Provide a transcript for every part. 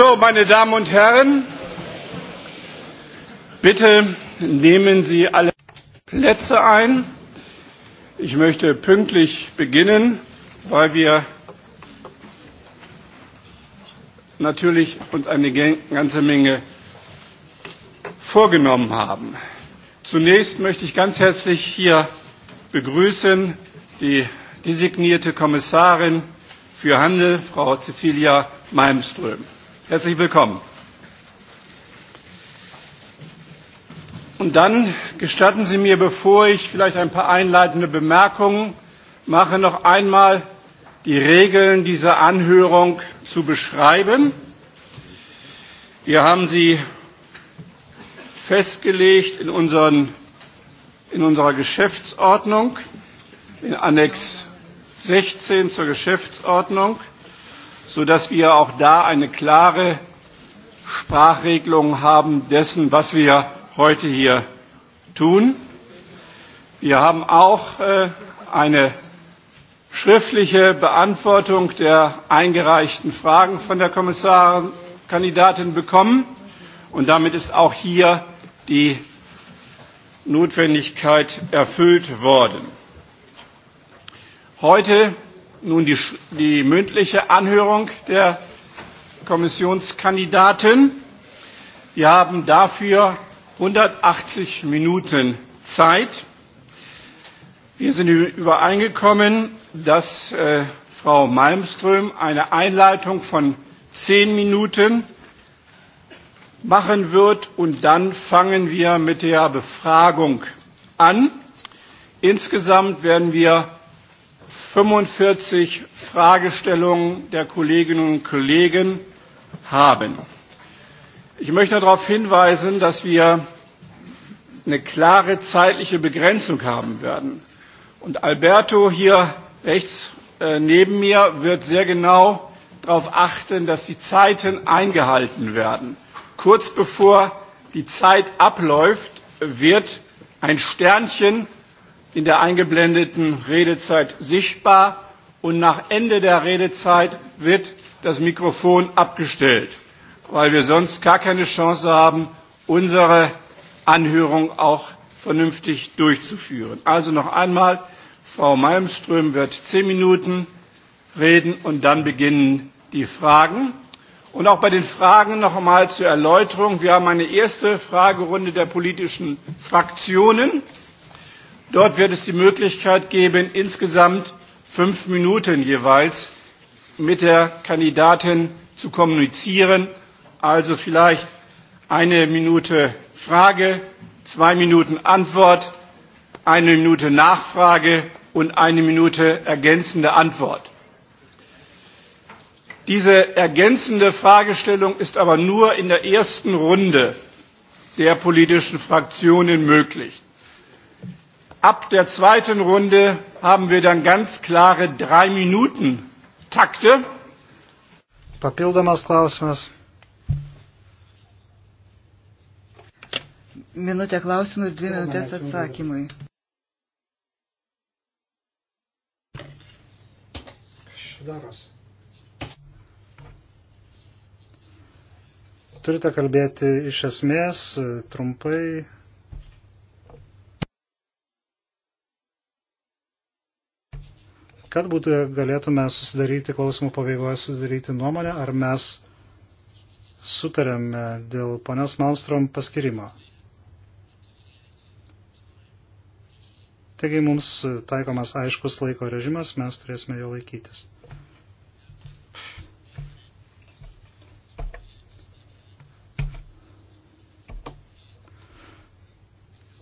So, meine Damen und Herren, bitte nehmen Sie alle Plätze ein. Ich möchte pünktlich beginnen, weil wir natürlich uns eine ganze Menge vorgenommen haben. Zunächst möchte ich ganz herzlich hier begrüßen die designierte Kommissarin für Handel, Frau Cecilia Malmström. Herzlich willkommen. Und dann gestatten Sie mir, bevor ich vielleicht ein paar einleitende Bemerkungen mache, noch einmal die Regeln dieser Anhörung zu beschreiben. Wir haben sie festgelegt in, unseren, in unserer Geschäftsordnung, in Annex 16 zur Geschäftsordnung sodass wir auch da eine klare Sprachregelung haben dessen, was wir heute hier tun. Wir haben auch äh, eine schriftliche Beantwortung der eingereichten Fragen von der Kommissarkandidatin bekommen. Und damit ist auch hier die Notwendigkeit erfüllt worden. Heute nun die, die mündliche Anhörung der Kommissionskandidatin. Wir haben dafür 180 Minuten Zeit. Wir sind übereingekommen, dass äh, Frau Malmström eine Einleitung von zehn Minuten machen wird und dann fangen wir mit der Befragung an. Insgesamt werden wir 45 Fragestellungen der Kolleginnen und Kollegen haben. Ich möchte darauf hinweisen, dass wir eine klare zeitliche Begrenzung haben werden. Und Alberto hier rechts äh, neben mir wird sehr genau darauf achten, dass die Zeiten eingehalten werden. Kurz bevor die Zeit abläuft, wird ein Sternchen in der eingeblendeten Redezeit sichtbar und nach Ende der Redezeit wird das Mikrofon abgestellt, weil wir sonst gar keine Chance haben, unsere Anhörung auch vernünftig durchzuführen. Also noch einmal, Frau Malmström wird zehn Minuten reden und dann beginnen die Fragen. Und auch bei den Fragen noch einmal zur Erläuterung. Wir haben eine erste Fragerunde der politischen Fraktionen. Dort wird es die Möglichkeit geben, insgesamt fünf Minuten jeweils mit der Kandidatin zu kommunizieren. Also vielleicht eine Minute Frage, zwei Minuten Antwort, eine Minute Nachfrage und eine Minute ergänzende Antwort. Diese ergänzende Fragestellung ist aber nur in der ersten Runde der politischen Fraktionen möglich. Ab der zweiten Runde haben wir dann ganz klare drei Minuten Takte. Papildomas klausimas. Minutė klausimui ir dvi minutės atsakymui. Darosi. Turite kalbėti iš esmės, trumpai, kad būtų galėtume susidaryti klausimų pabaigoje, susidaryti nuomonę, ar mes sutarėme dėl ponios Malmstrom paskirimo. Taigi mums taikomas aiškus laiko režimas, mes turėsime jo laikytis.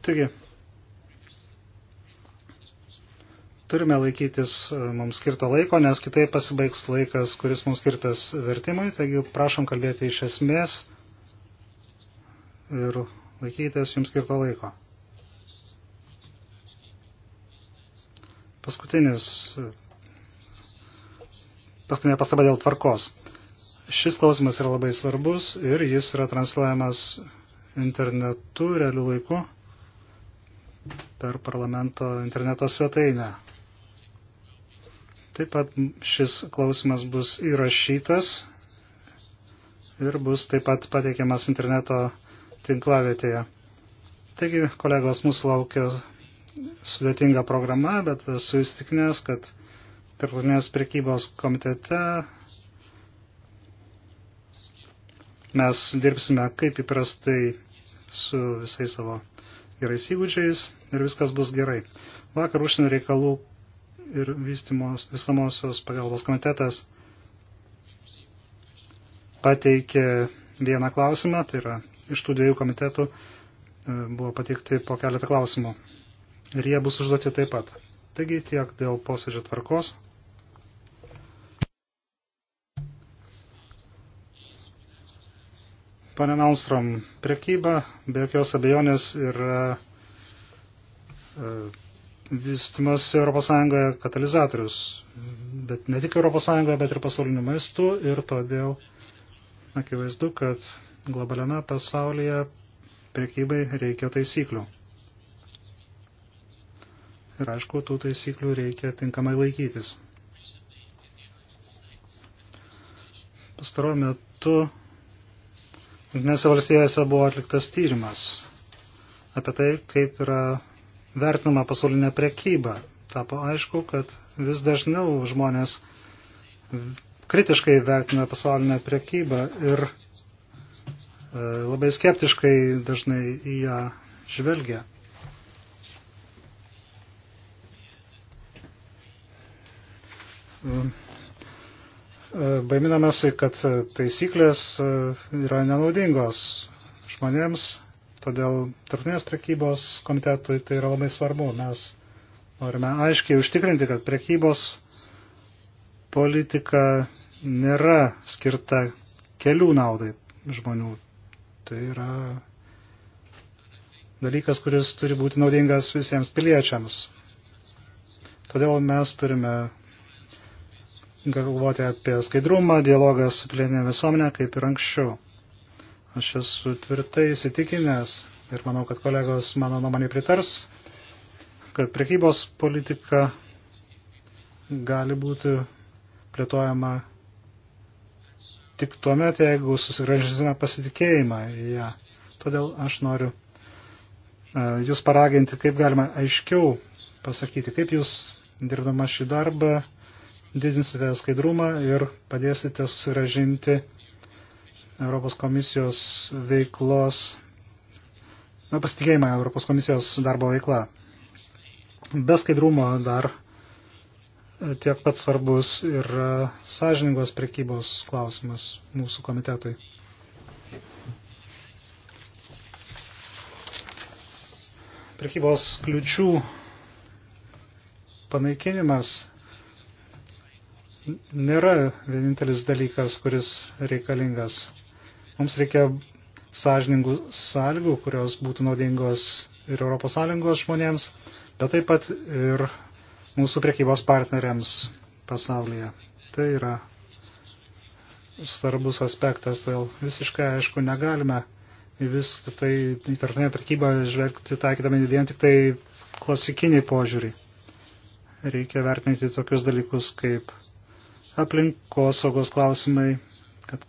Taigi, turime laikytis e, mums skirto laiko, nes kitaip pasibaigs laikas, kuris mums skirtas vertimui. Taigi prašom kalbėti iš esmės ir laikytis jums skirto laiko. Paskutinis. Paskutinė pastaba dėl tvarkos. Šis klausimas yra labai svarbus ir jis yra transliuojamas internetu realiu laiku per parlamento interneto svetainę. Taip pat šis klausimas bus įrašytas ir bus taip pat pateikiamas interneto tinklavietėje. Taigi, kolegos, mūsų laukia sudėtinga programa, bet esu įstikinęs, kad tarptautinės prekybos komitete mes dirbsime kaip įprastai su visais savo gerais įgūdžiais ir viskas bus gerai. Vakar užsienio reikalų ir visamosios pagalbos komitetas pateikė vieną klausimą, tai yra iš tų dviejų komitetų e, buvo pateikti po keletą klausimų. Ir jie bus užduoti taip pat. Taigi tiek dėl posėdžio tvarkos. Pane Melstrom, prekyba be jokios abejonės yra e, vystimas ES katalizatorius, bet ne tik ES, bet ir pasauliniu maistu ir todėl akivaizdu, kad globaliame pasaulyje priekybai reikia taisyklių. Ir aišku, tų taisyklių reikia tinkamai laikytis. Pastaruo metu Jungtinėse valstijose buvo atliktas tyrimas apie tai, kaip yra vertinama pasaulinė prekyba. Tapo aišku, kad vis dažniau žmonės kritiškai vertina pasaulinę prekybą ir e, labai skeptiškai dažnai į ją žvelgia. E, e, Baiminamasi, kad taisyklės yra nenaudingos žmonėms, Todėl tarptautinės prekybos komitetui tai yra labai svarbu. Mes norime aiškiai užtikrinti, kad prekybos politika nėra skirta kelių naudai žmonių. Tai yra dalykas, kuris turi būti naudingas visiems piliečiams. Todėl mes turime galvoti apie skaidrumą, dialogą su pilietinė visuomenė, kaip ir anksčiau. Aš esu tvirtai įsitikinęs ir manau, kad kolegos mano nuomonį pritars, kad prekybos politika gali būti plėtojama tik tuo met, jeigu susigražinsime pasitikėjimą į ją. Todėl aš noriu e, jūs paraginti, kaip galima aiškiau pasakyti, kaip jūs, dirbdama šį darbą, didinsite skaidrumą ir padėsite susigražinti Europos komisijos veiklos, na, pasitikėjimą Europos komisijos darbo veikla. Be skaidrumo dar e, tiek pat svarbus ir e, sąžiningos prekybos klausimas mūsų komitetui. Prekybos kliučių panaikinimas nėra vienintelis dalykas, kuris reikalingas. Mums reikia sąžiningų sąlygų, kurios būtų naudingos ir ES žmonėms, bet taip pat ir mūsų priekybos partneriams pasaulyje. Tai yra svarbus aspektas, todėl visiškai aišku negalime į viską tai internetinę prekybą žvelgti taikydami vien tik tai klasikinį požiūrį. Reikia vertinti tokius dalykus kaip aplinkosaugos klausimai, kad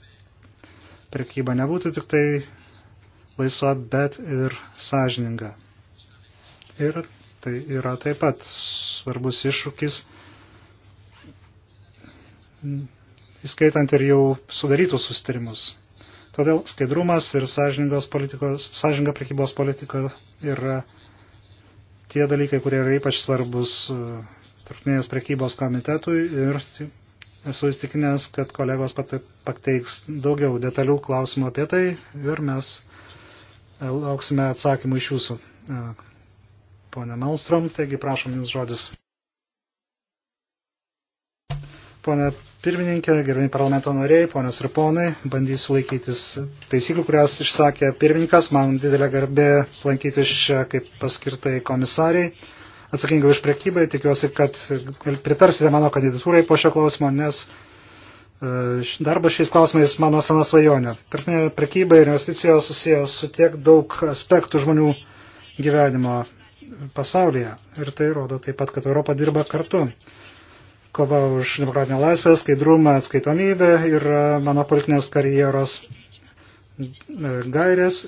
prekyba nebūtų tik tai laisva, bet ir sąžininga. Ir tai yra taip pat svarbus iššūkis, įskaitant ir jau sudarytus sustarimus. Todėl skaidrumas ir sąžininga prekybos politika yra tie dalykai, kurie yra ypač svarbus e, tarptautinės prekybos komitetui ir Esu įstikinęs, kad kolegos pateiks daugiau detalių klausimų apie tai ir mes e, lauksime atsakymų iš jūsų. E, pone Malstrom, taigi prašom jums žodis. Pone pirmininkė, gerbimi parlamento nariai, ponios ir ponai, bandysiu laikytis taisyklių, kurias išsakė pirmininkas. Man didelė garbė lankytis čia kaip paskirtai komisariai atsakinga už prekybą. Tikiuosi, kad pritarsite mano kandidatūrai po šio klausimo, nes e, darbas šiais klausimais mano sena svajonė. Tarpinė prekyba ir investicijos susijęs su tiek daug aspektų žmonių gyvenimo pasaulyje. Ir tai rodo taip pat, kad Europa dirba kartu. Kova už demokratinę laisvę, skaidrumą, atskaitomybę ir e, mano politinės karjeros e, gairės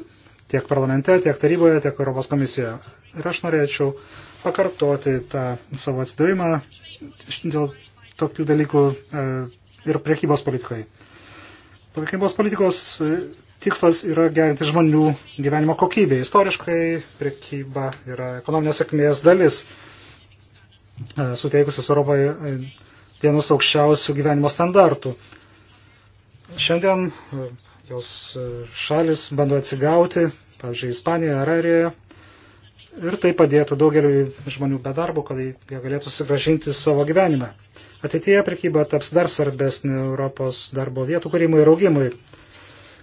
tiek parlamente, tiek taryboje, tiek Europos komisijoje. Ir aš norėčiau uh, pakartoti tą savo atsidavimą dėl tokių dalykų e, ir priekybos politikoje. Priekybos politikos e, tikslas yra gerinti žmonių gyvenimo kokybę. Istoriškai priekyba yra ekonominės sėkmės dalis, e, suteikusios Europoje vienus aukščiausių gyvenimo standartų. Šiandien jos šalis bando atsigauti, pavyzdžiui, Ispanija ar Airija, Ir tai padėtų daugeliu žmonių be darbo, kad jie galėtų sugražinti savo gyvenimą. Ateityje prekyba taps dar svarbesnė Europos darbo vietų kūrimui ir augimui.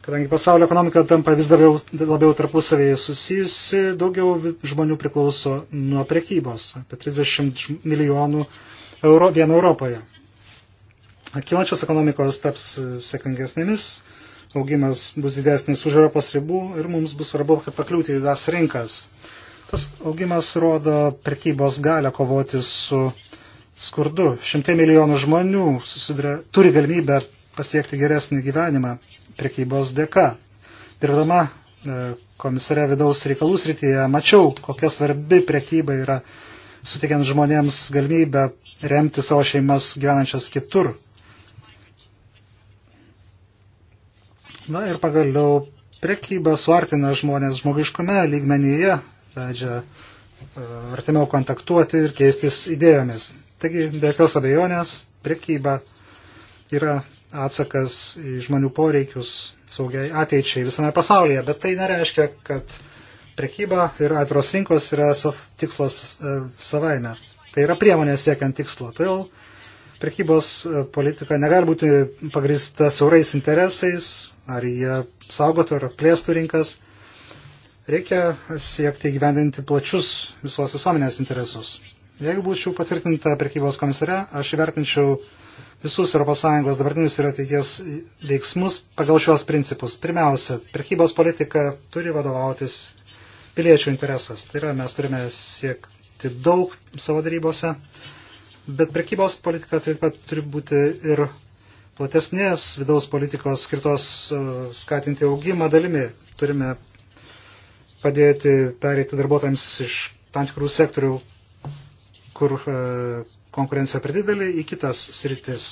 Kadangi pasaulio ekonomika tampa vis labiau, labiau tarpusavėje susijusi, daugiau žmonių priklauso nuo prekybos, apie 30 milijonų euro vien Europoje. Kylančios ekonomikos taps sėkmingesnėmis, augimas bus didesnis už Europos ribų ir mums bus svarbu, kad pakliūti į tas rinkas. Tas augimas rodo prekybos galę kovoti su skurdu. Šimtai milijonų žmonių susiduria, turi galimybę pasiekti geresnį gyvenimą prekybos dėka. Dirbdama e, komisare vidaus reikalų srityje mačiau, kokia svarbi prekyba yra sutikiant žmonėms galimybę remti savo šeimas gyvenančias kitur. Na ir pagaliau prekyba suartina žmonės žmogiškume lygmenyje leidžia e, artimiau kontaktuoti ir keistis idėjomis. Taigi, be jokios abejonės, prekyba yra atsakas į žmonių poreikius saugiai ateičiai visame pasaulyje, bet tai nereiškia, kad prekyba ir atviros rinkos yra sav, tikslas e, savaime. Tai yra priemonė siekiant tikslo. Todėl prekybos e, politika negali būti pagrįsta siaurais interesais, ar jie saugotų ar plėstų rinkas. Reikia siekti gyvendinti plačius visos visuomenės interesus. Jeigu būčiau patvirtinta prekybos komisare, aš įvertinčiau visus ES dabartinius ir ateities veiksmus pagal šios principus. Pirmiausia, prekybos politika turi vadovautis piliečių interesas. Tai yra, mes turime siekti daug savo darybose, bet prekybos politika taip pat turi būti ir platesnės vidaus politikos skirtos uh, skatinti augimą dalimi. Turime padėti pereiti darbuotojams iš tam tikrų sektorių, kur e, konkurencija per didelį, į kitas sritis.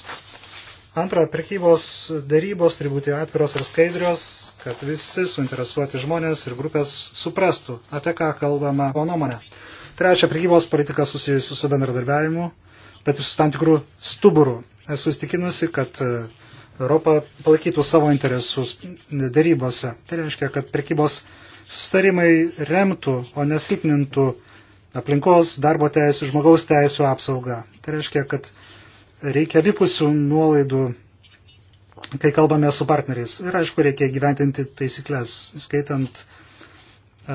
Antra, prekybos darybos turi būti atviros ir skaidrios, kad visi suinteresuoti žmonės ir grupės suprastų, apie ką kalbama po nuomonę. Trečia, prekybos politika susijusi su bendradarbiavimu, bet ir su tam tikrų stuburų. Esu įstikinusi, kad e, Europa palaikytų savo interesus darybose. Tai reiškia, kad prekybos sustarimai remtų, o nesilpnintų aplinkos, darbo teisų, žmogaus teisų apsaugą. Tai reiškia, kad reikia vipusių nuolaidų, kai kalbame su partneriais. Ir aišku, reikia gyventinti taisyklės, skaitant e,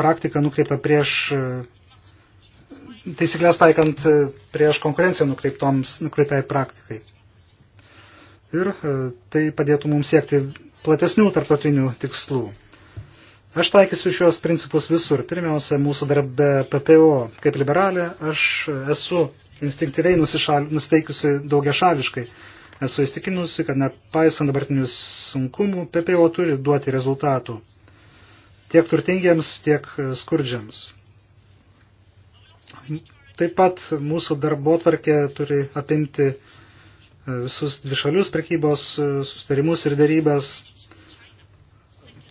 praktiką nukreiptą prieš, e, taisyklės taikant e, prieš konkurenciją nukreiptai praktikai. Ir e, tai padėtų mums siekti platesnių tarptautinių tikslų. Aš taikysiu šios principus visur. Pirmiausia, mūsų darbe PPO. Kaip liberalė, aš esu instinktyviai nusišal... nusteikusi daugia šališkai. Esu įstikinusi, kad nepaisant dabartinių sunkumų, PPO turi duoti rezultatų. Tiek turtingiems, tiek skurdžiams. Taip pat mūsų darbo tvarkė turi apimti visus dvišalius prekybos sustarimus ir darybas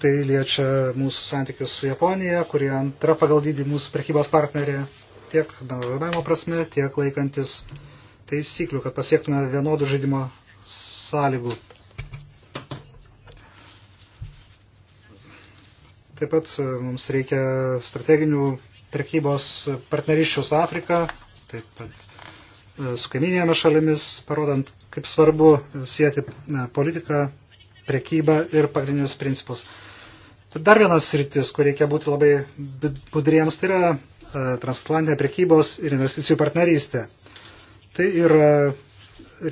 tai liečia mūsų santykius su Japonija, kurie antra pagal dydį mūsų prekybos partnerė tiek bendradarbiavimo prasme, tiek laikantis taisyklių, kad pasiektume vienodų žaidimo sąlygų. Taip pat e, mums reikia strateginių prekybos partnerysčių su Afrika, taip pat e, su kaiminėmis šalimis, parodant, kaip svarbu sieti e, politiką, prekybą ir pagrindinius principus. Tai dar vienas sritis, kur reikia būti labai budriems, tai yra e, transatlantinė prekybos ir investicijų partnerystė. Tai yra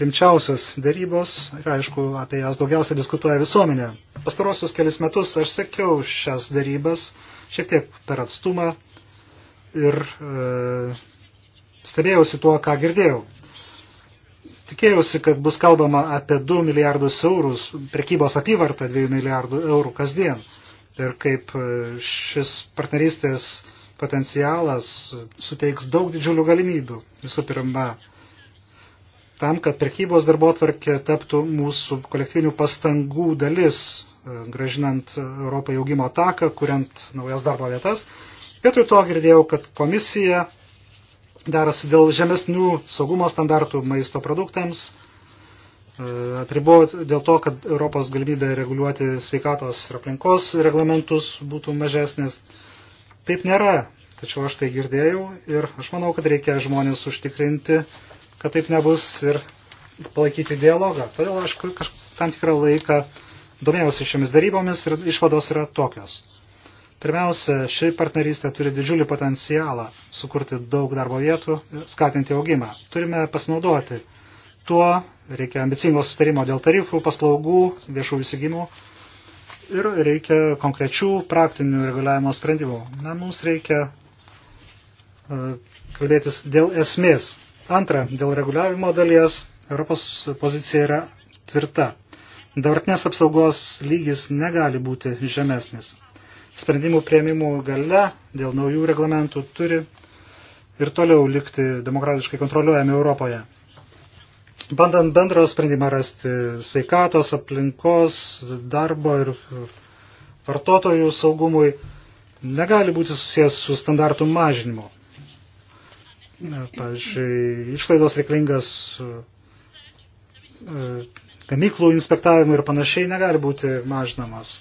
rimčiausios darybos ir aišku, apie jas daugiausia diskutuoja visuomenė. Pastarosius kelis metus aš sekiau šias darybas šiek tiek per atstumą ir e, stebėjausi tuo, ką girdėjau. Tikėjausi, kad bus kalbama apie 2 milijardus eurų, prekybos apyvartą 2 milijardų eurų kasdien ir kaip e, šis partnerystės potencialas suteiks daug didžiulių galimybių. Visų pirma, tam, kad prekybos darbo atvarkė taptų mūsų kolektyvinių pastangų dalis, e, gražinant Europą į augimo taką, kuriant naujas darbo vietas. Vietoj to girdėjau, kad komisija derasi dėl žemesnių saugumo standartų maisto produktams, atribot dėl to, kad Europos galimybė reguliuoti sveikatos ir aplinkos reglamentus būtų mažesnis. Taip nėra, tačiau aš tai girdėjau ir aš manau, kad reikia žmonės užtikrinti, kad taip nebus ir palaikyti dialogą. Todėl aš tam tikrą laiką domėjausi šiomis darybomis ir išvados yra tokios. Pirmiausia, ši partnerystė turi didžiulį potencialą sukurti daug darbo vietų ir skatinti augimą. Turime pasinaudoti tuo reikia ambicingo sustarimo dėl tarifų, paslaugų, viešų įsigymų ir reikia konkrečių praktinių reguliavimo sprendimų. Na, mums reikia e, kalbėtis dėl esmės. Antra, dėl reguliavimo dalies Europos pozicija yra tvirta. Dabartinės apsaugos lygis negali būti žemesnis. Sprendimų prieimimų gale dėl naujų reglamentų turi ir toliau likti demokratiškai kontroliuojami Europoje bandant bendrą sprendimą rasti sveikatos, aplinkos, darbo ir vartotojų saugumui, negali būti susijęs su standartų mažinimu. Pavyzdžiui, išlaidos reikalingas e, gamyklų inspektavimui ir panašiai negali būti mažinamos.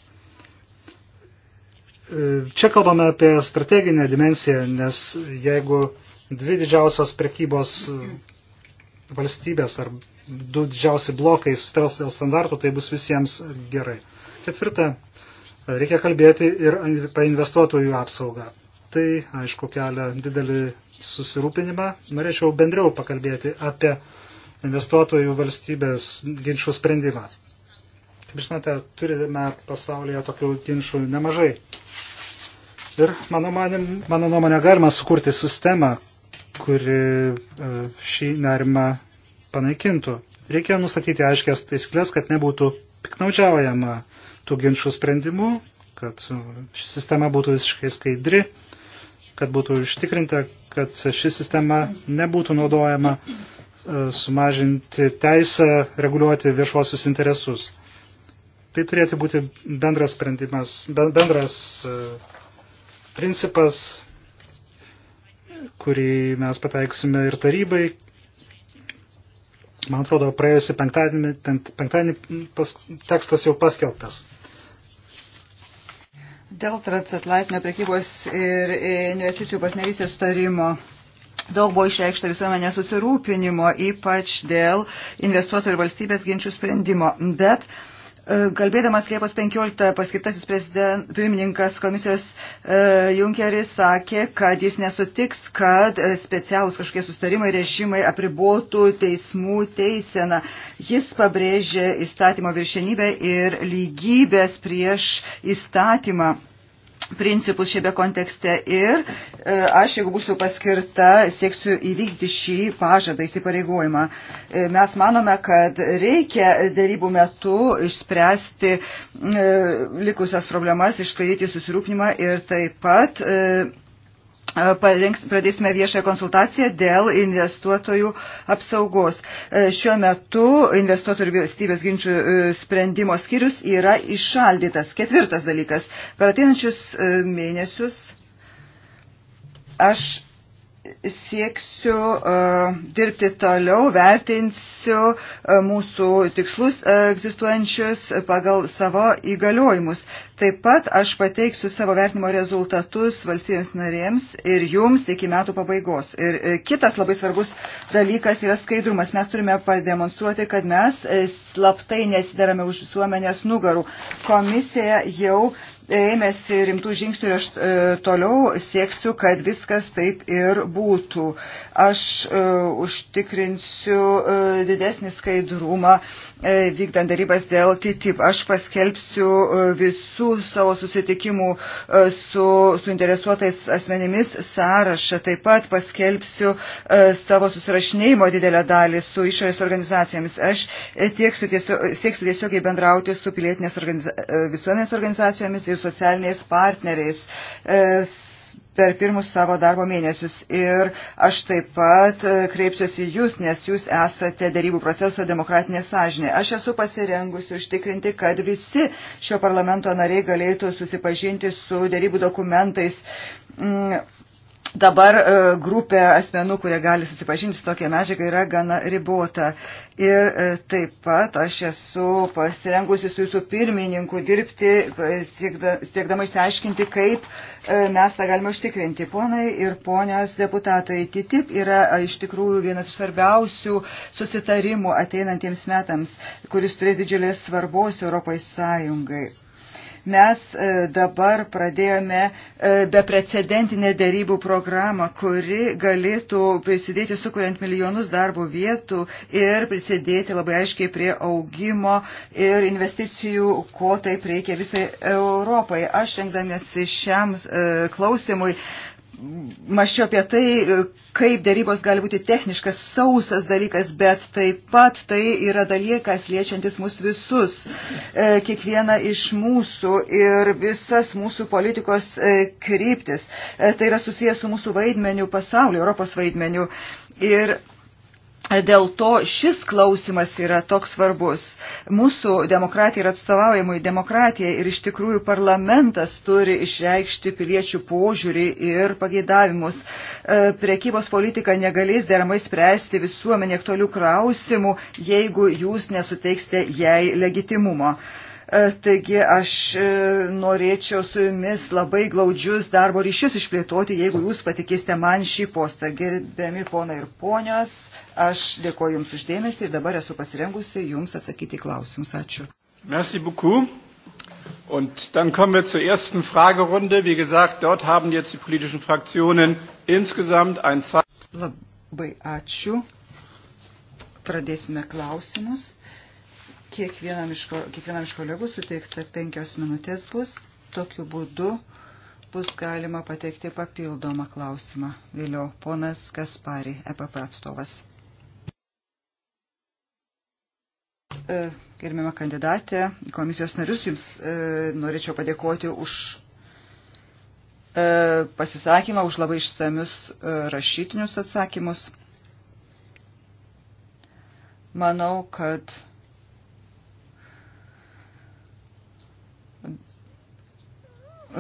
E, čia kalbame apie strateginę dimensiją, nes jeigu dvi didžiausios prekybos valstybės ar du didžiausi blokai susitels dėl standartų, tai bus visiems gerai. Ketvirta, reikia kalbėti ir apie investuotojų apsaugą. Tai, aišku, kelia didelį susirūpinimą. Norėčiau bendriau pakalbėti apie investuotojų valstybės ginčių sprendimą. Kaip žinote, turime pasaulyje tokių ginčių nemažai. Ir mano, manim, mano nuomonė galima sukurti sistemą, kuri e, šį nerimą panaikintų. Reikia nustatyti aiškias taisyklės, kad nebūtų piknaudžiaujama tų ginčių sprendimu, kad ši sistema būtų visiškai skaidri, kad būtų ištikrinta, kad ši sistema nebūtų naudojama e, sumažinti teisę reguliuoti viešuosius interesus. Tai turėtų būti bendras sprendimas, bendras e, principas kurį mes pateiksime ir tarybai. Man atrodo, praėjusi penktadienį, penktadienį pas, tekstas jau paskelbtas. Dėl transatlantinio prekybos ir investicijų partnerystės sutarimo daug buvo išreikšta visuomenė susirūpinimo, ypač dėl investuotojų ir valstybės ginčių sprendimo. Bet uh, E, kalbėdamas Liepos 15 paskirtasis pirmininkas komisijos e, Junkeris sakė, kad jis nesutiks, kad e, specialūs kažkokie sustarimai, režimai apribotų teismų teiseną. Jis pabrėžė įstatymo viršenybę ir lygybės prieš įstatymą principus šiame kontekste ir e, aš, jeigu būsiu paskirta, sieksiu įvykdyti šį pažadą įsipareigojimą. E, mes manome, kad reikia darybų metu išspręsti e, likusias problemas, išsklaidyti susirūpinimą ir taip pat Parengs, pradėsime viešąją konsultaciją dėl investuotojų apsaugos. E, šiuo metu investuotojų ir valstybės ginčių e, sprendimo skyrius yra išaldytas. Ketvirtas dalykas. Per ateinančius e, mėnesius aš sieksiu uh, dirbti toliau, vertinsiu uh, mūsų tikslus uh, egzistuojančius pagal savo įgaliojimus. Taip pat aš pateiksiu savo vertinimo rezultatus valstybėms narėms ir jums iki metų pabaigos. Ir uh, kitas labai svarbus dalykas yra skaidrumas. Mes turime pademonstruoti, kad mes uh, slaptai nesidarame už visuomenės nugarų. Komisija jau uh, ėmėsi rimtų žingsnių ir aš e, toliau sieksiu, kad viskas taip ir būtų. Aš e, užtikrinsiu e, didesnį skaidrumą e, vykdant darybas dėl TTIP. Aš paskelbsiu e, visų savo susitikimų e, su suinteresuotais asmenimis sąrašą. Taip pat paskelbsiu e, savo susirašinėjimo didelę dalį su išorės organizacijomis. Aš e, tieksiu tiesiog, sieksiu tiesiogiai bendrauti su pilietinės organiza, e, visuomenės organizacijomis ir socialiniais partneriais e, per pirmus savo darbo mėnesius. Ir aš taip pat e, kreipsiuosi jūs, nes jūs esate darybų proceso demokratinė sąžinė. Aš esu pasirengusi užtikrinti, kad visi šio parlamento nariai galėtų susipažinti su darybų dokumentais. Mm, Dabar e, grupė asmenų, kurie gali susipažinti su tokia medžiaga, yra gana ribota. Ir e, taip pat aš esu pasirengusi su jūsų pirmininku dirbti, e, siekdama išsiaiškinti, kaip mes tą galime užtikrinti. Ponai ir ponios deputatai, TTIP yra iš tikrųjų vienas iš svarbiausių susitarimų ateinantiems metams, kuris turės didžiulės svarbos Europai Sąjungai Mes e, dabar pradėjome e, beprecedentinę dėrybų programą, kuri galėtų prisidėti sukuriant milijonus darbo vietų ir prisidėti labai aiškiai prie augimo ir investicijų, ko taip reikia visai Europai. Aš rengdamėsi šiam e, klausimui maščiau apie tai, kaip dėrybos gali būti techniškas, sausas dalykas, bet taip pat tai yra dalykas liečiantis mus visus, e, kiekvieną iš mūsų ir visas mūsų politikos e, kryptis. E, tai yra susijęs su mūsų vaidmeniu pasauliu, Europos vaidmeniu. Ir Dėl to šis klausimas yra toks svarbus. Mūsų demokratija yra atstovaujamai demokratija ir iš tikrųjų parlamentas turi išreikšti piliečių požiūrį ir pageidavimus. E, Prekybos politika negalės deramai spręsti visuomenė aktualių klausimų, jeigu jūs nesuteiksite jai legitimumo. Taigi aš e, norėčiau su jumis labai glaudžius darbo ryšius išplėtoti, jeigu jūs patikėsite man šį postą. Gerbiami ponai ir ponios, aš dėkoju jums uždėmesį ir dabar esu pasirengusi jums atsakyti klausimus. Ačiū. Merci beaucoup. Und dann kommen wir zur ersten Fragerunde. Wie gesagt, dort haben jetzt die politischen Fraktionen insgesamt ein Zeit. Labai ačiū. Pradėsime klausimus. Kiekvienam iš, kiekvienam iš kolegų suteikta penkios minutės bus. Tokiu būdu bus galima pateikti papildomą klausimą. Vėliau ponas Kaspari, EPP atstovas. E, Gerbima kandidatė, komisijos narius, jums e, norėčiau padėkoti už e, pasisakymą, už labai išsamius rašytinius atsakymus. Manau, kad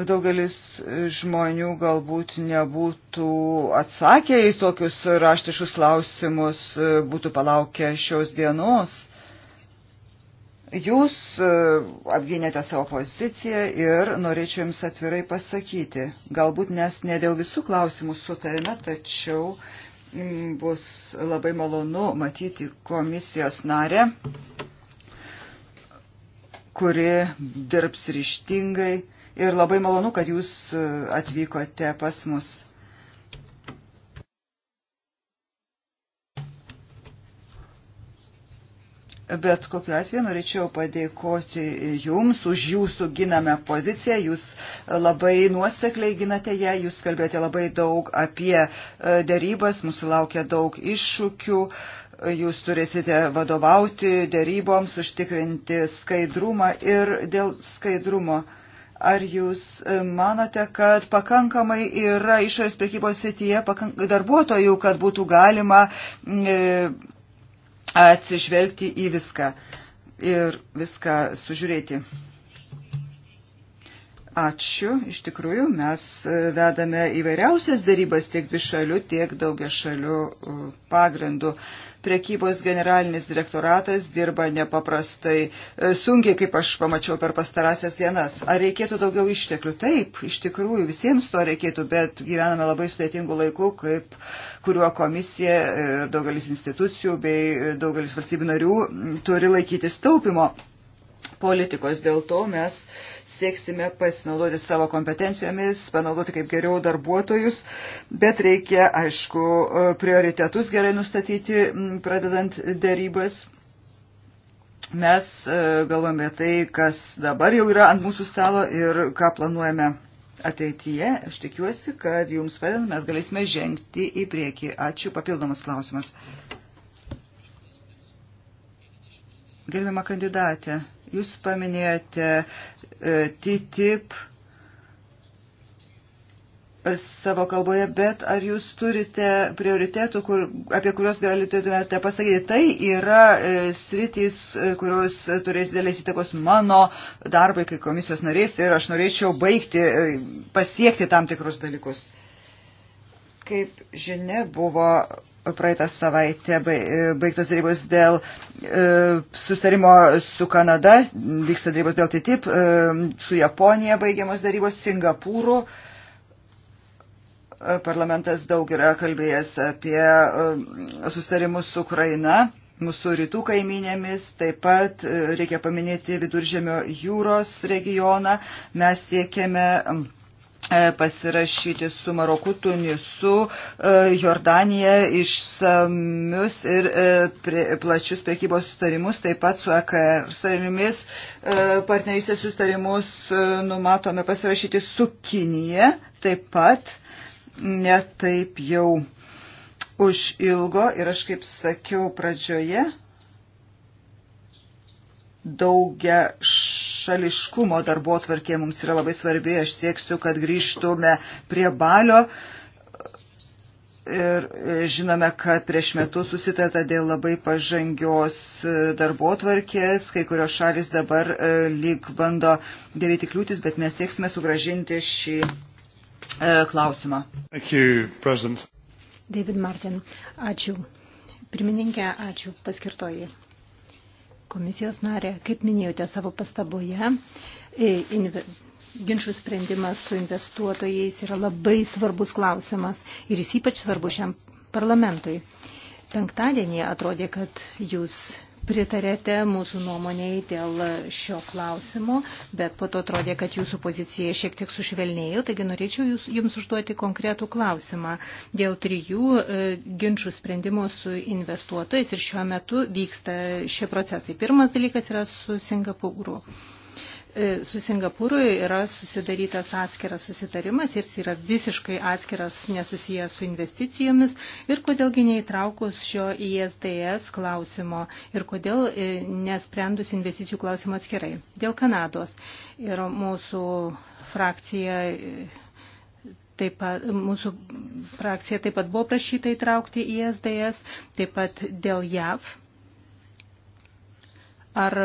daugelis žmonių galbūt nebūtų atsakę į tokius raštiškus klausimus, būtų palaukę šios dienos. Jūs e, apginėte savo poziciją ir norėčiau Jums atvirai pasakyti, galbūt nes ne dėl visų klausimų sutarime, tačiau bus labai malonu matyti komisijos narę, kuri dirbs ryštingai ir labai malonu, kad jūs e, atvykote pas mus. Bet kokiu atveju norėčiau padėkoti Jums už Jūsų ginamę poziciją. Jūs labai nuosekliai ginate ją, Jūs kalbėjote labai daug apie e, dėrybas, mūsų laukia daug iššūkių. Jūs turėsite vadovauti dėryboms, užtikrinti skaidrumą ir dėl skaidrumo. Ar jūs e, manote, kad pakankamai yra išorės prekybos srityje darbuotojų, kad būtų galima e, atsižvelgti į viską ir viską sužiūrėti? Ačiū. Iš tikrųjų, mes e, vedame įvairiausias darybas tiek dvišalių, tiek daugia šalių e, pagrindų. E, Prekybos generalinis direktoratas dirba nepaprastai e, sunkiai, kaip aš pamačiau per pastarąsias dienas. Ar reikėtų daugiau išteklių? Taip, iš tikrųjų visiems to reikėtų, bet gyvename labai sudėtingų laikų, kaip, kuriuo komisija, e, daugelis institucijų bei e, daugelis valstybių narių turi laikytis taupimo politikos. Dėl to mes sieksime pasinaudoti savo kompetencijomis, panaudoti kaip geriau darbuotojus, bet reikia, aišku, prioritetus gerai nustatyti, pradedant dėrybas. Mes e, galvome tai, kas dabar jau yra ant mūsų stalo ir ką planuojame ateityje. Aš tikiuosi, kad jums padedant mes galėsime žengti į priekį. Ačiū. Papildomas klausimas. Gerbiama kandidatė, Jūs paminėjote e, TTIP e, savo kalboje, bet ar jūs turite prioritetų, kur, apie kuriuos galite pasakyti, tai yra e, sritys, e, kurios turės dėlės įtakos mano darbai kaip komisijos narės ir aš norėčiau baigti, e, pasiekti tam tikrus dalykus. Kaip žinia, buvo praeitą savaitę e, baigtos darybos dėl e, sustarimo su Kanada, vyksta darybos dėl TTIP, e, su Japonija baigiamos darybos, Singapūru. E, parlamentas daug yra kalbėjęs apie e, sustarimus su Ukraina, mūsų rytų kaiminėmis, taip pat e, reikia paminėti viduržėmio jūros regioną. Mes siekėme E, pasirašyti su Maroku, Tunisu, e, Jordanija išsamius ir e, prie, plačius priekybos sustarimus, taip pat su AKR sustarimis, partnerysės sustarimus numatome pasirašyti su Kinija, taip pat netaip jau už ilgo ir aš kaip sakiau pradžioje daugia š šališkumo darbo tvarkė mums yra labai svarbi. Aš sieksiu, kad grįžtume prie balio. Ir žinome, kad prieš metus susitarta dėl labai pažangios darbo tvarkės, kai kurios šalis dabar e, lyg bando daryti kliūtis, bet mes sieksime sugražinti šį e, klausimą. You, David Martin, ačiū. Pirmininkė, ačiū paskirtojai Komisijos narė, kaip minėjote savo pastaboje, ginčių sprendimas su investuotojais yra labai svarbus klausimas ir jis ypač svarbus šiam parlamentui. Penktadienį atrodė, kad jūs pritarėte mūsų nuomonėjai dėl šio klausimo, bet po to atrodė, kad jūsų pozicija šiek tiek sušvelnėjo, taigi norėčiau jūs, jums užduoti konkretų klausimą dėl trijų e, ginčių sprendimo su investuotojais ir šiuo metu vyksta šie procesai. Pirmas dalykas yra su Singapūru. E, E, su Singapūru yra susidarytas atskiras susitarimas ir jis yra visiškai atskiras nesusijęs su investicijomis ir kodėlgi neįtraukus šio ISDS klausimo ir kodėl e, nesprendus investicijų klausimą atskirai. Dėl Kanados ir mūsų frakcija. E, taip pat, mūsų frakcija taip pat buvo prašyta įtraukti į SDS, taip pat dėl JAV ar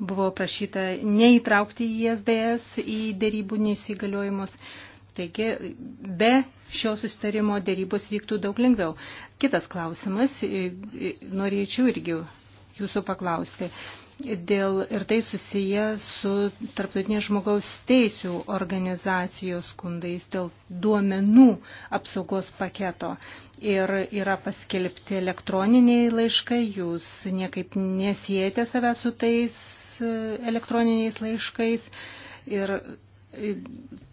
buvo prašyta neįtraukti į SDS į dėrybų neįsigaliojimus. Taigi be šio sustarimo dėrybos vyktų daug lengviau. Kitas klausimas, norėčiau irgi jūsų paklausti dėl ir tai susiję su tarptautinės žmogaus teisų organizacijos skundais dėl duomenų apsaugos paketo. Ir yra paskelbti elektroniniai laiškai, jūs niekaip nesijėte save su tais e, elektroniniais laiškais. Ir e,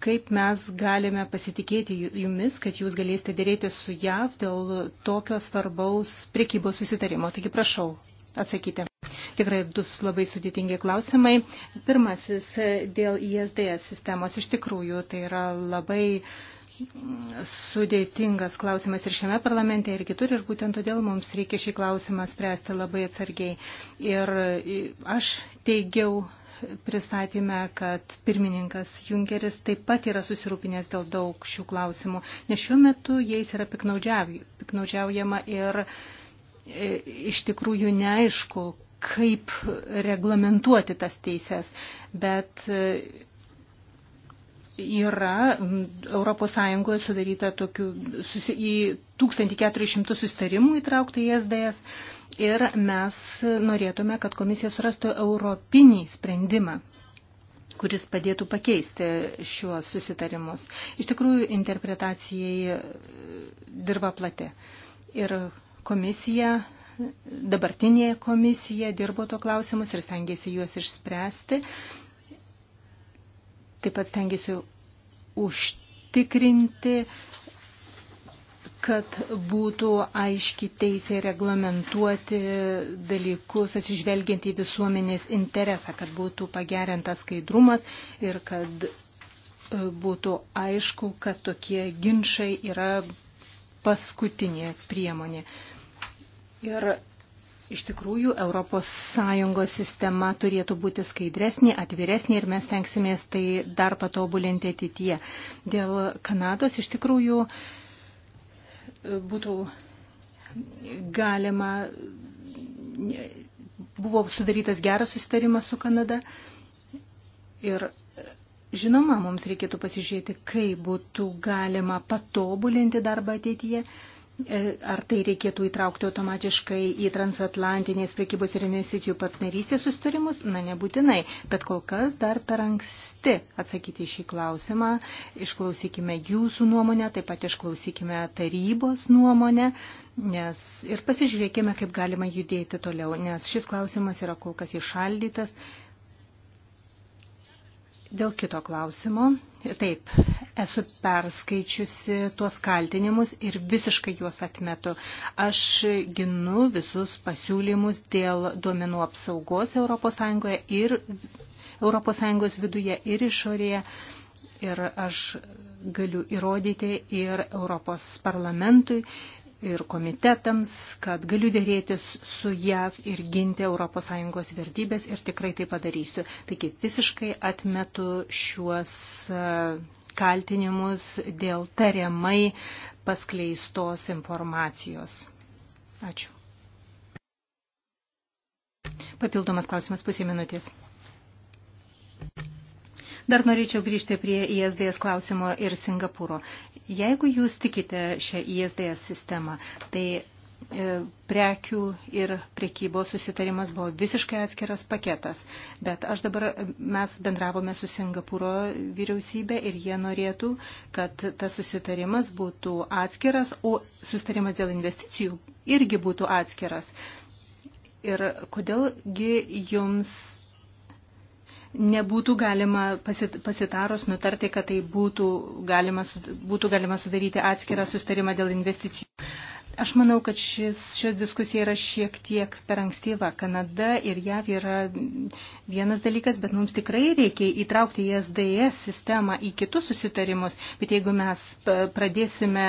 kaip mes galime pasitikėti jumis, kad jūs galėsite dėrėti su JAV dėl tokio svarbaus priekybos susitarimo. Taigi prašau, atsakyti. Tikrai du labai sudėtingi klausimai. Pirmasis e, dėl ISDS sistemos. Iš tikrųjų, tai yra labai mm, sudėtingas klausimas ir šiame parlamente, ir kitur, ir būtent todėl mums reikia šį klausimą spręsti labai atsargiai. Ir e, aš teigiau pristatymę, kad pirmininkas Junkeris taip pat yra susirūpinęs dėl daug šių klausimų, nes šiuo metu jais yra piknaudžiaujama ir E, iš tikrųjų neaišku, kaip reglamentuoti tas teisės, bet e, yra ES sudaryta tokių, susi, į 1400 sustarimų įtraukta į SDS ir mes norėtume, kad komisija surastų europinį sprendimą kuris padėtų pakeisti šiuos susitarimus. Iš tikrųjų, interpretacijai e, dirba plati. Ir komisija, dabartinė komisija dirbo to klausimus ir stengiasi juos išspręsti. Taip pat stengiasi užtikrinti, kad būtų aiški teisė reglamentuoti dalykus, atsižvelgiant į visuomenės interesą, kad būtų pagerintas skaidrumas ir kad e, būtų aišku, kad tokie ginčiai yra paskutinė priemonė. Ir iš tikrųjų ES sistema turėtų būti skaidresnė, atviresnė ir mes tenksimės tai dar patobulinti ateityje. Dėl Kanados iš tikrųjų e, būtų galima, buvo sudarytas geras susitarimas su Kanada ir e, žinoma, mums reikėtų pasižiūrėti, kaip būtų galima patobulinti darbą ateityje, E, ar tai reikėtų įtraukti automatiškai į transatlantinės priekybos ir investicijų partnerystės sustarimus? Na, nebūtinai, bet kol kas dar per anksti atsakyti šį klausimą. Išklausykime jūsų nuomonę, taip pat išklausykime tarybos nuomonę nes, ir pasižiūrėkime, kaip galima judėti toliau, nes šis klausimas yra kol kas išaldytas. Dėl kito klausimo Taip, esu perskaičiusi tuos kaltinimus ir visiškai juos atmetu. Aš ginu visus pasiūlymus dėl duomenų apsaugos ES ir ES viduje ir išorėje. Ir aš galiu įrodyti ir Europos parlamentui, ir komitetams, kad galiu dėrėtis su JAV ir ginti ES vertybės ir tikrai tai padarysiu. Taigi visiškai atmetu šiuos e, kaltinimus dėl tariamai paskleistos informacijos. Ačiū. Papildomas klausimas pusė minutės. Dar norėčiau grįžti prie ISDS klausimo ir Singapūro. Jeigu jūs tikite šią ISDS sistemą, tai e, prekių ir prekybos susitarimas buvo visiškai atskiras paketas. Bet aš dabar, e, mes bendravome su Singapūro vyriausybė ir jie norėtų, kad tas susitarimas būtų atskiras, o susitarimas dėl investicijų irgi būtų atskiras. Ir kodėlgi jums nebūtų galima pasitarus nutarti, kad tai būtų galima, būtų galima sudaryti atskirą sustarimą dėl investicijų. Aš manau, kad šis, šios diskusija yra šiek tiek per ankstyva. Kanada ir JAV yra vienas dalykas, bet mums tikrai reikia įtraukti į SDS sistemą, į kitus susitarimus. Bet jeigu mes pradėsime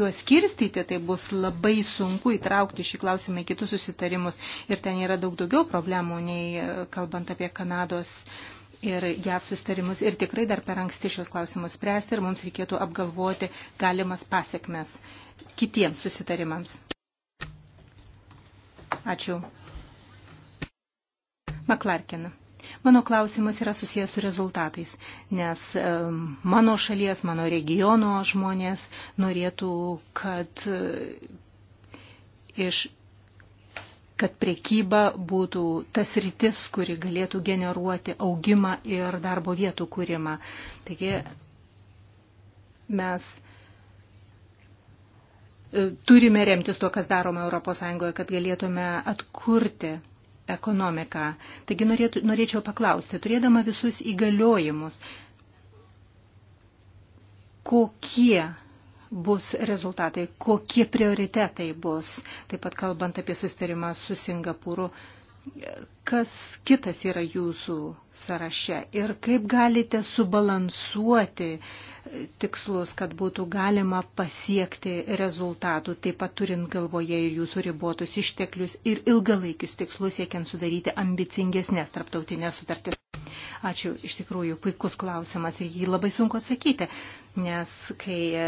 juos skirstyti, tai bus labai sunku įtraukti šį klausimą į kitus susitarimus. Ir ten yra daug daugiau problemų, nei kalbant apie Kanados uh, ir JAV sustarimus ir tikrai dar per anksti šios klausimus spręsti ir mums reikėtų apgalvoti galimas pasiekmes kitiems susitarimams. Ačiū. Maklarkina. Mano klausimas yra susijęs su rezultatais, nes mano šalies, mano regiono žmonės norėtų, kad e, iš kad priekyba būtų tas rytis, kuri galėtų generuoti augimą ir darbo vietų kūrimą. Taigi mes e, turime remtis tuo, kas daroma ES, kad galėtume atkurti ekonomiką. Taigi norėtų, norėčiau paklausti, turėdama visus įgaliojimus, kokie bus rezultatai, kokie prioritetai bus. Taip pat kalbant apie sustarimą su Singapūru, kas kitas yra jūsų sąraše ir kaip galite subalansuoti tikslus, kad būtų galima pasiekti rezultatų, taip pat turint galvoje ir jūsų ribotus išteklius ir ilgalaikius tikslus, siekiant sudaryti ambicingesnės tarptautinės sutartis. Ačiū, iš tikrųjų, puikus klausimas ir jį labai sunku atsakyti, nes kai e,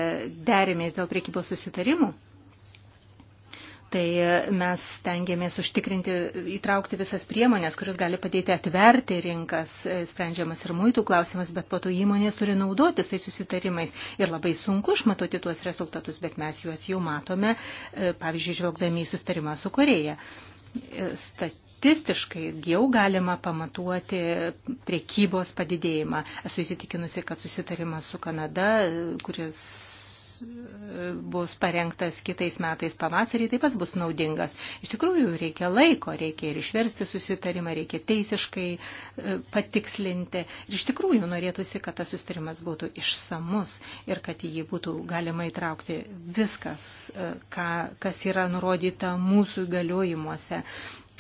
derėmės dėl priekybos susitarimų, tai e, mes tengiamės užtikrinti, įtraukti visas priemonės, kuris gali padėti atverti rinkas, e, sprendžiamas ir muitų klausimas, bet po to įmonės turi naudotis tai susitarimais. Ir labai sunku išmatuoti tuos rezultatus, bet mes juos jau matome, pavyzdžiui, žvelgdami į susitarimą su Koreja. Stat statistiškai jau galima pamatuoti priekybos padidėjimą. Esu įsitikinusi, kad susitarimas su Kanada, kuris e, bus parengtas kitais metais pavasarį, taip pat bus naudingas. Iš tikrųjų, reikia laiko, reikia ir išversti susitarimą, reikia teisiškai e, patikslinti. Ir iš tikrųjų norėtųsi, kad tas susitarimas būtų išsamus ir kad į jį būtų galima įtraukti viskas, e, ką, kas yra nurodyta mūsų įgaliojimuose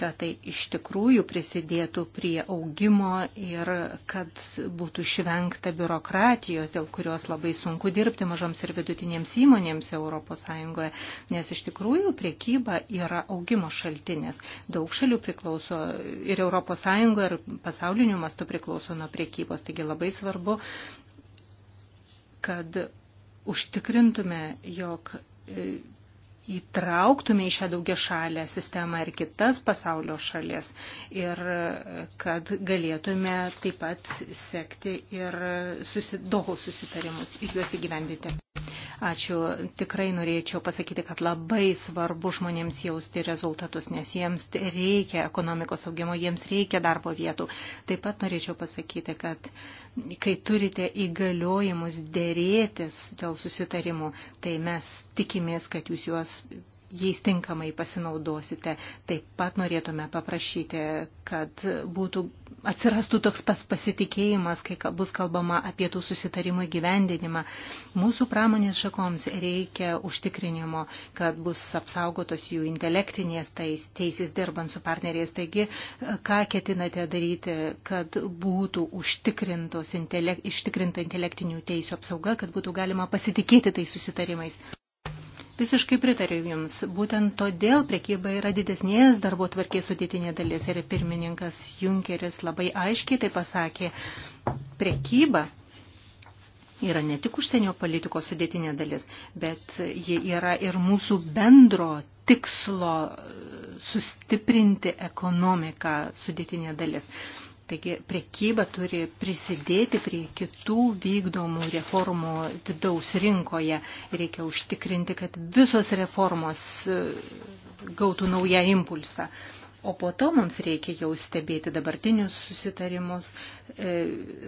kad tai iš tikrųjų prisidėtų prie augimo ir kad būtų išvengta biurokratijos, dėl kurios labai sunku dirbti mažoms ir vidutinėms įmonėms ES, nes iš tikrųjų priekyba yra augimo šaltinės. Daug šalių priklauso ir ES, ir pasauliniu mastu priklauso nuo priekybos, taigi labai svarbu, kad užtikrintume, jog e, įtrauktume į šią daugia šalę sistemą ir kitas pasaulio šalis ir e, kad galėtume taip pat sekti ir susi, dohų susitarimus ir juos įgyvendyti. Ačiū. Tikrai norėčiau pasakyti, kad labai svarbu žmonėms jausti rezultatus, nes jiems reikia ekonomikos augimo, jiems reikia darbo vietų. Taip pat norėčiau pasakyti, kad kai turite įgaliojimus dėrėtis dėl susitarimų, tai mes tikimės, kad jūs juos jais tinkamai pasinaudosite. Taip pat norėtume paprašyti, kad būtų, atsirastų toks pas pasitikėjimas, kai bus kalbama apie tų susitarimų gyvendinimą. Mūsų pramonės šakoms reikia užtikrinimo, kad bus apsaugotos jų intelektinės tais, teisės dirbant su partneriais. Taigi, ką ketinate daryti, kad būtų užtikrinta intelektinių teisų apsauga, kad būtų galima pasitikėti tais susitarimais? Visiškai pritariu Jums. Būtent todėl priekyba yra didesnės darbo tvarkės sudėtinė dalis. Ir pirmininkas Junkeris labai aiškiai tai pasakė. Priekyba yra ne tik užsienio politikos sudėtinė dalis, bet ji yra ir mūsų bendro tikslo sustiprinti ekonomiką sudėtinė dalis. Taigi priekyba turi prisidėti prie kitų vykdomų reformų vidaus rinkoje. Reikia užtikrinti, kad visos reformos e, gautų naują impulsą. O po to mums reikia jau stebėti dabartinius susitarimus, e,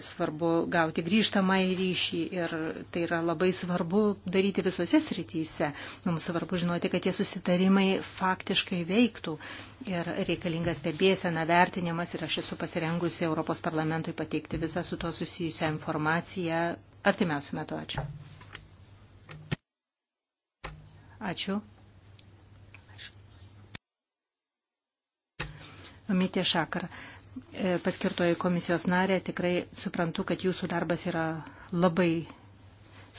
svarbu gauti grįžtamą į ryšį ir tai yra labai svarbu daryti visose srityse. Mums svarbu žinoti, kad tie susitarimai faktiškai veiktų ir reikalingas stebėsena vertinimas ir aš esu pasirengusi Europos parlamentui pateikti visą su to susijusią informaciją artimiausiu metu. Ačiū. Ačiū. Mytė Šakar, e, paskirtoji komisijos narė, tikrai suprantu, kad jūsų darbas yra labai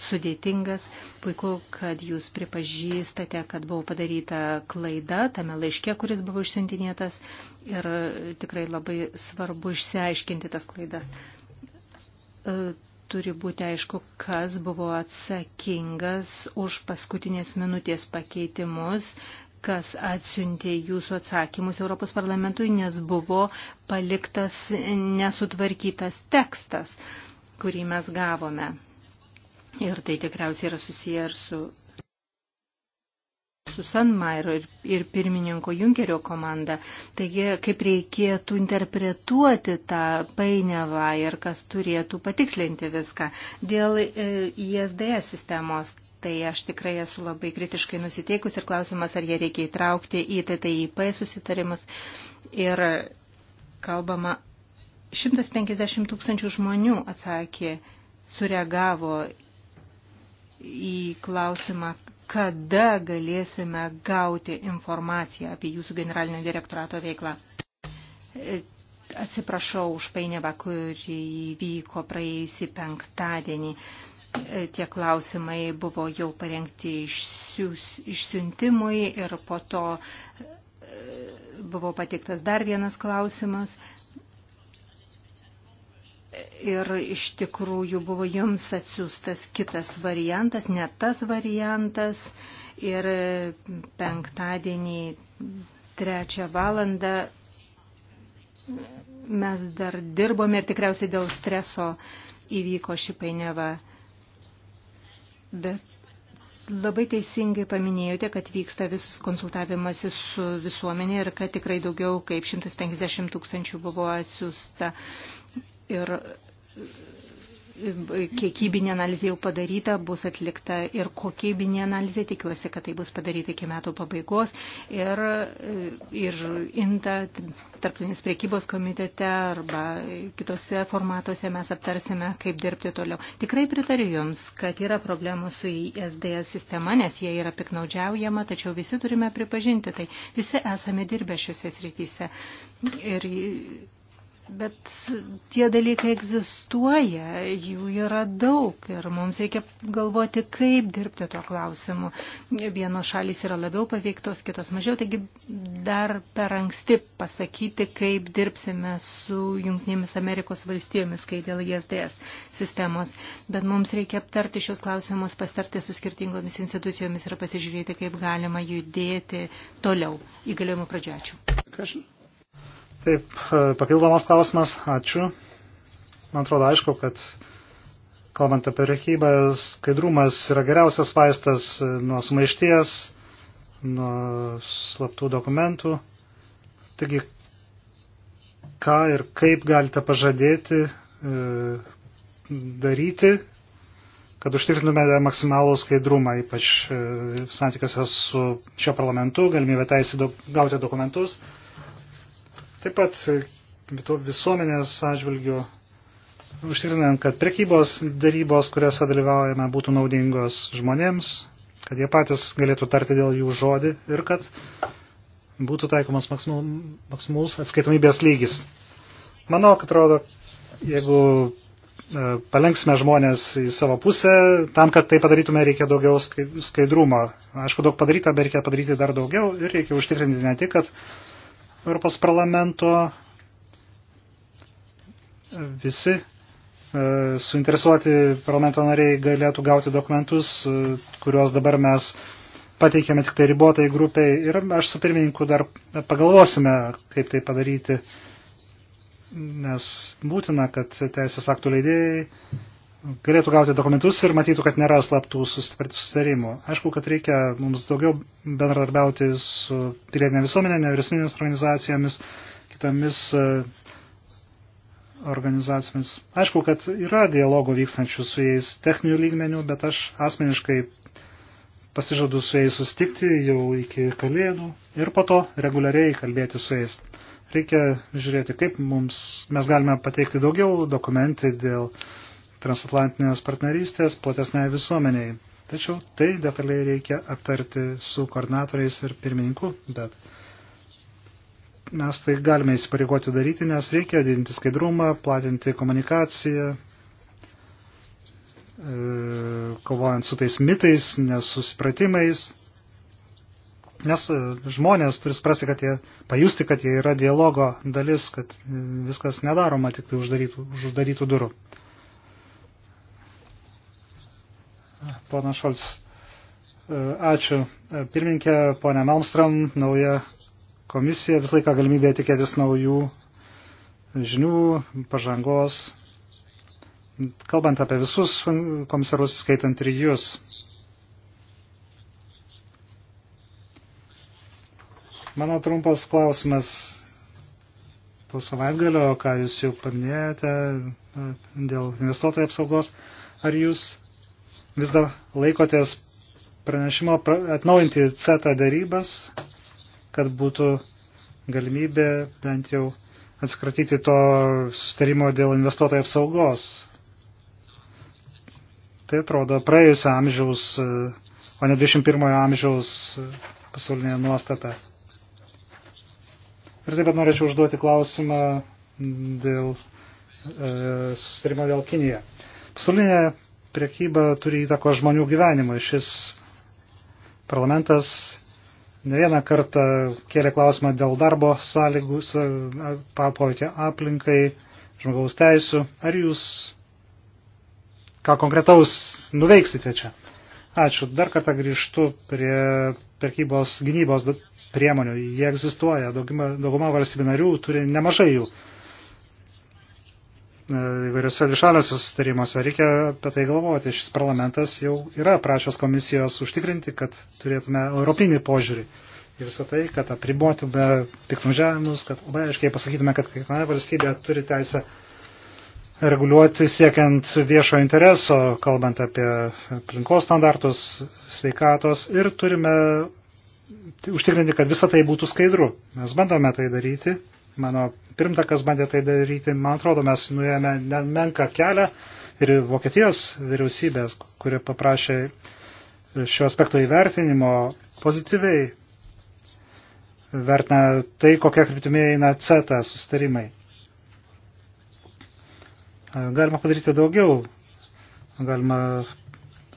sudėtingas. Puiku, kad jūs pripažįstate, kad buvo padaryta klaida tame laiške, kuris buvo išsiuntinėtas ir tikrai labai svarbu išsiaiškinti tas klaidas. E, turi būti aišku, kas buvo atsakingas už paskutinės minutės pakeitimus kas atsiuntė jūsų atsakymus Europos parlamentui, nes buvo paliktas nesutvarkytas tekstas, kurį mes gavome. Ir tai tikriausiai yra susiję ir su, su Sanmairo ir, ir pirmininko Junkerio komanda. Taigi, kaip reikėtų interpretuoti tą painiavą ir kas turėtų patikslinti viską dėl e, ISDS sistemos tai aš tikrai esu labai kritiškai nusiteikus ir klausimas, ar jie reikia įtraukti į TTIP susitarimus. Ir kalbama, 150 tūkstančių žmonių atsakė, sureagavo į klausimą, kada galėsime gauti informaciją apie jūsų generalinio direktorato veiklą. Atsiprašau už painiavą, kuri vyko praėjusį penktadienį. E, tie klausimai buvo jau parengti išsius, išsiuntimui ir po to e, buvo patiktas dar vienas klausimas. Ir iš tikrųjų buvo jums atsiųstas kitas variantas, ne tas variantas. Ir penktadienį trečią valandą mes dar dirbome ir tikriausiai dėl streso įvyko ši painiava. Bet Labai teisingai paminėjote, kad vyksta vis konsultavimasis su visuomenė ir kad tikrai daugiau kaip 150 tūkstančių buvo atsiųsta. Ir kiekybinė analizė jau padaryta, bus atlikta ir kokybinė analizė, tikiuosi, kad tai bus padaryta iki metų pabaigos. Ir, ir INTA, tarptautinis priekybos komitete arba kitose formatuose mes aptarsime, kaip dirbti toliau. Tikrai pritariu Jums, kad yra problemų su ISDS sistema, nes jie yra piknaudžiaujama, tačiau visi turime pripažinti tai. Visi esame dirbę šiuose srityse. Ir Bet tie dalykai egzistuoja, jų yra daug ir mums reikia galvoti, kaip dirbti tuo klausimu. Vienos šalys yra labiau paveiktos, kitos mažiau, taigi dar per anksti pasakyti, kaip dirbsime su Junktinėmis Amerikos valstijomis, kai dėl JSDS sistemos. Bet mums reikia aptarti šios klausimus, pastarti su skirtingomis institucijomis ir pasižiūrėti, kaip galima judėti toliau. Įgaliojimų pradžiačių. Question? Taip, e, papildomas klausimas, ačiū. Man atrodo aišku, kad kalbant apie priekybą, skaidrumas yra geriausias vaistas e, nuo sumaišties, nuo slaptų dokumentų. Taigi, ką ir kaip galite pažadėti e, daryti, kad užtikrintumėte maksimalų skaidrumą, ypač santykiuose su šio parlamentu, galimybę teisį gauti dokumentus. Taip pat visuomenės atžvilgių, užtikrinant, kad prekybos darybos, kuriuose dalyvaujame, būtų naudingos žmonėms, kad jie patys galėtų tarti dėl jų žodį ir kad būtų taikomas maksimalus atskaitomybės lygis. Manau, kad atrodo, jeigu e, palenksime žmonės į savo pusę, tam, kad tai padarytume, reikia daugiau skaidrumo. Aišku, daug padaryta, bet reikia padaryti dar daugiau ir reikia užtikrinti ne tik, kad Europos parlamento visi e, suinteresuoti parlamento nariai galėtų gauti dokumentus, e, kuriuos dabar mes pateikėme tik tai ribotai grupiai. Ir aš su pirmininku dar pagalvosime, kaip tai padaryti, nes būtina, kad teisės aktų leidėjai galėtų gauti dokumentus ir matytų, kad nėra slaptų susitarimų. Aišku, kad reikia mums daugiau bendradarbiauti su pilietinė visuomenė, nevyriausybinėmis organizacijomis, kitomis e, organizacijomis. Aišku, kad yra dialogų vykstančių su jais techninių lygmenių, bet aš asmeniškai pasižadu su jais sustikti jau iki kalėdų ir po to reguliariai kalbėti su jais. Reikia žiūrėti, kaip mums, mes galime pateikti daugiau dokumentai dėl uh, transatlantinės partnerystės platesnei visuomeniai. Tačiau tai detaliai reikia aptarti su koordinatoriais ir pirmininku, bet mes tai galime įsipareigoti daryti, nes reikia didinti skaidrumą, platinti komunikaciją, e, kovojant su tais mitais, nesusipratimais, nes e, žmonės turi sprasti, kad jie pajusti, kad jie yra dialogo dalis, kad e, viskas nedaroma tik tai uždarytų, uždarytų durų. Pana Šolc. E, ačiū. E, Pirminkė, ponė Malmstram, nauja komisija, vis laiką galimybė tikėtis naujų žinių, pažangos. Kalbant apie visus komisarus, skaitant ir jūs. Mano trumpas klausimas po savaitgalio, ką jūs jau paminėjote e, dėl investuotojų apsaugos. Ar jūs vis dar laikotės pranešimo atnaujinti CETA darybas, kad būtų galimybė bent jau atskratyti to sustarimo dėl investuotojų apsaugos. Tai atrodo praėjusio amžiaus, o ne 21 amžiaus pasaulinė nuostata. Ir taip pat norėčiau užduoti klausimą dėl e, sustarimo dėl Kinija. Pasaulinė priekyba turi įtako žmonių gyvenimui. Šis parlamentas ne vieną kartą kėlė klausimą dėl darbo sąlygų, papoikė aplinkai, žmogaus teisų. Ar jūs ką konkretaus nuveiksite čia? Ačiū. Dar kartą grįžtu prie perkybos gynybos priemonių. Jie egzistuoja. Dauguma, dauguma valstybių narių turi nemažai jų. E, įvairiose dvišaliuose sustarimuose. Reikia apie tai galvoti. Šis parlamentas jau yra prašęs komisijos užtikrinti, kad turėtume europinį požiūrį į visą tai, kad apribotume piknužiavimus, kad labai aiškiai pasakytume, kad kiekviena valstybė turi teisę reguliuoti siekiant viešo intereso, kalbant apie aplinkos standartus, sveikatos ir turime užtikrinti, kad visa tai būtų skaidru. Mes bandome tai daryti mano pirmtakas bandė tai daryti. Man atrodo, mes nuėjome menką kelią ir Vokietijos vyriausybės, kuri paprašė šio aspekto įvertinimo pozityviai vertina tai, kokia kryptimi eina CETA sustarimai. Galima padaryti daugiau, galima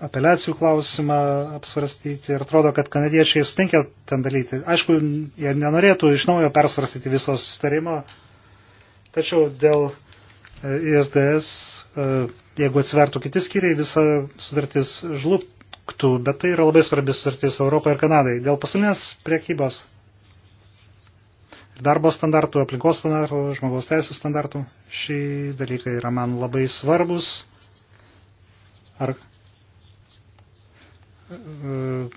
apeliacijų klausimą apsvarstyti ir atrodo, kad kanadiečiai sutinkia ten dalyti. Aišku, jie nenorėtų iš naujo persvarstyti viso sustarimo, tačiau dėl e, ISDS, e, jeigu atsvertų kiti skyriai, visa sutartis žlugtų, bet tai yra labai svarbi sutartis Europai ir Kanadai. Dėl pasaulinės priekybos darbo standartų, aplinkos standartų, žmogaus teisų standartų, šį dalyką yra man labai svarbus. Ar Mm,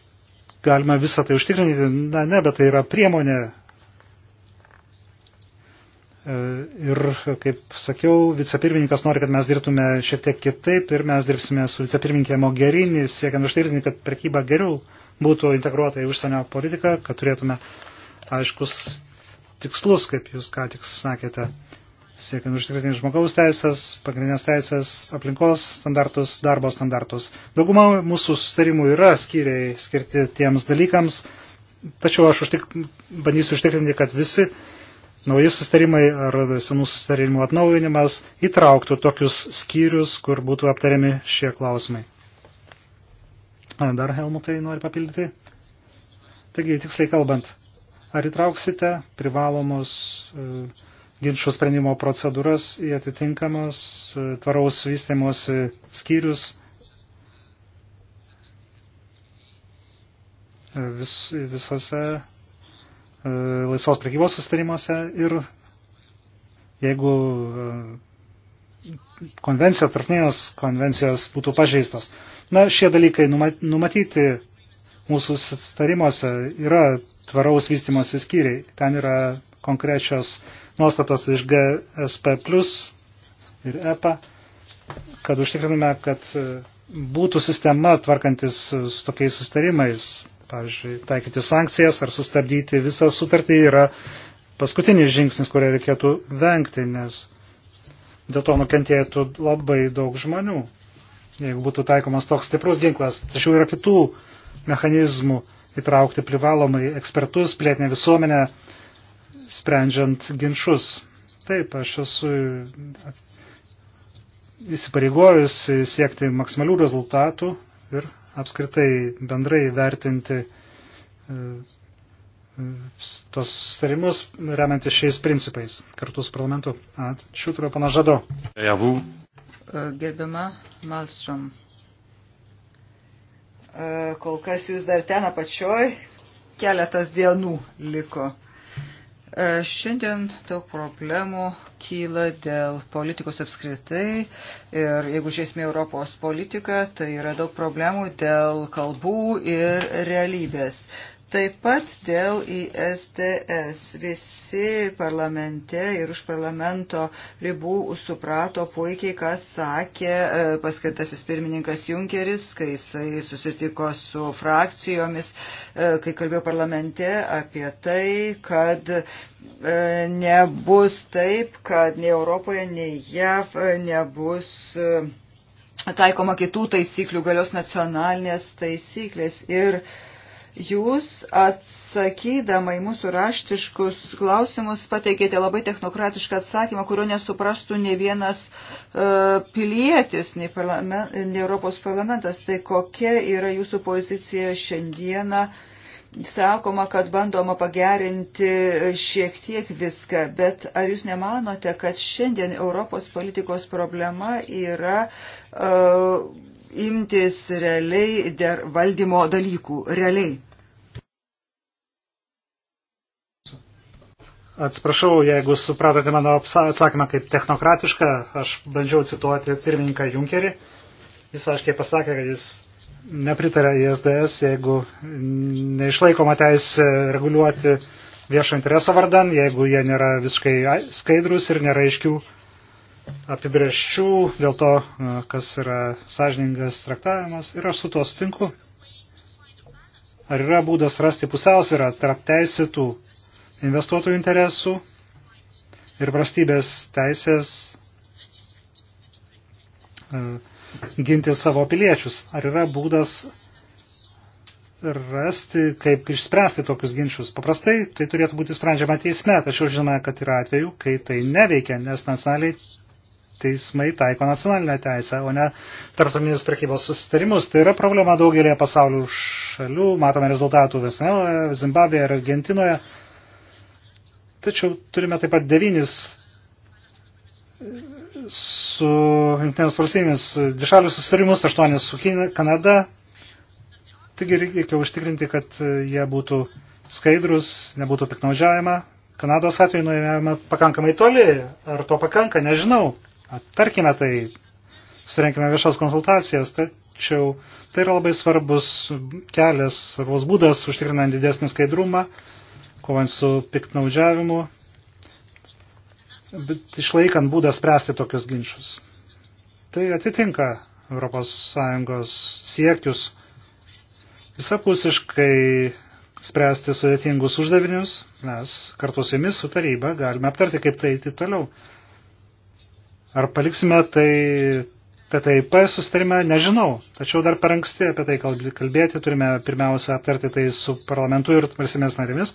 galima visą tai užtikrinti. Na, ne, bet tai yra priemonė. E, ir, kaip sakiau, vicepirmininkas nori, kad mes dirbtume šiek tiek kitaip ir mes dirbsime su vicepirmininkė Mogherini, siekiant užtikrinti, kad prekyba geriau būtų integruota į užsienio politiką, kad turėtume aiškus tikslus, kaip jūs ką tik sakėte siekiant užtikrinti žmogaus teisės, pagrindinės teisės, aplinkos standartus, darbo standartus. Dauguma mūsų sustarimų yra skyriai skirti tiems dalykams, tačiau aš užtik, bandysiu užtikrinti, kad visi nauji sustarimai ar senų sustarimų atnaujinimas įtrauktų tokius skyrius, kur būtų aptariami šie klausimai. Dar Helmutai nori papildyti. Taigi, tiksliai kalbant, ar įtrauksite privalomus uh, ginčių sprendimo procedūras į atitinkamus e, tvaraus vystimosi skyrius. E, vis, visose e, laisvos prekybos sustarimuose ir jeigu konvencijos, tarpnėjos konvencijos būtų pažeistos. Na, šie dalykai numatyti mūsų sustarimuose yra tvaraus vystimosi skyriai. Ten yra konkrečios nuostatos iš GSP plus ir EPA, kad užtikriname, kad e, būtų sistema tvarkantis su tokiais sustarimais. Pavyzdžiui, taikyti sankcijas ar sustabdyti visą sutartį yra paskutinis žingsnis, kurio reikėtų vengti, nes dėl to nukentėtų labai daug žmonių, jeigu būtų taikomas toks stiprus ginklas. Tačiau yra kitų uh, mechanizmų įtraukti privalomai ekspertus, plėtinę visuomenę, sprendžiant ginčius. Taip, aš esu įsipareigojus siekti maksimalių rezultatų ir apskritai bendrai vertinti e, tos starimus remiantis šiais principais kartu su parlamentu. Ačiū, turiu pana Žado. Gerbiama Malstrom, E, kol kas jūs dar ten apačioj, keletas dienų liko. E, šiandien daug problemų kyla dėl politikos apskritai ir jeigu žiūrėsime Europos politiką, tai yra daug problemų dėl kalbų ir realybės. Taip pat dėl ISTS visi parlamente ir už parlamento ribų suprato puikiai, kas sakė e, paskirtasis pirmininkas Junkeris, kai jisai susitiko su frakcijomis, e, kai kalbėjo parlamente apie tai, kad e, nebus taip, kad nei Europoje, nei JAV nebus taikoma kitų taisyklių, galios nacionalinės taisyklės. Ir uh, Jūs atsakydama į mūsų raštiškus klausimus pateikėte labai technokratišką atsakymą, kurio nesuprastų ne vienas uh, pilietis, nei, parlament, nei Europos parlamentas. Tai kokia yra jūsų pozicija šiandieną? Sakoma, kad bandoma pagerinti šiek tiek viską, bet ar jūs nemanote, kad šiandien Europos politikos problema yra uh, imtis realiai der valdymo dalykų, realiai. Atsiprašau, jeigu supratote mano atsakymą kaip technokratišką, aš bandžiau cituoti pirmininką Junkerį. Jis aiškiai pasakė, kad jis nepritarė ISDS, jeigu neišlaikoma teisė reguliuoti viešo intereso vardan, jeigu jie nėra visiškai skaidrus ir nėra aiškių apibrėžčių dėl to, e, kas yra sąžiningas traktavimas ir aš su tuo sutinku. Ar yra būdas rasti pusiausvyrą tarp teisėtų investuotojų interesų ir valstybės teisės e, ginti savo piliečius? Ar yra būdas rasti, kaip išspręsti tokius ginčius. Paprastai tai turėtų būti sprendžiama teisme, tačiau žinome, kad yra atvejų, kai tai neveikia, nes nacionaliai teismai taiko nacionalinę teisę, o ne tarptautinius prekybos susitarimus. Tai yra problema daugelėje pasaulio šalių, matome rezultatų Venezueloje, Zimbabvėje ir Argentinoje. Tačiau turime taip pat devynis su Junktinės valstybėmis dvišalius susitarimus, aštuonis su Kanada. Taigi reikia užtikrinti, kad jie būtų skaidrus, nebūtų piknaudžiavima. Kanados atveju nuėjome pakankamai toli. Ar to pakanka, nežinau. Tarkime tai, surenkime viešas konsultacijas, tačiau tai yra labai svarbus kelias, svarbus būdas užtikrinant didesnį skaidrumą, kovant su piktnaudžiavimu, bet išlaikant būdą spręsti tokius ginčius. Tai atitinka ES siekius visapusiškai spręsti sudėtingus uždavinius, mes kartu su jumis, su taryba, galime aptarti, kaip tai eiti toliau. Ar paliksime tai TTIP sustarime, nežinau. Tačiau dar per anksti apie tai kalbėti turime pirmiausia aptarti tai su parlamentu ir valstybės narėmis,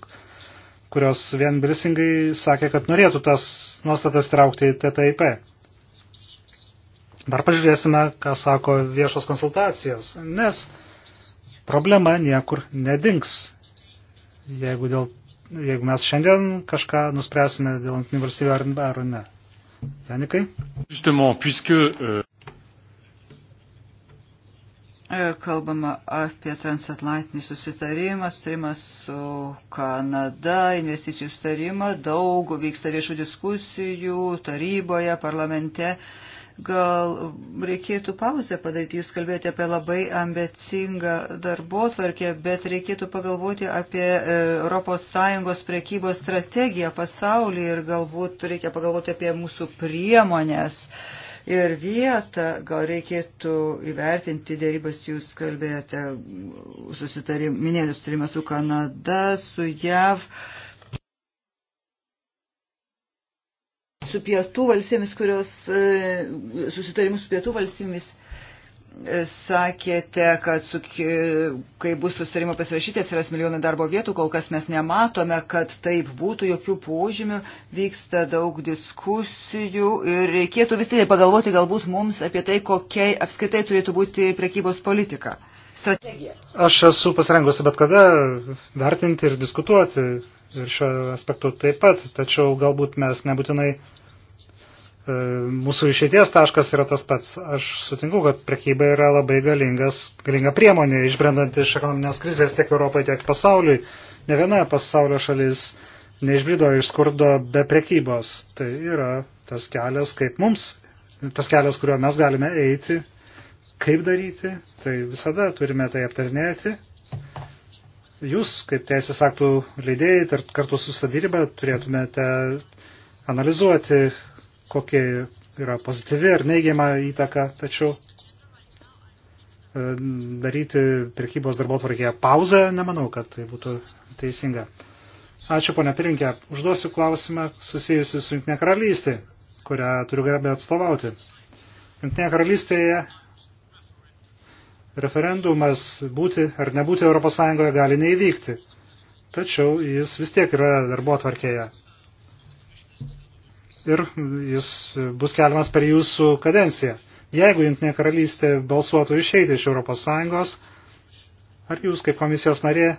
kurios vien brisingai sakė, kad norėtų tas nuostatas traukti į TTIP. Dar pažiūrėsime, ką sako viešos konsultacijos, nes problema niekur nedings. Jeigu, dėl, jeigu mes šiandien kažką nuspręsime dėl antinių valstybių ar, ar ne. Janikai? Justement, puisque... Uh... Kalbama apie transatlantinį susitarimą, sutarimą su Kanada, investicijų sutarimą, daug vyksta viešų diskusijų taryboje, parlamente. Uh, Gal reikėtų pauzę padaryti, jūs kalbėjote apie labai ambicingą darbo tvarkę, bet reikėtų pagalvoti apie ES prekybos strategiją pasaulyje ir galbūt reikia pagalvoti apie mūsų priemonės ir vietą, gal reikėtų įvertinti dėrybas, jūs kalbėjote, susitarim, minėjote susitarimą su Kanada, su JAV. Uh, su pietų valstybėmis, kurios e, susitarimus su pietų valstybėmis e, sakėte, kad su, kai bus susitarimo pasirašyti, atsiras milijonai darbo vietų, kol kas mes nematome, kad taip būtų, jokių požymių, vyksta daug diskusijų ir reikėtų vis tai pagalvoti galbūt mums apie tai, kokia apskaitai turėtų būti prekybos politika. Strategija. Aš esu pasirengusi bet kada vertinti ir diskutuoti ir šiuo aspektu taip pat, tačiau galbūt mes nebūtinai E, mūsų išeities taškas yra tas pats. Aš sutinku, kad prekyba yra labai galingas, galinga priemonė, išbrendant iš ekonominės krizės tiek Europai, tiek pasauliui. Ne viena pasaulio šalis neišbrido iš skurdo be prekybos. Tai yra tas kelias, kaip mums, tas kelias, kuriuo mes galime eiti, kaip daryti, tai visada turime tai aptarnėti. Jūs, kaip teisės aktų leidėjai, kartu su sadyryba turėtumėte analizuoti kokia yra pozityvi ar neigiama įtaka, tačiau e, daryti prekybos darbo tvarkėje pauzę, nemanau, kad tai būtų teisinga. Ačiū, ponia pirinkė. Užduosiu klausimą susijusiu su Junktinė karalystė, kurią turiu garbę atstovauti. Junktinėje karalystėje referendumas būti ar nebūti ES gali neįvykti, tačiau jis vis tiek yra darbo tvarkėje ir jis bus keliamas per jūsų kadenciją. Jeigu Junktinė karalystė balsuotų išeiti iš ES, ar jūs kaip komisijos narė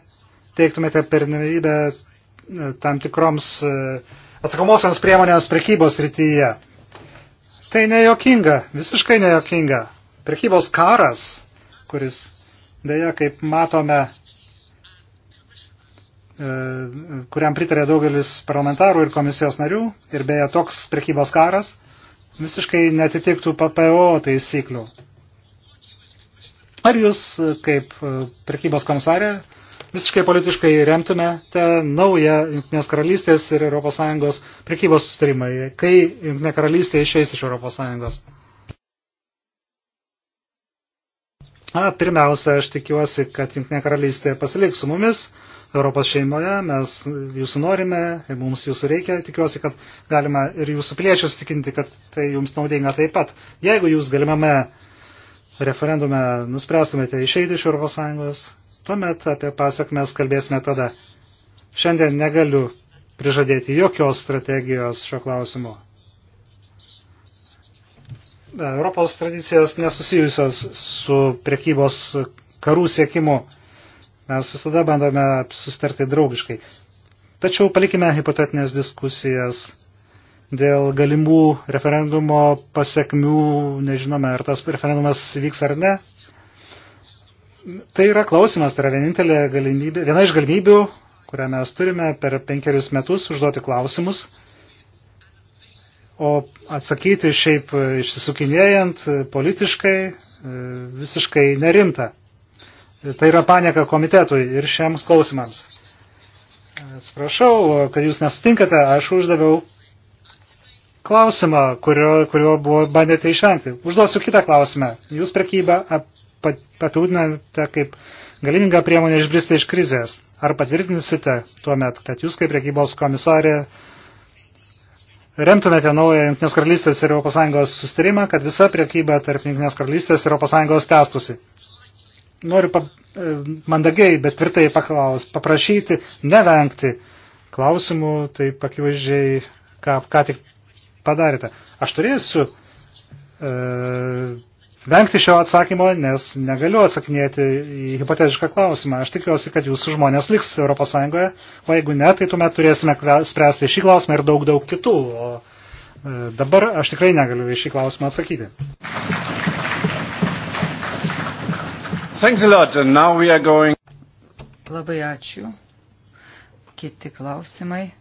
teiktumėte pernavybę e, tam tikroms e, atsakomosioms priemonėms prekybos rytyje? Tai nejokinga, visiškai nejokinga. Prekybos karas, kuris dėja, kaip matome, E, kuriam pritarė daugelis parlamentarų ir komisijos narių, ir beje toks prekybos karas visiškai netitiktų PPO taisyklių. Ar jūs, kaip e, prekybos komisarė, visiškai politiškai remtumėte naują Junktinės karalystės ir ES prekybos sustarimą, kai Junktinė karalystė išeis iš ES? Na, pirmiausia, aš tikiuosi, kad Junktinė karalystė pasiliks su mumis, Europos šeimoje, mes jūsų norime, mums jūsų reikia, tikiuosi, kad galima ir jūsų piliečius tikinti, kad tai jums naudinga taip pat. Jeigu jūs galimame referendume nuspręstumėte išeiti iš Europos Sąjungos, tuomet apie pasiekmes kalbėsime tada. Šiandien negaliu prižadėti jokios strategijos šio klausimu. Europos tradicijos nesusijusios su priekybos karų siekimu. Mes visada bandome sustarti draugiškai. Tačiau palikime hipotetinės diskusijas dėl galimų referendumo pasiekmių, nežinome, ar tas referendumas vyks ar ne. Tai yra klausimas, tai yra vienintelė galimybė, viena iš galimybių, kurią mes turime per penkerius metus užduoti klausimus, o atsakyti šiaip išsisukinėjant politiškai visiškai nerimta. Tai yra panieka komitetui ir šiems klausimams. Atsiprašau, kad jūs nesutinkate, aš uždaviau klausimą, kurio, kurio buvo bandėte išvengti. Užduosiu kitą klausimą. Jūs prekybą apatūdinate kaip galimingą priemonę išbristi iš krizės. Ar patvirtinsite tuo met, kad jūs kaip prekybos komisarė remtumėte naują Junktinės karalystės ir ES sustarimą, kad visa priekyba tarp Junktinės karalystės ir ES tęstusi? noriu pa, e, mandagiai, bet tvirtai paklaus, paprašyti, nevengti klausimų, tai pakivaizdžiai, ką, ką tik padarėte. Aš turėsiu e, vengti šio atsakymo, nes negaliu atsakinėti į hipotetišką klausimą. Aš tikiuosi, kad jūsų žmonės liks ES, o jeigu ne, tai tuomet turėsime spręsti šį klausimą ir daug daug kitų. O e, dabar aš tikrai negaliu į šį klausimą atsakyti. Thanks a lot. And now we are going. Labai ačiū. Kiti klausimai.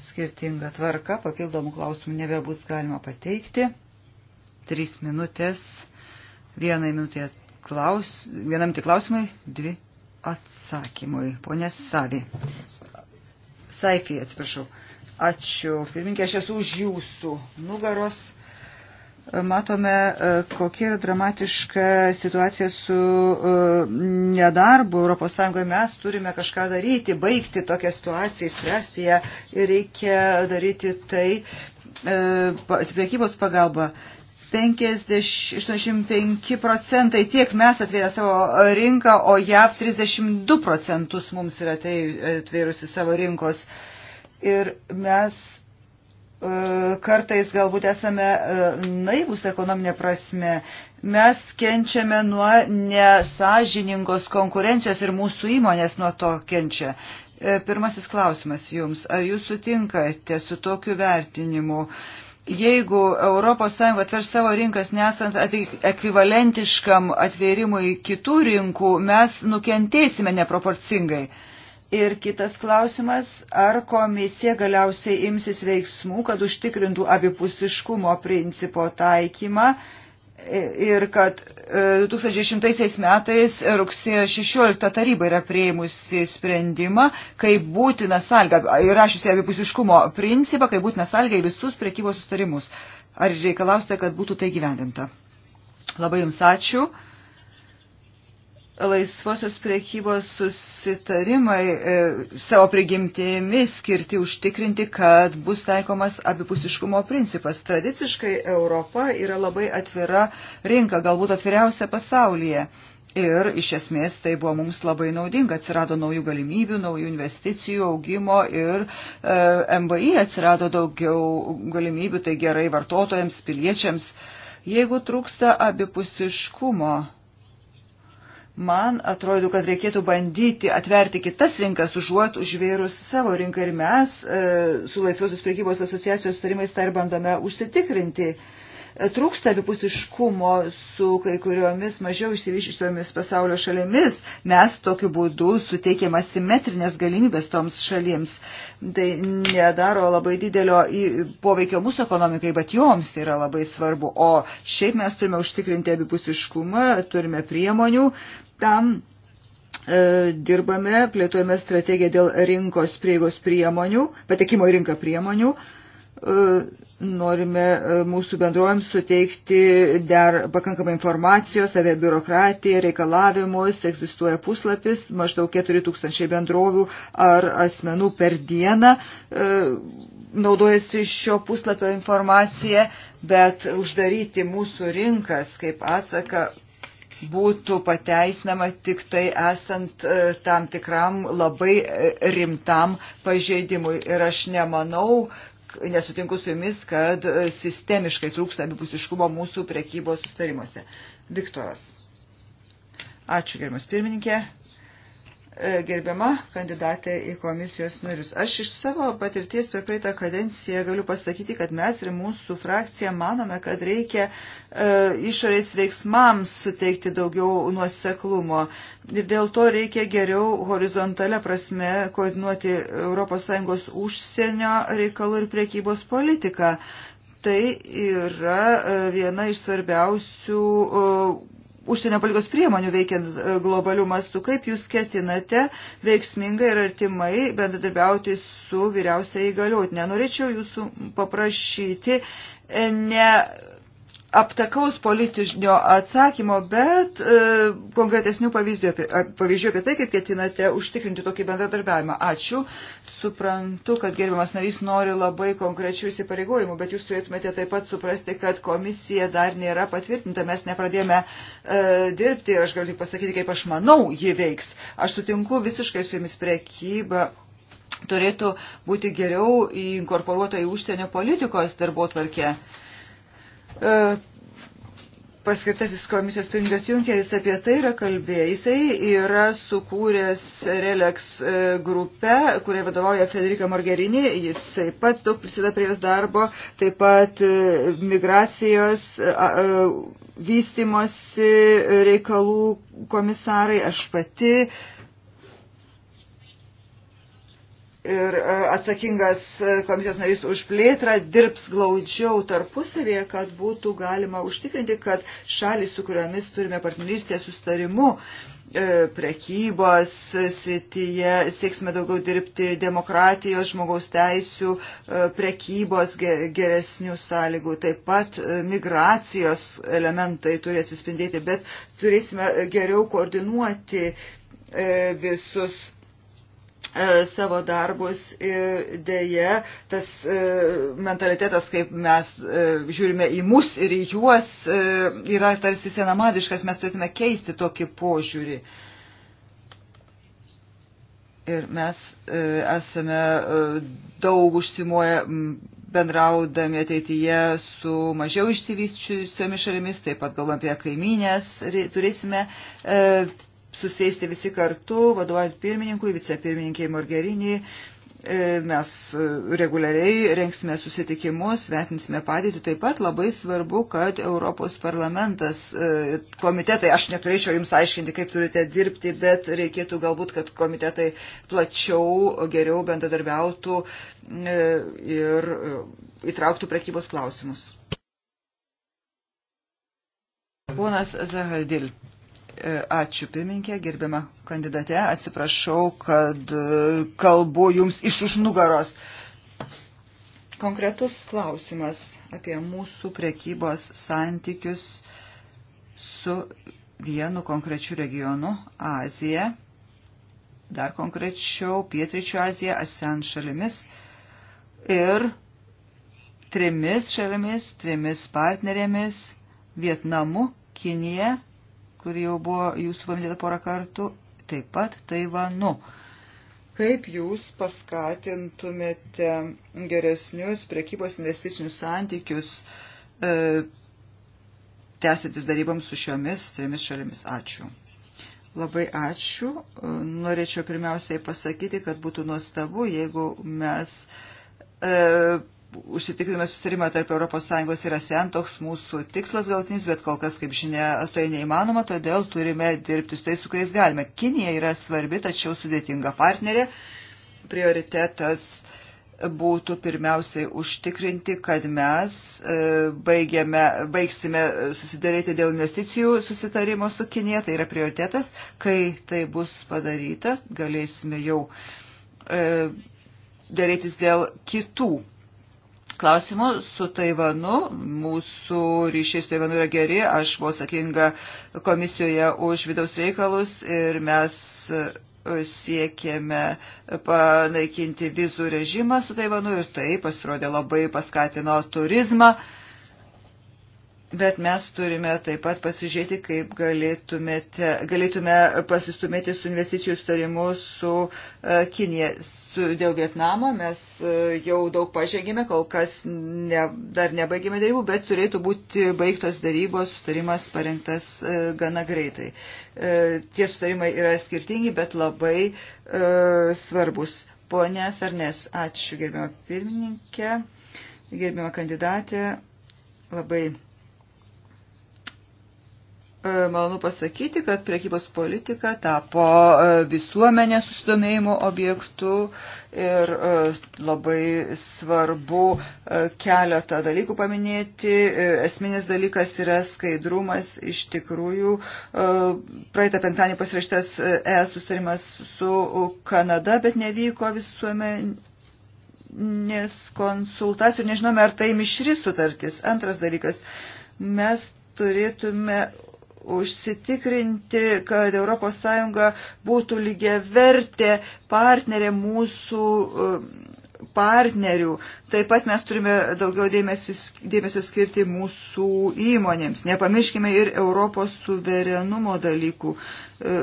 Skirtinga tvarka, papildomų klausimų nebebus galima pateikti. Trys minutės, vienai minutė klaus, vienam tik klausimui, dvi atsakymui. Pone Savi. Saifija, atsiprašau. Ačiū. Pirminkė, aš esu už jūsų nugaros matome, e, kokia yra dramatiška situacija su e, nedarbu ES. Mes turime kažką daryti, baigti tokią situaciją, spręsti ją ir reikia daryti tai e, priekybos pagalba. 50, 85 procentai tiek mes atvėrė savo rinką, o JAV 32 procentus mums yra tai atvėrusi savo rinkos. Ir mes E, kartais galbūt esame e, naivus ekonominė prasme. Mes kenčiame nuo nesažiningos konkurencijos ir mūsų įmonės nuo to kenčia. E, pirmasis klausimas jums. Ar jūs sutinkate su tokiu vertinimu? Jeigu ES atvers savo rinkas nesant ekvivalentiškam atvėrimui kitų rinkų, mes nukentėsime neproporcingai. Ir kitas klausimas, ar komisija galiausiai imsis veiksmų, kad užtikrintų abipusiškumo principo taikymą ir kad 2010 e, metais rugsėjo 16 taryba yra prieimusi sprendimą, kai būtina salga, įrašiusi abipusiškumo principą, kai būtina salga į visus priekybos sustarimus. Ar reikalausite, kad būtų tai gyvendinta? Labai Jums ačiū laisvosios priekybos susitarimai e, savo prigimtimi skirti užtikrinti, kad bus taikomas abipusiškumo principas. Tradiciškai Europa yra labai atvira rinka, galbūt atviriausia pasaulyje. Ir iš esmės tai buvo mums labai naudinga. Atsirado naujų galimybių, naujų investicijų, augimo ir e, MBI atsirado daugiau galimybių, tai gerai vartotojams, piliečiams. Jeigu trūksta abipusiškumo, man atrodo, kad reikėtų bandyti atverti kitas rinkas, užuot užvėrus savo rinką ir mes e, su Laisvosios priekybos asociacijos tarimais tą tai ir bandome užsitikrinti. E, trūksta abipusiškumo su kai kuriomis mažiau išsivyščiusiomis pasaulio šalimis. Mes tokiu būdu suteikiam asimetrinės galimybės toms šalims. Tai nedaro labai didelio poveikio mūsų ekonomikai, bet joms yra labai svarbu. O šiaip mes turime užtikrinti abipusiškumą, turime priemonių tam e, dirbame, plėtojame strategiją dėl rinkos prieigos priemonių, patekimo į rinką priemonių. E, norime e, mūsų bendruojams suteikti dar pakankamai informacijos apie biurokratiją, reikalavimus, egzistuoja puslapis, maždaug 4000 bendrovių ar asmenų per dieną e, naudojasi šio puslapio informacija, bet uždaryti mūsų rinkas kaip atsaką būtų pateisinama tik tai esant e, tam tikram labai rimtam pažeidimui. Ir aš nemanau, nesutinku su jumis, kad e, sistemiškai trūksta abipusiškumo mūsų prekybos sustarimuose. Viktoras. Ačiū, gerimas pirmininkė. E, gerbiama kandidatė į komisijos narius. Aš iš savo patirties per praeitą kadenciją galiu pasakyti, kad mes ir mūsų frakcija manome, kad reikia e, išorės veiksmams suteikti daugiau nuoseklumo. Ir dėl to reikia geriau horizontale prasme koordinuoti ES užsienio reikalų ir priekybos politiką. Tai yra e, viena iš svarbiausių. E, užsienio politikos priemonių veikiant e, globalių mastų. Kaip jūs ketinate veiksmingai ir artimai bendradarbiauti su vyriausiai įgaliuotinė? Norėčiau jūsų paprašyti e, ne aptakaus politinio atsakymo, bet e, konkretesnių pavyzdžių apie, pavyzdžių apie tai, kaip ketinate užtikrinti tokį bendradarbiavimą. Ačiū. Suprantu, kad gerbiamas narys nori labai konkrečių įsipareigojimų, bet jūs turėtumėte taip pat suprasti, kad komisija dar nėra patvirtinta, mes nepradėjome e, dirbti ir aš galiu tik pasakyti, kaip aš manau, ji veiks. Aš sutinku visiškai su jumis prekyba turėtų būti geriau inkorporuota į užsienio politikos darbo tvarkę. E, E, paskirtasis komisijos pirmininkas Junkeris apie tai yra kalbėjęs. Jisai yra sukūręs Relex e, grupę, kuriai vadovauja Federika Margerini. Jis taip pat daug prisideda prie jos darbo, taip pat e, migracijos vystimosi reikalų komisarai, aš pati ir e, atsakingas komisijos narys už plėtrą dirbs glaudžiau tarpusavėje, kad būtų galima užtikrinti, kad šalis, su kuriomis turime partnerystę sustarimu, e, prekybos srityje, sieksime daugiau dirbti demokratijos, žmogaus teisių, e, prekybos geresnių sąlygų, taip pat migracijos elementai turi atsispindėti, bet turėsime geriau koordinuoti visus E, savo darbus ir dėje tas e, mentalitetas, kaip mes e, žiūrime į mus ir į juos, yra tarsi senamadiškas, mes turėtume keisti tokį požiūrį. Ir mes esame daug užsimoję bendraudami ateityje su mažiau išsivyščiusiomis šalimis, taip pat galvom apie kaiminės, turėsime susėsti visi kartu, vadovaujant pirmininkui, vicepirmininkiai Morgeriniai. E, mes e, reguliariai rengsime susitikimus, vertinsime padėtį. Taip pat labai svarbu, kad Europos parlamentas, e, komitetai, aš neturėčiau jums aiškinti, kaip turite dirbti, bet reikėtų galbūt, kad komitetai plačiau, geriau bendradarbiautų ir įtrauktų prekybos klausimus. Ponas Zahaldil. E, ačiū pirminkė, gerbiama kandidate, atsiprašau, kad e, kalbu jums iš už nugaros. Konkretus klausimas apie mūsų prekybos santykius su vienu konkrečiu regionu - Azija, dar konkrečiau Pietričio Azija, ASEAN šalimis ir trimis šalimis, trimis partnerėmis - Vietnamu, Kinija kuri jau buvo jūsų paminėta porą kartų, taip pat Taivanu. Kaip jūs paskatintumėte geresnius prekybos investicinius santykius e, tęsiantis darybams su šiomis trimis šalimis? Ačiū. Labai ačiū. E, norėčiau pirmiausiai pasakyti, kad būtų nuostabu, jeigu mes e, užsitikrintume susitarimą tarp ES ir ASEAN, toks mūsų tikslas galtinis, bet kol kas, kaip žinia, tai neįmanoma, todėl turime dirbti su tais, su kuriais galime. Kinija yra svarbi, tačiau sudėtinga partnerė. Prioritetas būtų pirmiausiai užtikrinti, kad mes e, baigiame, baigsime susidaryti dėl investicijų susitarimo su Kinė, tai yra prioritetas, kai tai bus padaryta, galėsime jau e, dėrėtis dėl kitų klausimų su Taivanu. Mūsų ryšiai su Taivanu yra geri. Aš buvau atsakinga komisijoje už vidaus reikalus ir mes e, siekėme panaikinti vizų režimą su Taivanu ir tai pasirodė labai paskatino turizmą. Uh, Bet mes turime taip pat pasižiūrėti, kaip galėtume pasistumėti su investicijų starimu su e, Kinija. Su, dėl Vietnamo mes e, jau daug pažengėme, kol kas ne, dar nebaigėme darybų, bet turėtų būti baigtos darybos, sustarimas parengtas e, gana greitai. Tie sustarimai yra skirtingi, bet labai svarbus. Pone Sarnes, ačiū gerbiamą pirmininkę, gerbiamą kandidatę. Labai E, malonu pasakyti, kad priekybos politika tapo e, visuomenės susidomėjimo objektu ir e, labai svarbu keletą dalykų paminėti. Esminis dalykas yra skaidrumas. Iš tikrųjų, praeitą penktadienį pasirašytas ES susitarimas su Kanada, bet nevyko visuomenė nes konsultacijų, nežinome, ar tai mišri sutartis. Antras dalykas, mes turėtume užsitikrinti, kad ES būtų lygia vertė partnerė mūsų um, partnerių. Taip pat mes turime daugiau dėmesio skirti mūsų įmonėms. Nepamirškime ir Europos suverenumo dalykų. E,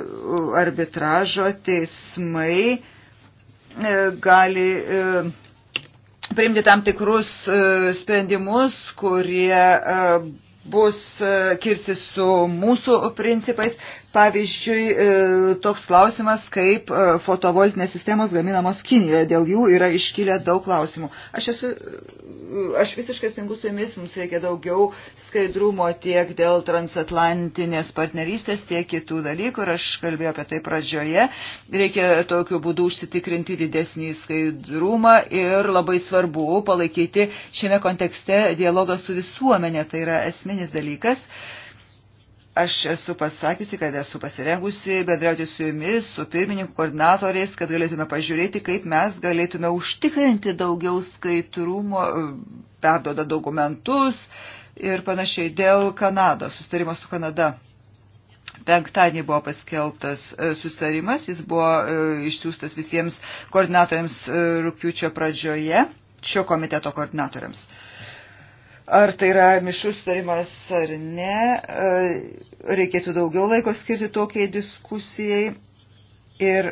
arbitražo teismai e, gali e, priimti tam tikrus sprendimus, kurie bus e, kirsis su mūsų principais, Pavyzdžiui, e, toks klausimas, kaip e, fotovoltinės sistemos gaminamos Kinijoje, dėl jų yra iškilę daug klausimų. Aš, esu, e, aš visiškai sutinku su jumis, mums reikia daugiau skaidrumo tiek dėl transatlantinės partnerystės, tiek kitų dalykų, ir aš kalbėjau apie tai pradžioje. Reikia tokiu būdu užsitikrinti didesnį skaidrumą ir labai svarbu palaikyti šiame kontekste dialogą su visuomenė, tai yra esminis dalykas. Uh, Aš esu pasakiusi, kad esu pasirengusi bendrauti su jumis, su pirmininku koordinatoriais, kad galėtume pažiūrėti, kaip mes galėtume užtikrinti daugiau skaitrumo, perdoda dokumentus ir panašiai dėl Kanados, sustarimo su Kanada. Penktadienį buvo paskeltas e, sustarimas, jis buvo e, išsiųstas visiems koordinatoriams e, rūpiučio pradžioje, šio komiteto koordinatoriams. Uh, ar tai yra mišrus sutarimas ar ne, e, reikėtų daugiau laiko skirti tokiai diskusijai ir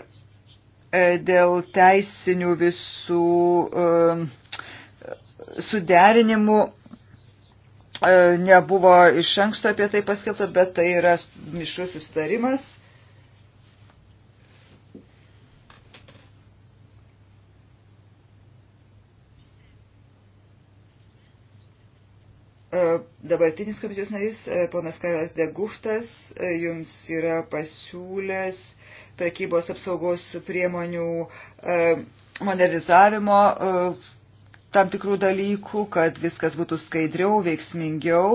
e, dėl teisinių visų e, suderinimų nebuvo iš anksto apie tai paskelbta, bet tai yra mišrus sustarimas E, dabartinis komisijos narys, e, ponas Karlas Deguhtas, e, jums yra pasiūlęs prekybos apsaugos priemonių modernizavimo tam tikrų dalykų, kad viskas būtų skaidriau, veiksmingiau.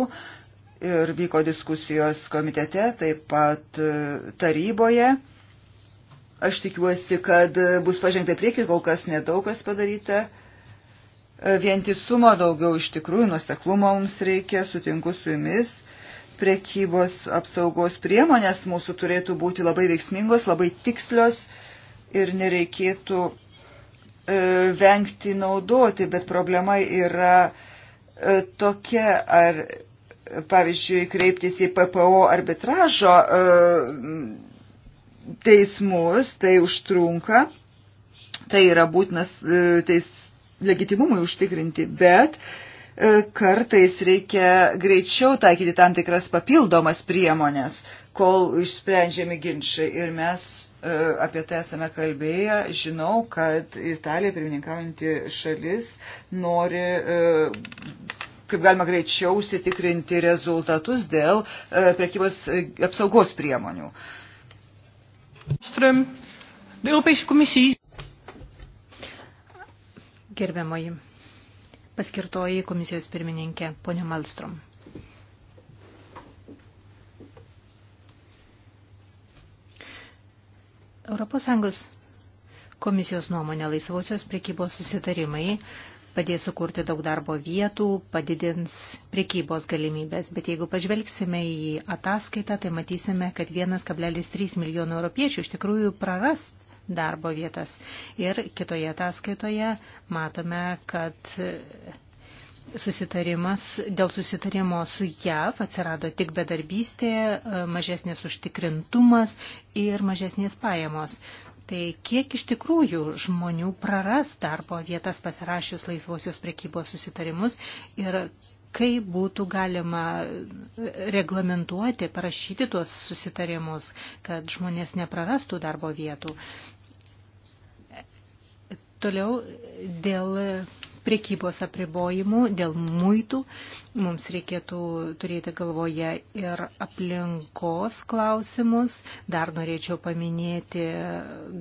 Ir vyko diskusijos komitete, taip pat taryboje. Aš tikiuosi, kad bus pažengta prieki, kol kas nedaugas padaryta. E, vientisumo daugiau iš tikrųjų, nuseklumo mums reikia, sutinku su jumis. Prekybos apsaugos priemonės mūsų turėtų būti labai veiksmingos, labai tikslios ir nereikėtų e, vengti naudoti, bet problema yra e, tokia, ar, pavyzdžiui, kreiptis į PPO arbitražo e, teismus, tai užtrunka, tai yra būtinas e, teis, legitimumui užtikrinti, bet e, kartais reikia greičiau taikyti tam tikras papildomas priemonės, kol išsprendžiami ginčiai. Ir mes e, apie tai esame kalbėję. Žinau, kad Italija, pirmininkaujanti šalis, nori e, kaip galima greičiau sitikrinti rezultatus dėl prekybos apsaugos priemonių. Ström, de Europese Commissie Gerbiamoji, paskirtoji komisijos pirmininkė ponė Malstrom. ES komisijos nuomonė laisvosios prekybos susitarimai padės sukurti daug darbo vietų, padidins prekybos galimybės. Bet jeigu pažvelgsime į ataskaitą, tai matysime, kad 1,3 milijono europiečių iš tikrųjų praras darbo vietas. Ir kitoje ataskaitoje matome, kad susitarimas, dėl susitarimo su JAV atsirado tik bedarbystė, mažesnės užtikrintumas ir mažesnės pajamos. Tai kiek iš tikrųjų žmonių praras darbo vietas pasirašius laisvosios prekybos susitarimus ir kaip būtų galima reglamentuoti, parašyti tuos susitarimus, kad žmonės neprarastų darbo vietų. Toliau dėl priekybos apribojimų, dėl muitų. Mums reikėtų turėti galvoje ir aplinkos klausimus. Dar norėčiau paminėti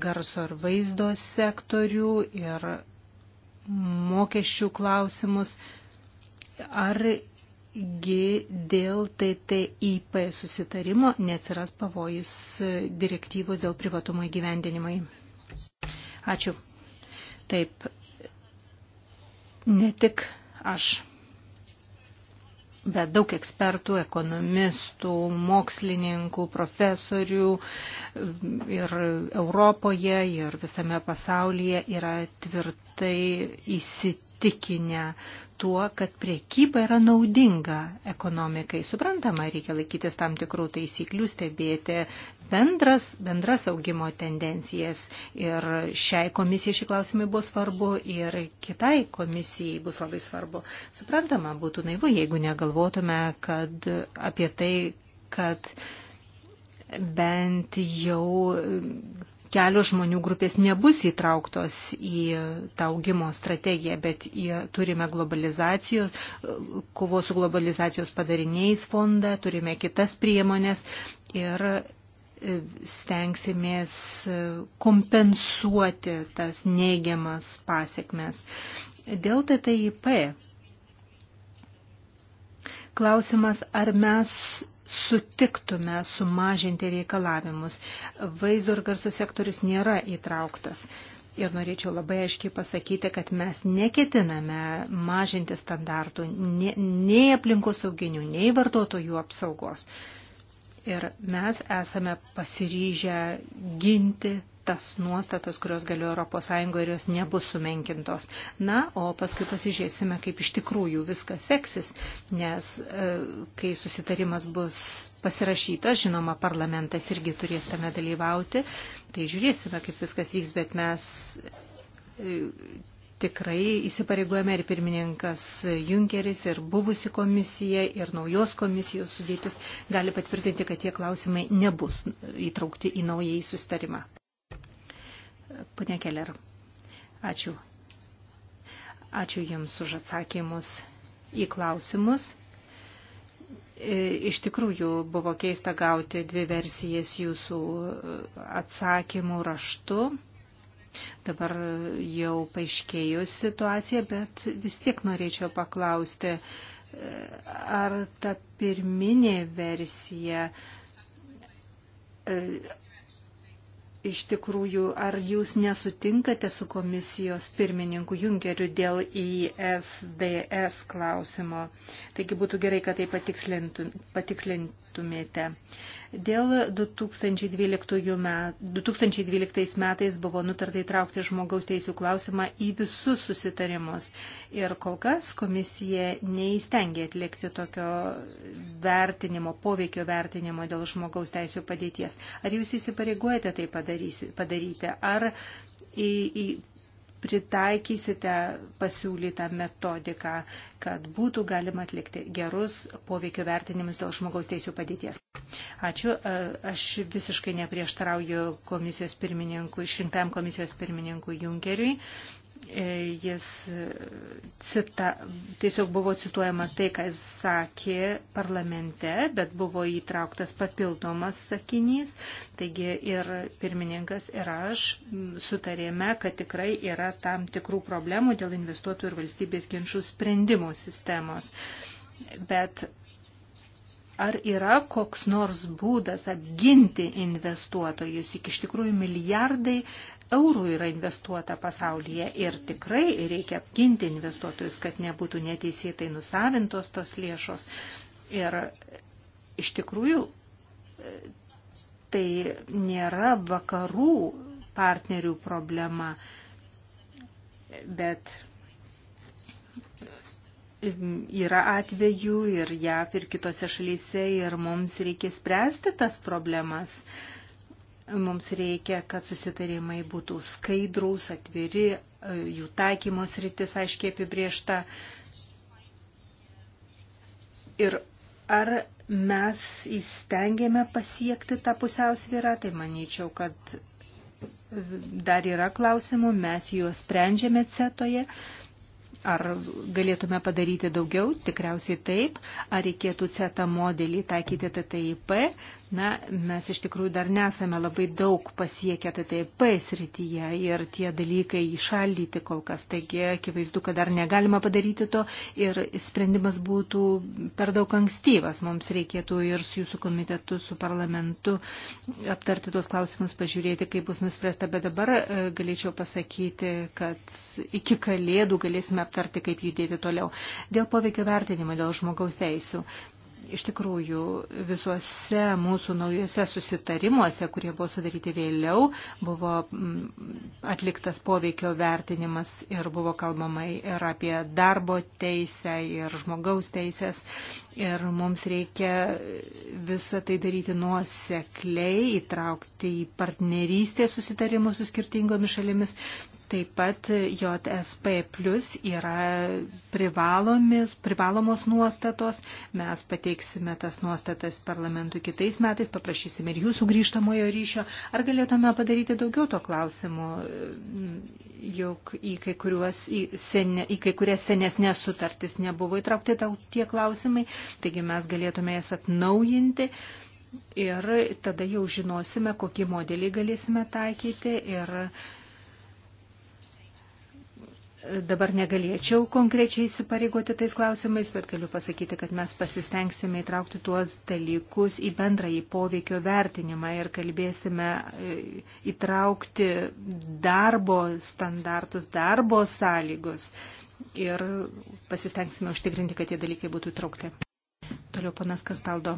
garso ir vaizdo sektorių ir mokesčių klausimus. Ar gi dėl TTIP susitarimo neatsiras pavojus direktyvos dėl privatumo įgyvendinimai. Ačiū. Taip, ne tik aš, bet daug ekspertų, ekonomistų, mokslininkų, profesorių ir Europoje, ir visame pasaulyje yra tvirtai įsitikinę tuo, kad priekyba yra naudinga ekonomikai. Suprantama, reikia laikytis tam tikrų taisyklių, stebėti bendras, bendras augimo tendencijas. Ir šiai komisijai šį klausimai buvo svarbu ir kitai komisijai bus labai svarbu. Suprantama, būtų naivu, jeigu negalvotume kad, apie tai, kad bent jau kelios žmonių grupės nebus įtrauktos į tą augimo strategiją, bet į, turime globalizacijos, kovos su globalizacijos padariniais fondą, turime kitas priemonės ir stengsimės kompensuoti tas neigiamas pasiekmes. Dėl TTIP klausimas, ar mes sutiktume sumažinti reikalavimus. Vaizdo ir garso sektorius nėra įtrauktas. Ir norėčiau labai aiškiai pasakyti, kad mes neketiname mažinti standartų nei aplinkos sauginių, nei vartotojų apsaugos ir mes esame pasiryžę ginti tas nuostatas, kurios galioja Europos Sąjungoje ir jos nebus sumenkintos. Na, o paskui pasižiūrėsime, kaip iš tikrųjų viskas seksis, nes e, kai susitarimas bus pasirašytas, žinoma, parlamentas irgi turės tame dalyvauti, tai žiūrėsime, kaip viskas vyks, bet mes e, tikrai įsipareigojame ir pirmininkas Junkeris, ir buvusi komisija, ir naujos komisijos sudėtis gali patvirtinti, kad tie klausimai nebus įtraukti į naująjį sustarimą. Pane Keller, ačiū. Ačiū Jums už atsakymus į klausimus. E, iš tikrųjų buvo keista gauti dvi versijas jūsų atsakymų raštu Dabar jau paaiškėjo situacija, bet vis tiek norėčiau paklausti, ar ta pirminė versija e, iš tikrųjų, ar jūs nesutinkate su komisijos pirmininku Junkeriu dėl ISDS klausimo? Taigi būtų gerai, kad tai patikslintumėte. Dėl 2012, met, 2012 metais buvo nutarta įtraukti žmogaus teisų klausimą į visus susitarimus ir kol kas komisija neįstengė atlikti tokio vertinimo, poveikio vertinimo dėl žmogaus teisų padėties. Ar jūs įsipareigojate tai padaryti? Ar į, į, pritaikysite pasiūlytą metodiką, kad būtų galima atlikti gerus poveikio vertinimus dėl žmogaus teisų padėties. Ačiū. E, aš visiškai neprieštarauju komisijos pirmininkui, išrinktam komisijos pirmininkui Junkeriui. E, jis e, cita, tiesiog buvo cituojama tai, ką jis sakė parlamente, bet buvo įtrauktas papildomas sakinys. Taigi ir pirmininkas ir aš sutarėme, kad tikrai yra tam tikrų problemų dėl investuotojų ir valstybės ginčių sprendimo sistemos. Bet Ar yra koks nors būdas apginti investuotojus, juk iš tikrųjų milijardai eurų yra investuota pasaulyje ir tikrai reikia apginti investuotojus, kad nebūtų neteisėtai nusavintos tos lėšos. Ir iš tikrųjų tai nėra vakarų partnerių problema, bet yra atvejų ir JAV ir kitose šalyse ir mums reikia spręsti tas problemas. Mums reikia, kad susitarimai būtų skaidrus, atviri, jų taikymos rytis aiškiai apibriešta. Ir ar mes įstengėme pasiekti tą pusiausvyrą, tai manyčiau, kad dar yra klausimų, mes juos sprendžiame cetoje, Ar galėtume padaryti daugiau? Tikriausiai taip. Ar reikėtų CETA modelį taikyti TTIP? Na, mes iš tikrųjų dar nesame labai daug pasiekę TTIP srityje ir tie dalykai išaldyti kol kas. Taigi, akivaizdu, kad dar negalima padaryti to ir sprendimas būtų per daug ankstyvas. Mums reikėtų ir su jūsų komitetu, su parlamentu aptarti tuos klausimus, pažiūrėti, kaip bus nuspręsta. Bet dabar e, galėčiau pasakyti, kad iki kalėdų galėsime aptarti aptarti, kaip judėti toliau. Dėl poveikio vertinimo, dėl žmogaus teisų. Iš tikrųjų, visuose mūsų naujuose susitarimuose, kurie buvo sudaryti vėliau, buvo mm, atliktas poveikio vertinimas ir buvo kalbama ir apie darbo teisę, ir žmogaus teisės. Ir mums reikia visą tai daryti nuosekliai, įtraukti į partnerystės susitarimus su skirtingomis šalimis. Taip pat JSP plus yra privalomos nuostatos. Mes pateiksime tas nuostatas parlamentui kitais metais, paprašysime ir jūsų grįžtamojo ryšio. Ar galėtume padaryti daugiau to klausimu, juk į kai, kuriuos, į, sene, į kai kurias senesnės sutartis nebuvo įtraukti tie klausimai Taigi mes galėtume jas atnaujinti. Ir tada jau žinosime, kokį modelį galėsime taikyti ir dabar negalėčiau konkrečiai įsipareigoti tais klausimais, bet galiu pasakyti, kad mes pasistengsime įtraukti tuos dalykus į bendrąjį poveikio vertinimą ir kalbėsime e, įtraukti darbo standartus, darbo sąlygus ir pasistengsime užtikrinti, kad tie dalykai būtų įtraukti. Toliau panas Kastaldo.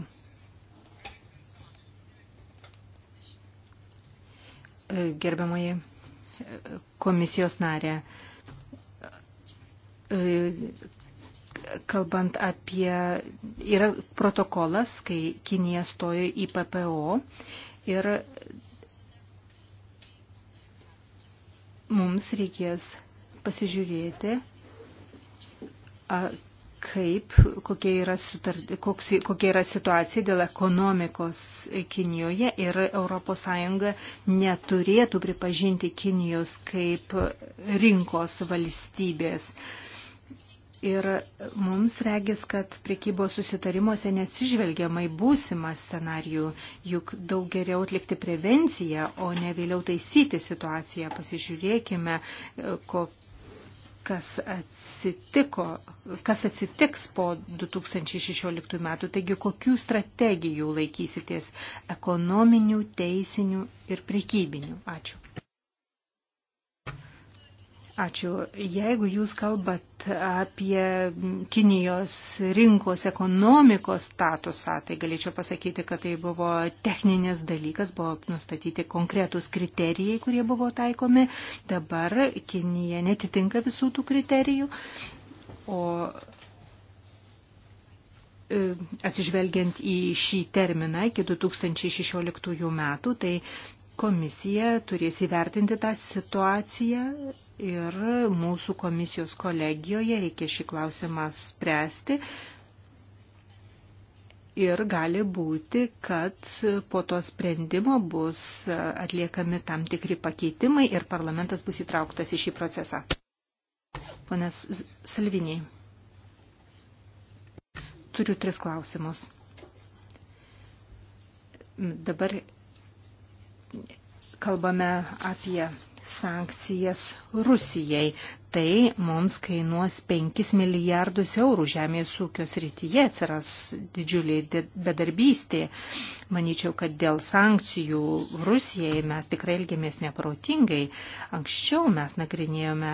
Gerbiamoji komisijos narė, kalbant apie, yra protokolas, kai Kinija stojo į PPO ir mums reikės pasižiūrėti, kaip, kokia yra, sutar, koks, kokia yra situacija dėl ekonomikos Kinijoje ir ES neturėtų pripažinti Kinijos kaip rinkos valstybės. Ir mums regis, kad priekybos susitarimuose neatsižvelgiamai būsimą scenarijų, juk daug geriau atlikti prevenciją, o ne vėliau taisyti situaciją. Pasižiūrėkime, kokia kas atsitiko, kas atsitiks po 2016 metų, taigi kokių strategijų laikysitės ekonominių, teisinių ir prekybinių. Ačiū. Ačiū. Jeigu jūs kalbat apie Kinijos rinkos ekonomikos statusą, tai galėčiau pasakyti, kad tai buvo techninis dalykas, buvo nustatyti konkretūs kriterijai, kurie buvo taikomi. Dabar Kinija netitinka visų tų kriterijų. O atsižvelgiant į šį terminą iki 2016 metų, tai komisija turės įvertinti tą situaciją ir mūsų komisijos kolegijoje reikia šį klausimą spręsti. Ir gali būti, kad po to sprendimo bus atliekami tam tikri pakeitimai ir parlamentas bus įtrauktas į šį procesą. Ponas Salviniai. Turiu tris klausimus. Dabar kalbame apie sankcijas Rusijai. Tai mums kainuos 5 milijardus eurų žemės ūkio srityje atsiras didžiulė bedarbystė. Manyčiau, kad dėl sankcijų Rusijai mes tikrai elgėmės neprotingai. Anksčiau mes nagrinėjome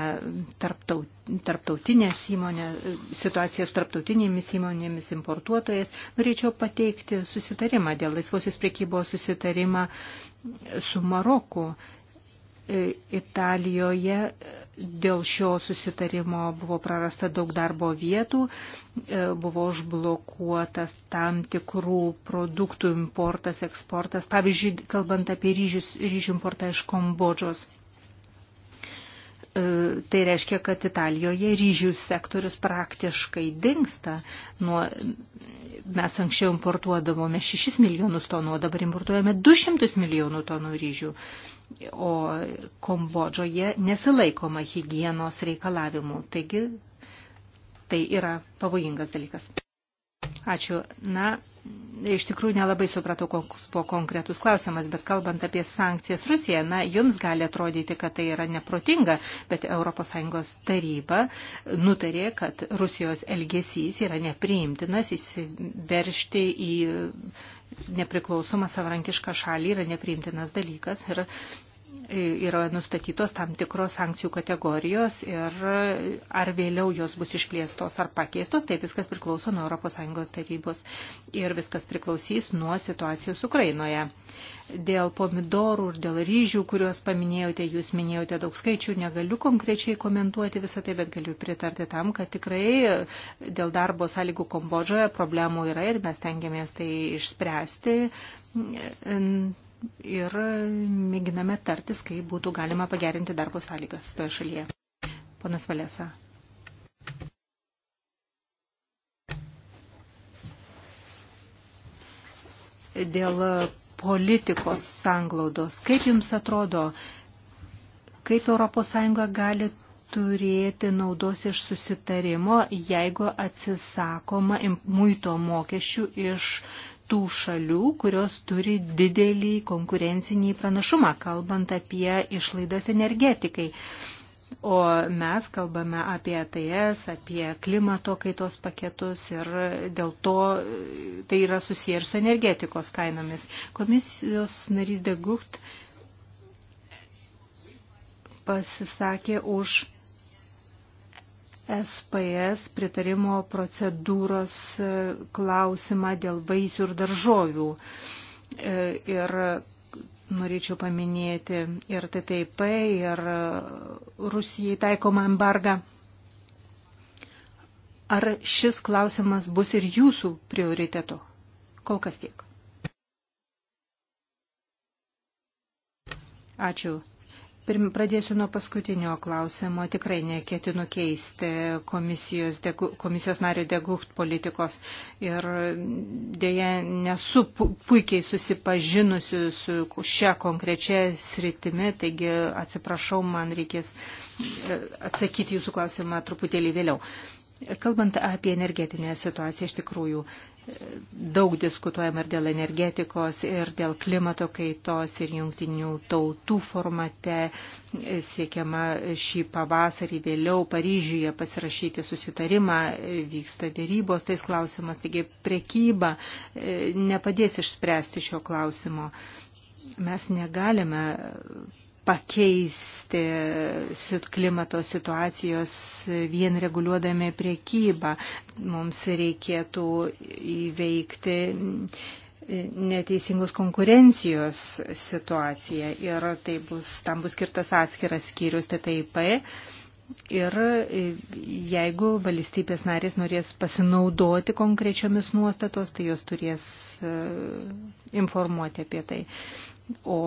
tarptautinės įmonės, situacijas tarptautinėmis įmonėmis importuotojas. Norėčiau pateikti susitarimą dėl laisvosios priekybos susitarimą su Maroku E, Italijoje dėl šio susitarimo buvo prarasta daug darbo vietų, e, buvo užblokuotas tam tikrų produktų importas, eksportas, pavyzdžiui, kalbant apie ryžius, ryžių importą iš Kambodžos. E, tai reiškia, kad Italijoje ryžių sektorius praktiškai dinksta. Nuo, mes anksčiau importuodavome 6 milijonus tonų, o dabar importuojame 200 milijonų tonų ryžių o Kambodžoje nesilaikoma hygienos reikalavimų. Taigi tai yra pavojingas dalykas. Ačiū. Na, iš tikrųjų nelabai supratau, koks buvo konkretus klausimas, bet kalbant apie sankcijas Rusija, na, jums gali atrodyti, kad tai yra neprotinga, bet ES taryba nutarė, kad Rusijos elgesys yra nepriimtinas, įsiveršti į nepriklausomą savarankišką šalį yra nepriimtinas dalykas ir E, yra nustatytos tam tikros sankcijų kategorijos ir ar vėliau jos bus išplėstos ar pakeistos, tai viskas priklauso nuo ES tarybos ir viskas priklausys nuo situacijos Ukrainoje. Dėl pomidorų ir dėl ryžių, kuriuos paminėjote, jūs minėjote daug skaičių, negaliu konkrečiai komentuoti visą tai, bet galiu pritarti tam, kad tikrai dėl darbo sąlygų Kambodžoje problemų yra ir mes tengiamės tai išspręsti ir mėginame tartis, kaip būtų galima pagerinti darbo sąlygas toje šalyje. Ponas Valėsa. Dėl politikos sanglaudos, kaip Jums atrodo, kaip ES gali turėti naudos iš susitarimo, jeigu atsisakoma muito mokesčių iš tų šalių, kurios turi didelį konkurencinį pranašumą, kalbant apie išlaidas energetikai. O mes kalbame apie ATS, apie klimato kaitos paketus ir dėl to tai yra susiję ir su energetikos kainomis. Komisijos narys Degucht pasisakė už SPS pritarimo procedūros e, klausimą dėl vaisių ir daržovių. E, ir norėčiau paminėti ir TTIP, ir Rusijai taikomą embargą. Ar šis klausimas bus ir jūsų prioritetu? Kol kas tiek. Ačiū Pirm, pradėsiu nuo paskutinio klausimo. Tikrai neketinu keisti komisijos, degu, komisijos nario degucht politikos. Ir dėja nesu puikiai susipažinusi su šia konkrečia sritimi, taigi atsiprašau, man reikės e, atsakyti jūsų klausimą truputėlį vėliau. Kalbant apie energetinę situaciją, iš tikrųjų daug diskutuojama ir dėl energetikos, ir dėl klimato kaitos, ir jungtinių tautų formate siekiama šį pavasarį vėliau Paryžiuje pasirašyti susitarimą, vyksta dėrybos tais klausimas, taigi prekyba e, nepadės išspręsti šio klausimo. Mes negalime pakeisti klimato situacijos vien reguliuodami priekybą. Mums reikėtų įveikti neteisingos konkurencijos situaciją ir tai bus, tam bus skirtas atskiras skyrius TTIP. Tai ir jeigu valstybės narės norės pasinaudoti konkrečiomis nuostatos, tai jos turės e, informuoti apie tai. O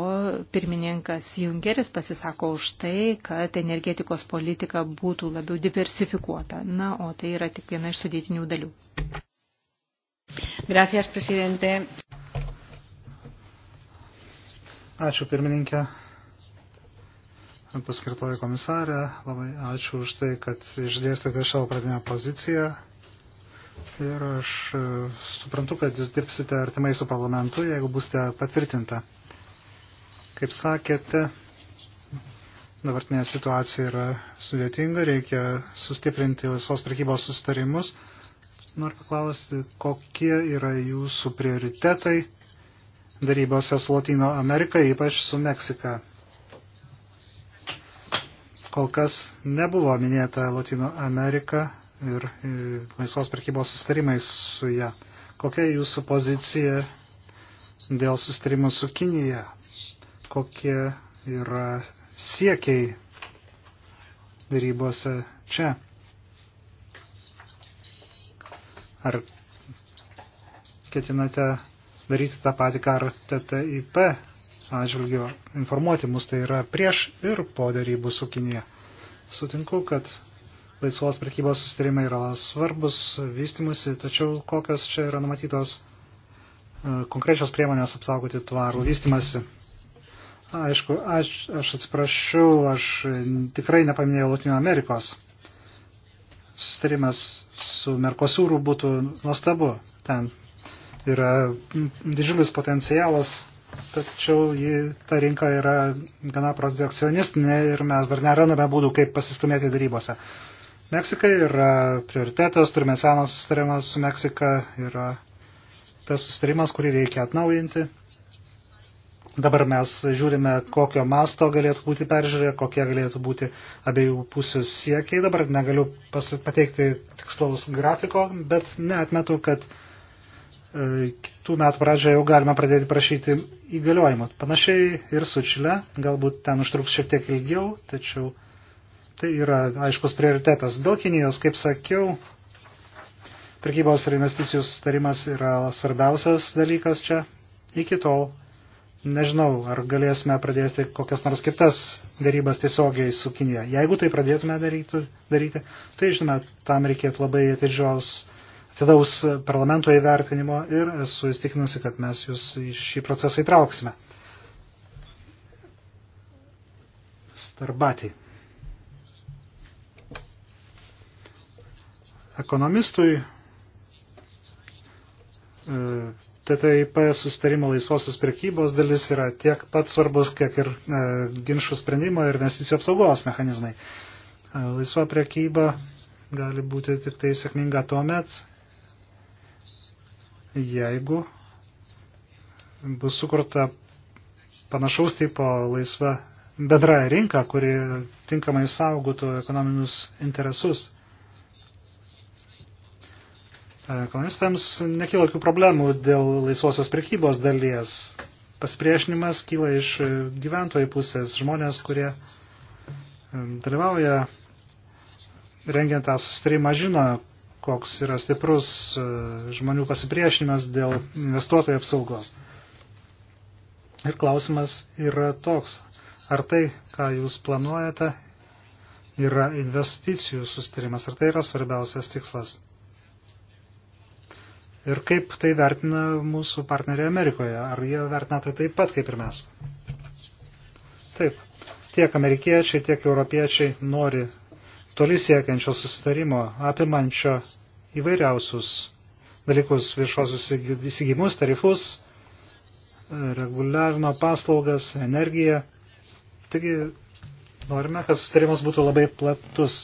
pirmininkas Junkeris pasisako už tai, kad energetikos politika būtų labiau diversifikuota. Na, o tai yra tik viena iš sudėtinių dalių. Gracias, presidente. Ačiū, pirmininkė paskirtoji komisarė, labai ačiū už tai, kad išdėstėte šią pradinę poziciją. Ir aš e, suprantu, kad jūs dirbsite artimai su parlamentu, jeigu būsite patvirtinta. Kaip sakėte, dabartinė situacija yra sudėtinga, reikia sustiprinti visos prekybos sustarimus. Noriu paklausti, kokie yra jūsų prioritetai darybose su Latino Amerika, ypač su Meksika kol kas nebuvo minėta Latino Amerika ir e, laisvos prekybos sustarimai su ją. Kokia jūsų pozicija dėl sustarimų su Kinija? Kokie yra siekiai darybose čia? Ar ketinate daryti tą patį, ką ar TTIP atžvilgio informuoti mus, tai yra prieš ir po darybų su Kinija. Sutinku, kad laisvos prekybos sustarimai yra svarbus vystimusi, tačiau kokios čia yra numatytos e, konkrečios priemonės apsaugoti tvarų vystimasi. Aišku, aš, aš atsiprašau, aš tikrai nepaminėjau Latino Amerikos. Sustarimas su Merkosūru būtų nuostabu. Ten yra didžiulis potencialas tačiau ji, ta rinka yra gana protekcionistinė ir mes dar nerandame būdų, kaip pasistumėti darybose. Meksika yra prioritetas, turime seną sustarimą su Meksika, yra tas sustarimas, kurį reikia atnaujinti. Dabar mes žiūrime, kokio masto galėtų būti peržiūrė, kokie galėtų būti abiejų pusių siekiai. Dabar negaliu pateikti tikslaus grafiko, bet neatmetu, kad E, kitų metų pradžioje jau galima pradėti prašyti įgaliojimų. Panašiai ir su Čile, galbūt ten užtruks šiek tiek ilgiau, tačiau tai yra aiškus prioritetas. Dėl Kinijos, kaip sakiau, prekybos ir investicijų sustarimas yra svarbiausias dalykas čia. Iki tol nežinau, ar galėsime pradėti kokias nors kitas darybas tiesiogiai su Kinija. Jeigu tai pradėtume daryti, daryti tai žinoma, tam reikėtų labai atidžios vidaus parlamento įvertinimo ir esu įstikinusi, kad mes jūs į šį procesą įtrauksime. Starbatį. Ekonomistui e, TTIP sustarimo laisvosios prekybos dalis yra tiek pat svarbus, kiek ir e, ginčių sprendimo ir investicijų apsaugos mechanizmai. E, laisva prekyba gali būti tik tai sėkminga tuo met, jeigu bus sukurta panašaus tipo laisva bendra rinka, kuri tinkamai saugotų ekonominius interesus. Ekonomistams nekyla jokių problemų dėl laisvosios prekybos dalies. Pasipriešinimas kyla iš gyventojų pusės, žmonės, kurie dalyvauja rengiant tą sustarimą, žino, koks yra stiprus e, žmonių pasipriešinimas dėl investuotojų apsaugos. Ir klausimas yra toks, ar tai, ką jūs planuojate, yra investicijų sustarimas, ar tai yra svarbiausias tikslas. Ir kaip tai vertina mūsų partneriai Amerikoje, ar jie vertina tai taip pat kaip ir mes. Taip, tiek amerikiečiai, tiek europiečiai nori toli siekiančio susitarimo, apimančio įvairiausius dalykus viešosius įsigimus, tarifus, reguliavimo paslaugas, energiją. Taigi norime, kad susitarimas būtų labai platus.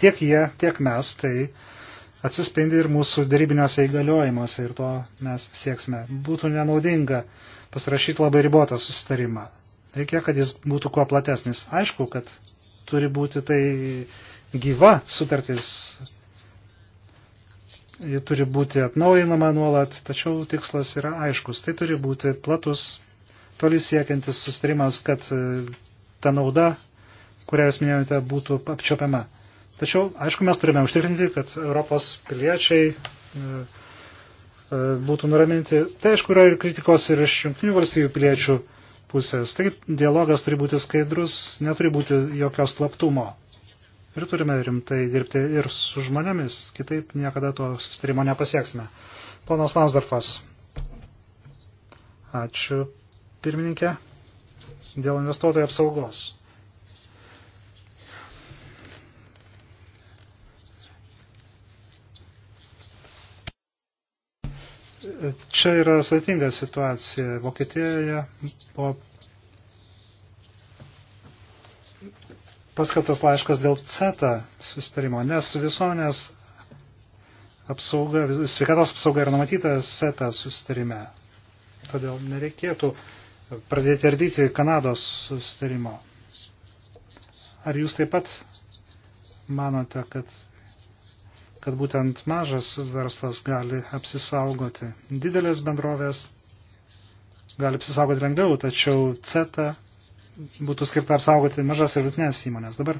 Tiek jie, tiek mes, tai atsispindi ir mūsų darybiniuose įgaliojimuose ir to mes sieksime. Būtų nenaudinga pasirašyti labai ribotą susitarimą. Reikia, kad jis būtų kuo platesnis. Aišku, kad turi būti tai gyva sutartis. Ji turi būti atnaujinama nuolat, tačiau tikslas yra aiškus. Tai turi būti platus, toli siekiantis sustarimas, kad e, ta nauda, kurią jūs minėjote, būtų apčiopiama. Tačiau, aišku, mes turime užtikrinti, kad Europos piliečiai e, e, būtų nuraminti. Tai, aišku, yra ir kritikos ir iš jungtinių valstybių piliečių pusės. Taigi, dialogas turi būti skaidrus, neturi būti jokios slaptumo ir turime rimtai dirbti ir su žmonėmis, kitaip niekada to sustarimo nepasieksime. Ponas Lansdorfas, ačiū pirmininkė dėl investuotojų apsaugos. Čia yra sveitinga situacija Vokietijoje po paskaptas laiškas dėl CETA susitarimo, nes visuomenės apsauga, sveikatos apsauga yra numatyta CETA susitarime. Todėl nereikėtų pradėti ardyti Kanados susitarimo. Ar jūs taip pat manote, kad, kad būtent mažas verslas gali apsisaugoti? Didelės bendrovės gali apsisaugoti lengviau, tačiau CETA būtų skirta apsaugoti mažas ir vidutinės įmonės. Dabar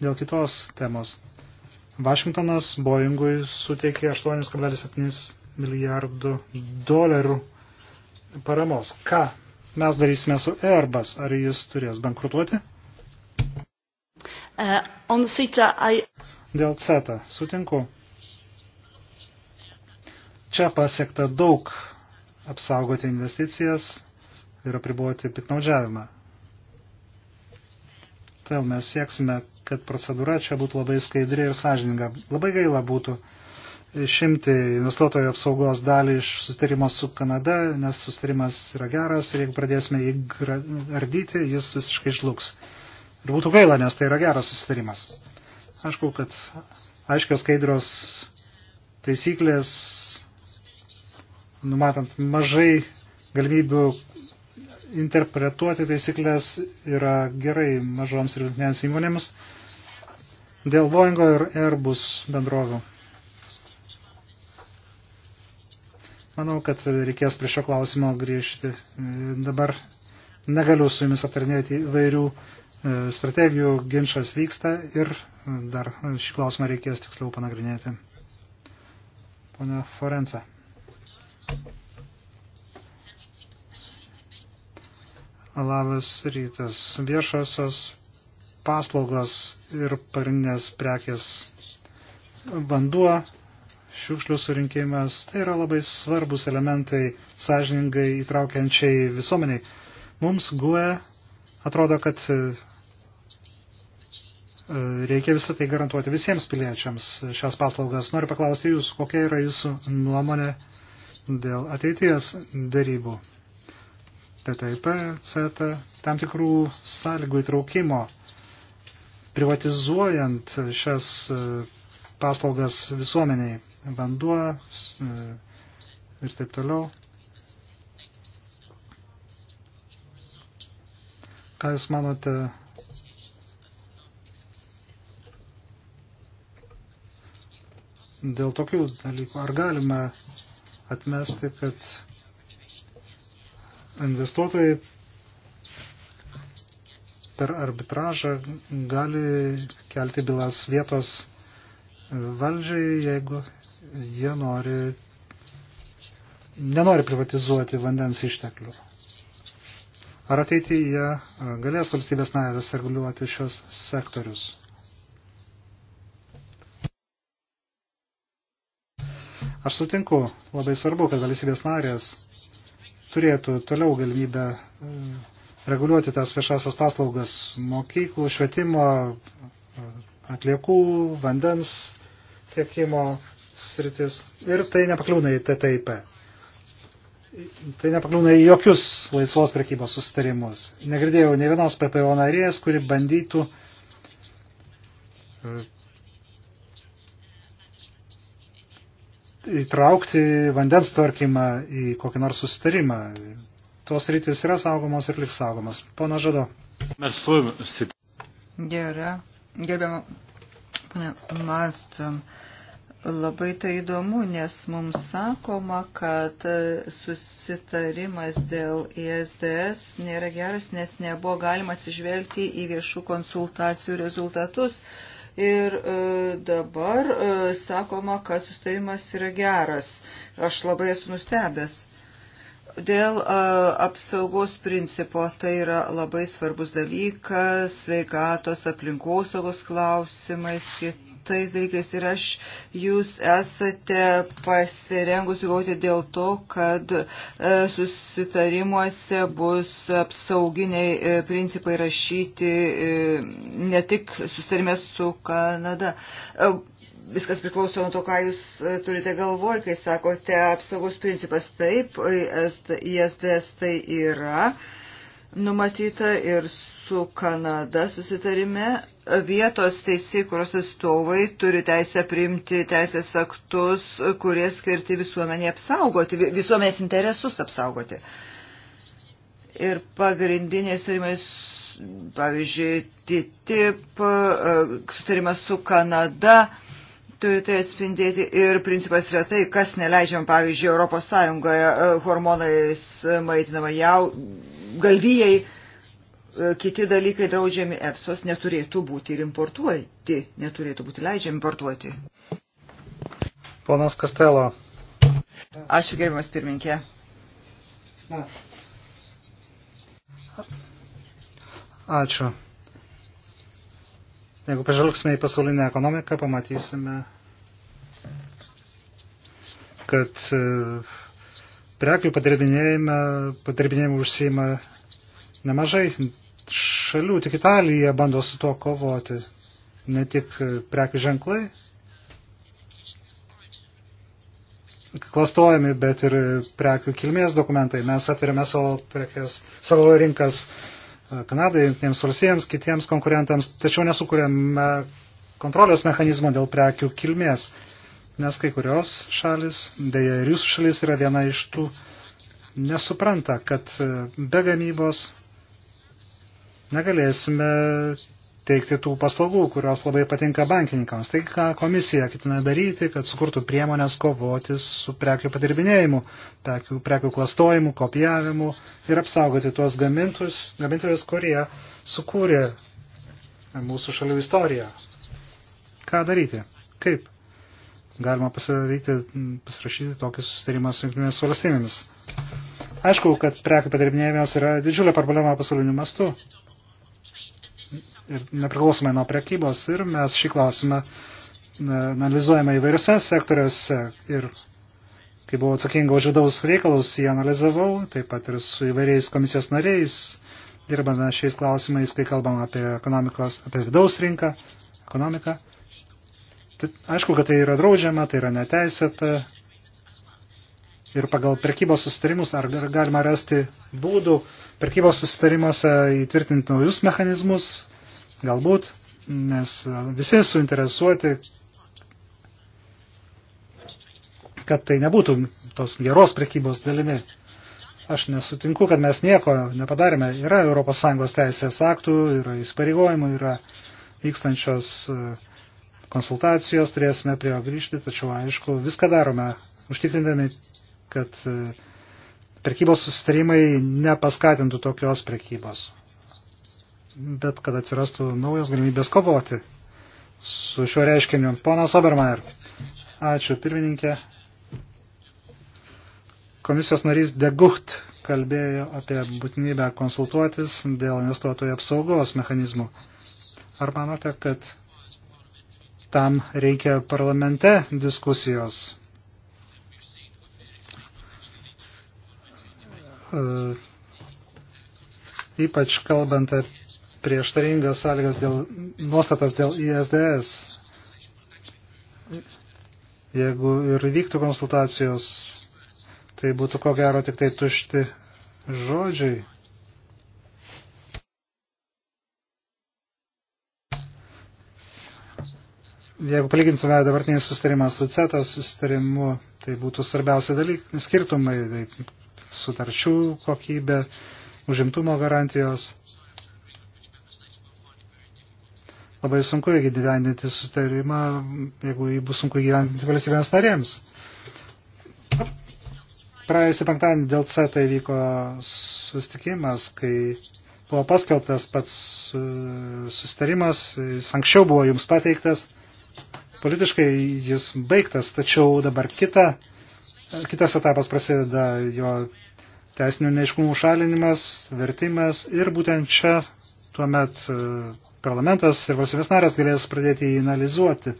dėl kitos temos. Vašingtonas Boeingui suteikė 8,7 milijardų dolerių paramos. Ką mes darysime su Airbus? Ar jis turės bankrutuoti? Uh, CETA, uh, I... Dėl CETA sutinku. Čia pasiekta daug apsaugoti investicijas ir apriboti piknaudžiavimą. Todėl mes sieksime, kad procedūra čia būtų labai skaidri ir sąžininga. Labai gaila būtų išimti investuotojų apsaugos dalį iš sustarimo su Kanada, nes sustarimas yra geras ir jeigu pradėsime jį ardyti, jis visiškai žlugs. Ir būtų gaila, nes tai yra geras sustarimas. Aišku, kad aiškios skaidrios taisyklės, numatant mažai galimybių interpretuoti taisyklės yra gerai mažoms ir vidutinėms įmonėms dėl Boeingo ir Airbus bendrovių. Manau, kad reikės prie šio klausimo grįžti. Dabar negaliu su jumis aptarnėti įvairių e, strategijų, ginčas vyksta ir dar šį klausimą reikės tiksliau panagrinėti. Pone Forenca. Labas rytas. Viešosios paslaugos ir parinės prekės vanduo, šiukšlių surinkimas, tai yra labai svarbus elementai sąžiningai įtraukiančiai visuomeniai. Mums GUE atrodo, kad e, reikia visą tai garantuoti visiems piliečiams šias paslaugas. Noriu paklausti jūs, kokia yra jūsų nuomonė dėl ateities darybų. TTIP, CETA, tam tikrų sąlygų įtraukimo, privatizuojant šias e, paslaugas visuomeniai, vanduo e, ir taip toliau. Ką Jūs manote? Dėl tokių dalykų, ar galima atmesti, kad investuotojai per arbitražą gali kelti bylas vietos valdžiai, jeigu jie nori, nenori privatizuoti vandens išteklių. Ar ateityje galės valstybės narės reguliuoti šios sektorius? Aš sutinku, labai svarbu, kad valstybės narės turėtų toliau galimybę e, reguliuoti tas viešasias paslaugas mokyklų, švietimo, e, atliekų, vandens tiekimo sritis. Ir tai nepakliūna į TTIP. Tai nepakliūna į jokius laisvos prekybos sustarimus. Negirdėjau ne vienos PPO narės, kuri bandytų e, įtraukti vandens tvarkymą į kokį nors susitarimą. Tos rytis yra saugomos ir liks saugomos. Pana Žado. Mes turim. Gerai. Gerbiamą. Pane Malstrom. Labai tai įdomu, nes mums sakoma, kad susitarimas dėl ISDS nėra geras, nes nebuvo galima atsižvelgti į viešų konsultacijų rezultatus. Uh, ir e, dabar e, sakoma, kad sustarimas yra geras. Aš labai esu nustebęs. Dėl e, apsaugos principo tai yra labai svarbus dalykas, sveikatos, aplinkosaugos klausimais, kiti tais dalykais ir aš jūs esate pasirengusi gauti dėl to, kad e, susitarimuose bus apsauginiai e, principai rašyti e, ne tik susitarime su Kanada. Viskas priklauso nuo to, ką jūs turite galvoj, kai sakote apsaugos principas taip, ISDS tai yra numatyta ir su Kanada susitarime vietos teisėkuros atstovai turi teisę priimti teisės aktus, kurie skirti visuomenį apsaugoti, visuomenės interesus apsaugoti. Ir pagrindinės rimės, pavyzdžiui, TTIP, e, sutarimas su Kanada, turi tai atspindėti ir principas yra tai, kas neleidžiam, pavyzdžiui, Europos Sąjungoje e, hormonais maitinama jau galvijai, E, kiti dalykai draudžiami EFSOS neturėtų būti ir importuoti, neturėtų būti leidžiami importuoti. Ponas Kastelo. Ačiū gerbiamas pirminkė. Na. Ačiū. Jeigu pažvelgsime į pasaulinę ekonomiką, pamatysime, kad e, prekių padirbinėjimą užsieima nemažai šalių, tik Italija bando su tuo kovoti, ne tik prekių ženklai klastojami, bet ir prekių kilmės dokumentai. Mes atveriame savo, prekės, savo rinkas e, Kanadai, jungtinėms valstijams, kitiems konkurentams, tačiau nesukūrėme kontrolės mechanizmo dėl prekių kilmės, nes kai kurios šalis, dėja ir jūsų šalis yra viena iš tų, nesupranta, kad e, be gamybos negalėsime teikti tų paslaugų, kurios labai patinka bankininkams. Tai ką komisija ketina daryti, kad sukurtų priemonės kovoti su prekių padirbinėjimu, prekių, prekių klastojimu, kopijavimu ir apsaugoti tuos gamintojus, kurie sukūrė mūsų šalių istoriją. Ką daryti? Kaip? Galima pasiryti, pasirašyti tokį susitarimą su jungtinėmis valstybėmis. Aišku, kad prekių padirbinėjimas yra didžiulė problema pasauliniu mastu ir nepriklausomai nuo prekybos. Ir mes šį klausimą e, analizuojame įvairiose sektoriuose. Ir kai buvau atsakinga už vidaus reikalus, jį analizavau, taip pat ir su įvairiais komisijos nariais. Dirbame šiais klausimais, kai kalbam apie, apie vidaus rinką, ekonomiką. Tai aišku, kad tai yra draudžiama, tai yra neteisėta. Ir pagal prekybos sustarimus ar galima rasti būdų prekybos sustarimuose įtvirtinti naujus mechanizmus, Galbūt, nes e, visi suinteresuoti, kad tai nebūtų tos geros prekybos dalimi. Aš nesutinku, kad mes nieko nepadarėme. Yra ES teisės aktų, yra įsipareigojimų, yra vykstančios e, konsultacijos, turėsime prie jo grįžti, tačiau aišku, viską darome, užtikrindami, kad e, prekybos susitarimai nepaskatintų tokios prekybos bet kad atsirastų naujos galimybės kovoti su šiuo reiškiniu. Ponas Obermeier, ačiū pirmininkė. Komisijos narys Degucht kalbėjo apie būtinybę konsultuotis dėl investuotojų apsaugos mechanizmų. Ar manote, kad tam reikia parlamente diskusijos? E, ypač kalbant apie prieštaringas sąlygas dėl nuostatas dėl ISDS. Jeigu ir vyktų konsultacijos, tai būtų ko gero tik tai tušti žodžiai. Jeigu palygintume dabartinį sustarimą su CETA sustarimu, tai būtų svarbiausia dalyk, skirtumai, tai sutarčių kokybė, užimtumo garantijos labai sunku įgyvendinti sutarimą, jeigu jį bus sunku įgyvendinti valstybėms narėms. Praėjusį penktadienį dėl C tai vyko sustikimas, kai buvo paskeltas pats e, sustarimas, jis anksčiau buvo jums pateiktas, politiškai jis baigtas, tačiau dabar kita, kitas etapas prasideda jo teisinių neiškumų šalinimas, vertimas ir būtent čia tuomet e, parlamentas ir valstybės narės galės pradėti jį analizuoti.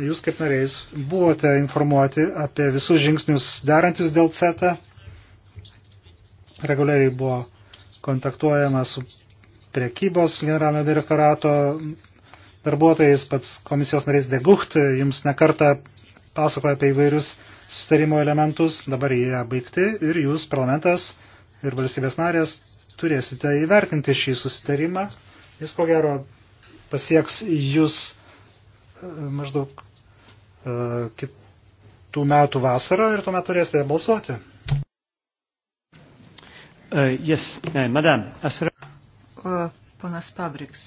Jūs kaip nariais buvote informuoti apie visus žingsnius darantis dėl CETA. Reguliariai buvo kontaktuojama su priekybos generalinio direktorato darbuotojais, pats komisijos narys Degucht jums nekarta pasakoja apie įvairius sustarimo elementus, dabar jie baigti ir jūs, parlamentas ir valstybės narės turėsite įvertinti šį susitarimą. Jis ko gero pasieks jūs e, maždaug e, kitų metų vasarą ir tuomet turėsite balsuoti. Uh, yes, uh, madam, asra... uh, ponas Pabriks.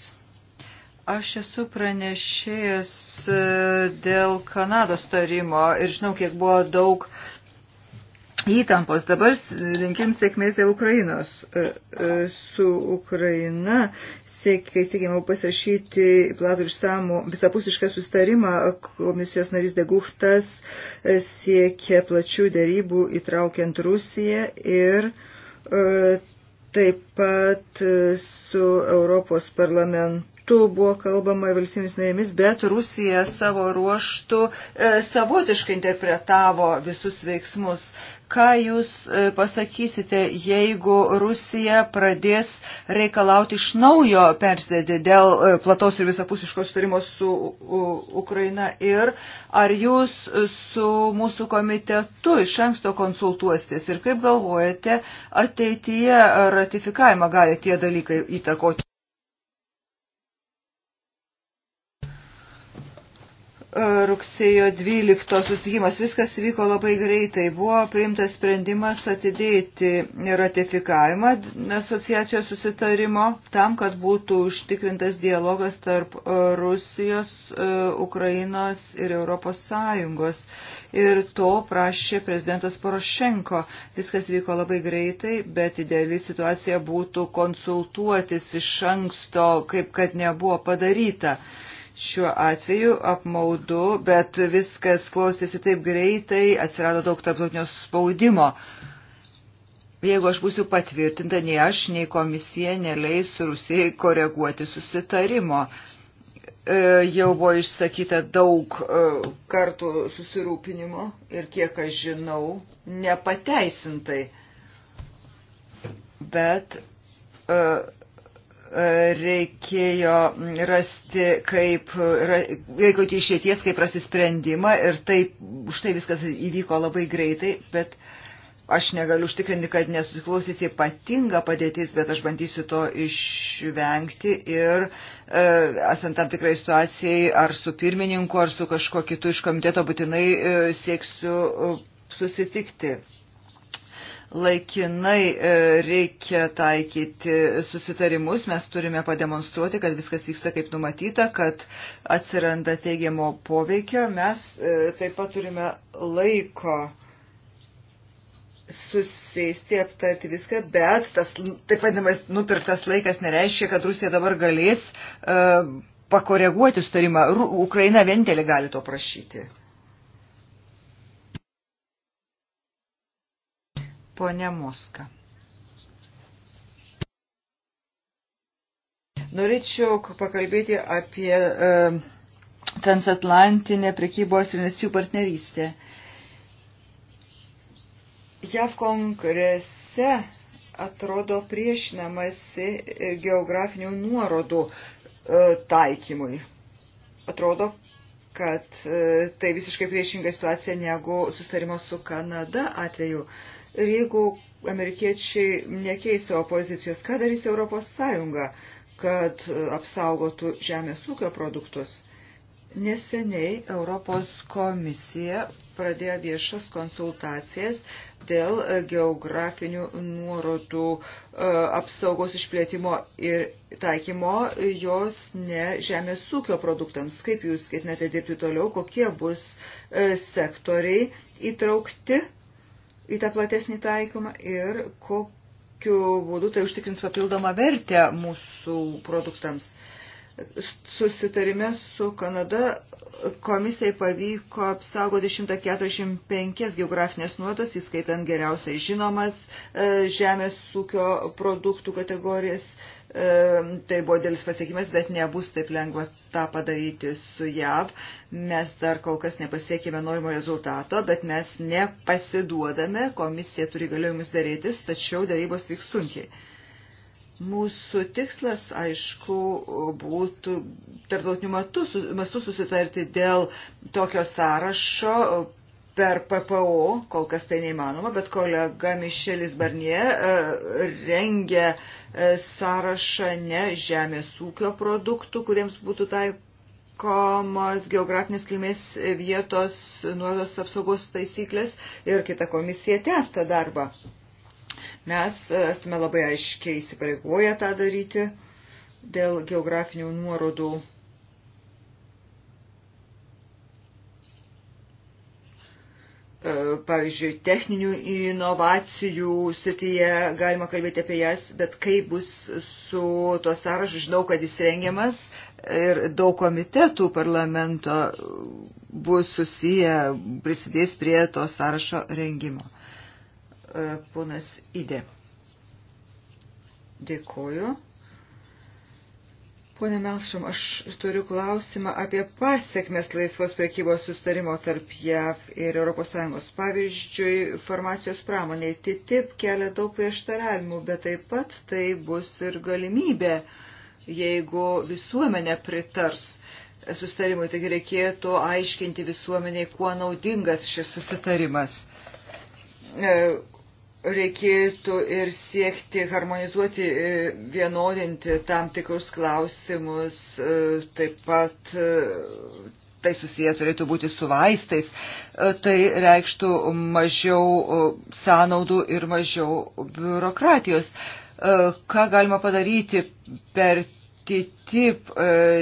Aš esu pranešėjęs dėl Kanados tarimo ir žinau, kiek buvo daug uh, įtampos. Dabar linkim sėkmės dėl Ukrainos. E, e, su Ukraina, kai sėkime pasirašyti platų išsamų visapusišką sustarimą, komisijos narys Deguhtas e, siekia plačių dėrybų įtraukiant Rusiją ir taip pat su Europos parlamentu metu buvo kalbama valstybėmis narėmis, bet Rusija savo ruoštų e, savotiškai interpretavo visus veiksmus. Ką jūs e, pasakysite, jeigu Rusija pradės reikalauti iš naujo persėdį dėl e, plataus ir visapusiško sutarimo su Ukraina ir ar jūs su mūsų komitetu iš anksto konsultuositės ir kaip galvojate, ateityje ratifikavimą gali tie dalykai įtakoti? rugsėjo 12 sustikimas. Viskas vyko labai greitai. Buvo priimtas sprendimas atidėti ratifikavimą asociacijos susitarimo tam, kad būtų užtikrintas dialogas tarp e, Rusijos, e, Ukrainos ir Europos Sąjungos. Ir to prašė prezidentas Porošenko. Viskas vyko labai greitai, bet ideali situacija būtų konsultuotis iš anksto, kaip kad nebuvo padaryta šiuo atveju apmaudu, bet viskas klostėsi taip greitai, atsirado daug tarptautinio spaudimo. Jeigu aš būsiu patvirtinta, nei aš, nei komisija neleis Rusijai koreguoti susitarimo. E, jau buvo išsakyta daug e, kartų susirūpinimo ir kiek aš žinau, nepateisintai. Bet e, reikėjo rasti kaip, reikėjo išėties, kaip rasti sprendimą ir taip, už tai viskas įvyko labai greitai, bet aš negaliu užtikrinti, kad nesusiklausys ypatinga padėtis, bet aš bandysiu to išvengti ir e, esant tam tikrai situacijai ar su pirmininku, ar su kažkuo kitu iš komiteto būtinai e, sieksiu e, susitikti laikinai e, reikia taikyti susitarimus, mes turime pademonstruoti, kad viskas vyksta kaip numatyta, kad atsiranda teigiamo poveikio, mes e, taip pat turime laiko susėsti, aptarti viską, bet tas taip vadinamas nupirktas laikas nereiškia, kad Rusija dabar galės uh, pakoreguoti sutarimą. Ukraina vienintelė gali to prašyti. Pone Moska. Norėčiau pakalbėti apie e, transatlantinę prekybos ir investicijų partnerystę. JAV kongrese atrodo priešinamasi geografinių nuorodų e, taikymui. Atrodo, kad e, tai visiškai priešinga situacija negu susitarimo su Kanada atveju. Ir jeigu amerikiečiai nekeis savo pozicijos, ką darys Europos Sąjunga, kad e, apsaugotų žemės ūkio produktus? Neseniai Europos komisija pradėjo viešas konsultacijas dėl e, geografinių nuorodų e, apsaugos išplėtimo ir taikymo jos ne žemės ūkio produktams. Kaip jūs ketinate dirbti toliau, kokie bus sektoriai įtraukti? į tą platesnį taikymą ir kokiu būdu tai užtikrins papildomą vertę mūsų produktams susitarime su Kanada komisijai pavyko apsaugoti 145 geografinės nuotos, įskaitant geriausiai žinomas e, žemės ūkio produktų kategorijas. E, tai buvo dėlis pasiekimas, bet nebus taip lengva tą padaryti su JAV. Mes dar kol kas nepasiekime norimo rezultato, bet mes nepasiduodame, komisija turi galiojimus darytis, tačiau darybos vyks sunkiai. Mūsų tikslas, aišku, būtų tarptautiniu mastu susitarti dėl tokio sąrašo per PPO, kol kas tai neįmanoma, bet kolega Mišelis Barnie e, rengia e, sąrašą ne žemės ūkio produktų, kuriems būtų taikomos geografinės kilmės vietos nuodos apsaugos taisyklės ir kita komisija tęsta darbą. Mes e, esame labai aiškiai įsipareigoję tą daryti dėl geografinių nuorodų. E, pavyzdžiui, techninių inovacijų srityje galima kalbėti apie jas, bet kaip bus su tuo sąrašu, žinau, kad jis rengiamas ir daug komitetų parlamento bus susiję, prisidės prie to sąrašo rengimo. E, ponas Idė. Dėkoju. Pone Melšom, aš turiu klausimą apie pasiekmes laisvos priekybos sustarimo tarp JAV ir ES. Pavyzdžiui, farmacijos pramoniai TTIP kelia daug prieštaravimų, bet taip pat tai bus ir galimybė, jeigu visuomenė pritars sustarimui. Taigi reikėtų aiškinti visuomeniai, kuo naudingas šis susitarimas e, reikėtų ir siekti harmonizuoti, e, vienodinti tam tikrus klausimus, e, taip pat e, tai susiję turėtų būti su vaistais, tai reikštų mažiau sąnaudų ir mažiau biurokratijos. Ką galima padaryti per TTIP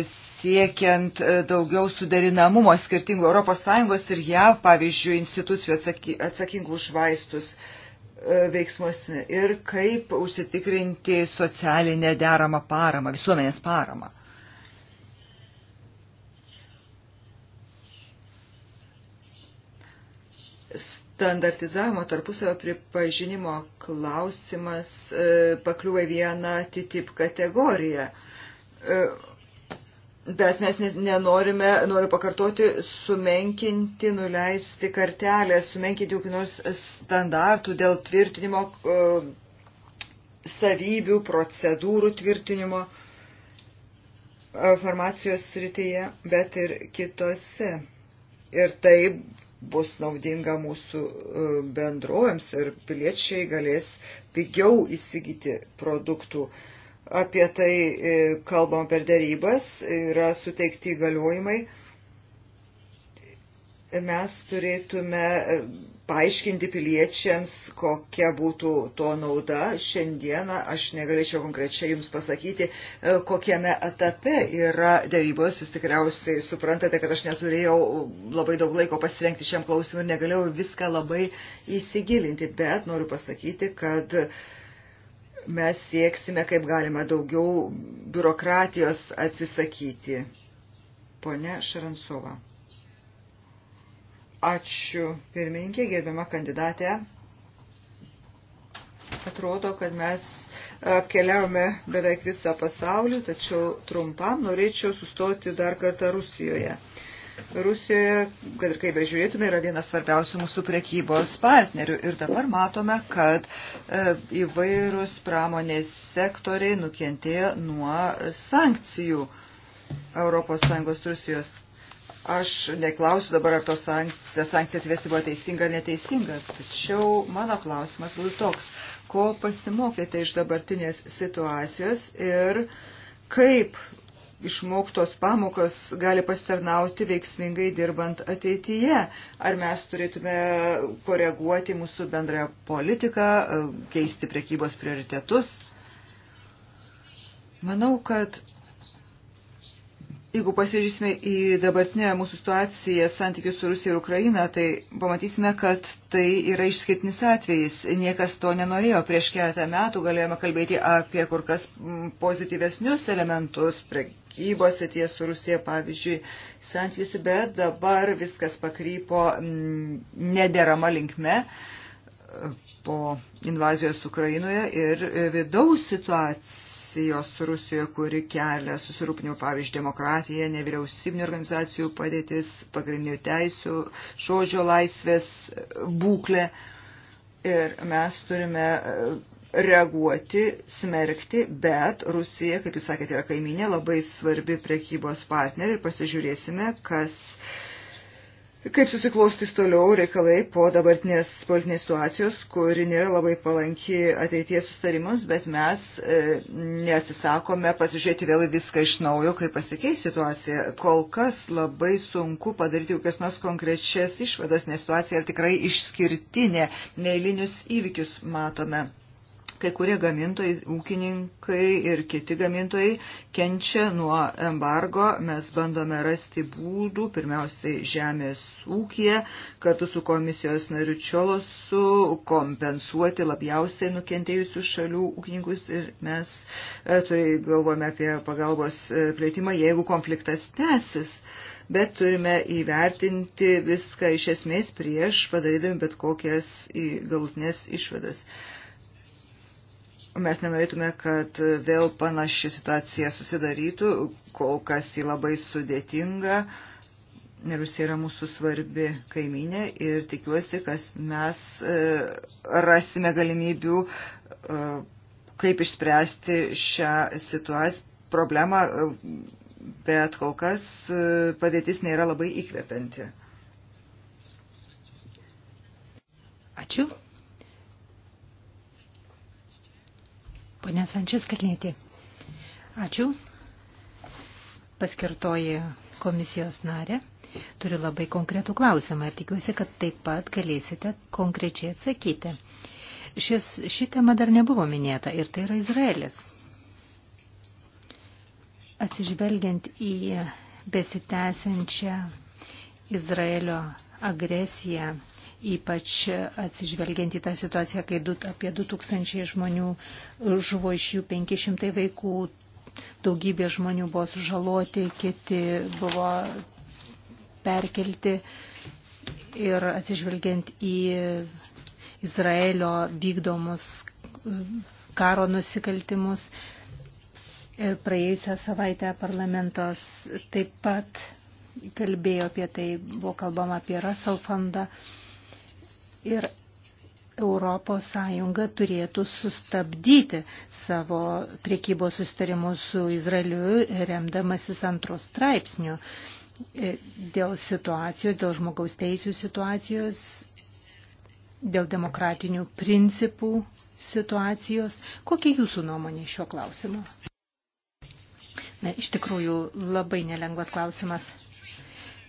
siekiant daugiau suderinamumo skirtingų ES ir JAV, pavyzdžiui, institucijų atsakingų už vaistus? Uh, E, veiksmuose ir kaip užsitikrinti socialinę deramą paramą, visuomenės paramą. standartizavimo tarpusavio pripažinimo klausimas e, pakliuvo į vieną TTIP kategoriją. E, Bet mes nenorime, noriu pakartoti, sumenkinti, nuleisti kartelę, sumenkinti kokių nors standartų dėl tvirtinimo e, savybių, procedūrų tvirtinimo e, farmacijos srityje, bet ir kitose. Ir tai bus naudinga mūsų e, bendrovėms ir piliečiai galės pigiau įsigyti produktų. Uh, apie tai e, kalbam per darybas, yra suteikti įgaliojimai. Mes turėtume e, paaiškinti piliečiams, kokia būtų to nauda. Šiandieną aš negalėčiau konkrečiai Jums pasakyti, e, kokiame etape yra dėrybos. Jūs tikriausiai suprantate, kad aš neturėjau labai daug laiko pasirengti šiam klausimui ir negalėjau viską labai įsigilinti, bet noriu pasakyti, kad uh, mes sieksime kaip galima daugiau biurokratijos atsisakyti. Pone Šaransova. Ačiū pirmininkė, gerbiama kandidatė. Atrodo, kad mes apkeliavome beveik visą pasaulį, tačiau trumpam norėčiau sustoti dar kartą Rusijoje. Uh, Rusijoje, kad ir kaip bežiūrėtume, yra vienas svarbiausių mūsų prekybos partnerių. Ir dabar matome, kad e, įvairūs pramonės sektoriai nukentėjo nuo sankcijų ES Rusijos. Aš neklausiu dabar, ar tos sankcijas, sankcijas vesti buvo teisinga ar neteisinga, tačiau mano klausimas būtų toks, ko pasimokėte iš dabartinės situacijos ir kaip išmoktos pamokos gali pasitarnauti veiksmingai dirbant ateityje. Ar mes turėtume koreguoti mūsų bendrąją politiką, keisti prekybos prioritetus? Manau, kad Jeigu pasižiūrėsime į dabartinę mūsų situaciją santykius su Rusija ir Ukraina, tai pamatysime, kad tai yra išskirtinis atvejis. Niekas to nenorėjo. Prieš keletą metų galėjome kalbėti apie kur kas pozityvesnius elementus, prekybose ties su Rusija, pavyzdžiui, santykius, bet dabar viskas pakrypo nederama linkme e, po invazijos Ukrainoje ir e, vidaus situacija situacijos Rusijoje, kuri kelia susirūpinimų, pavyzdžiui, demokratija, nevyriausybinio organizacijų padėtis, pagrindinių teisių, žodžio laisvės būklė. Ir mes turime e, reaguoti, smerkti, bet Rusija, kaip jūs sakėte, yra kaiminė, labai svarbi prekybos partneriai ir pasižiūrėsime, kas uh, Kaip susiklostys toliau reikalai po dabartinės politinės situacijos, kuri nėra labai palanki ateities sustarimams, bet mes e, neatsisakome pasižiūrėti vėl viską iš naujo, kaip pasikeis situacija. Kol kas labai sunku padaryti kokias nors konkrečias išvadas, nes situacija yra tikrai išskirtinė, neįlinius įvykius matome kai kurie gamintojai, ūkininkai ir kiti gamintojai kenčia nuo embargo. Mes bandome rasti būdų, pirmiausiai žemės ūkija, kartu su komisijos nariu Čiolosu, kompensuoti labiausiai nukentėjusių šalių ūkininkus ir mes tai galvojame apie pagalbos e, plėtimą, jeigu konfliktas tęsis. Bet turime įvertinti viską iš esmės prieš padarydami bet kokias galutinės išvadas. Uh, Mes nenorėtume, kad vėl panaši situacija susidarytų, kol kas ji labai sudėtinga. Rusija yra mūsų svarbi kaiminė ir tikiuosi, kad mes e, rasime galimybių, e, kaip išspręsti šią situaciją, problemą, e, bet kol kas padėtis nėra labai įkvepianti. Ačiū. Pone Sančias Kalnėti. Ačiū. Paskirtoji komisijos narė. Turiu labai konkretų klausimą ir tikiuosi, kad taip pat galėsite konkrečiai atsakyti. Šis, ši tema dar nebuvo minėta ir tai yra Izraelis. Atsižvelgiant į besitęsiančią Izraelio agresiją ypač atsižvelgiant į tą situaciją, kai du, apie 2000 žmonių žuvo iš jų 500 vaikų, daugybė žmonių buvo sužaloti, kiti buvo perkelti ir atsižvelgiant į Izraelio vykdomus karo nusikaltimus. Ir praėjusią savaitę parlamentos taip pat kalbėjo apie tai, buvo kalbama apie Russell fondą ir Europos Sąjunga turėtų sustabdyti savo priekybos sustarimus su Izraeliu, remdamasis antros straipsnių e, dėl situacijos, dėl žmogaus teisų situacijos, dėl demokratinių principų situacijos. Kokia jūsų nuomonė šiuo klausimu? Na, iš tikrųjų, labai nelengvas klausimas.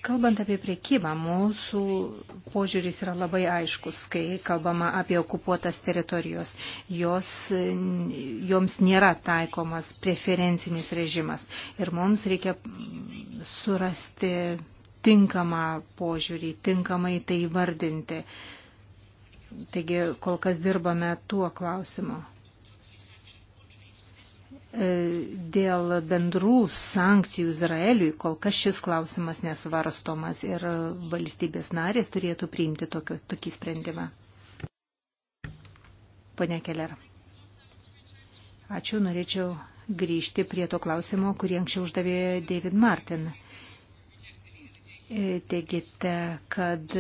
Kalbant apie priekybą, mūsų požiūris yra labai aiškus, kai kalbama apie okupuotas teritorijos. Jos, joms nėra taikomas preferencinis režimas ir mums reikia surasti tinkamą požiūrį, tinkamai tai vardinti. Taigi kol kas dirbame tuo klausimu. E, dėl bendrų sankcijų Izraeliui kol kas šis klausimas nesvarstomas ir valstybės narės turėtų priimti tokio, tokį sprendimą. Pone Keller. Ačiū, norėčiau grįžti prie to klausimo, kurį anksčiau uždavė David Martin. E, Teigite, kad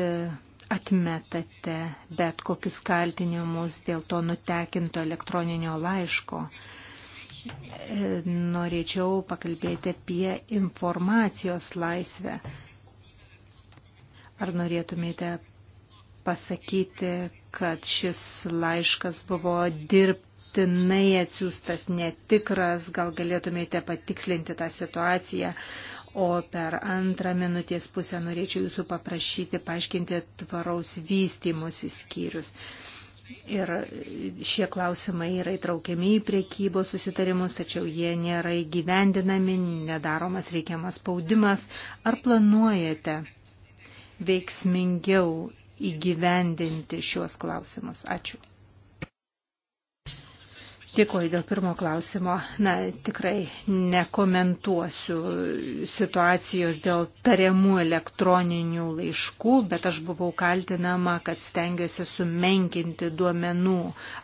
atmetate bet kokius kaltinimus dėl to nutekinto elektroninio laiško norėčiau pakalbėti apie informacijos laisvę. Ar norėtumėte pasakyti, kad šis laiškas buvo dirbtinai atsiųstas, netikras, gal galėtumėte patikslinti tą situaciją, O per antrą minutės pusę norėčiau jūsų paprašyti paaiškinti tvaraus vystymosi skyrius. Ir šie klausimai yra įtraukiami į priekybos susitarimus, tačiau jie nėra įgyvendinami, nedaromas reikiamas spaudimas. Ar planuojate veiksmingiau įgyvendinti šiuos klausimus? Ačiū. Dėkuoju dėl pirmo klausimo. Na, tikrai nekomentuosiu situacijos dėl tariamų elektroninių laiškų, bet aš buvau kaltinama, kad stengiuosi sumenkinti duomenų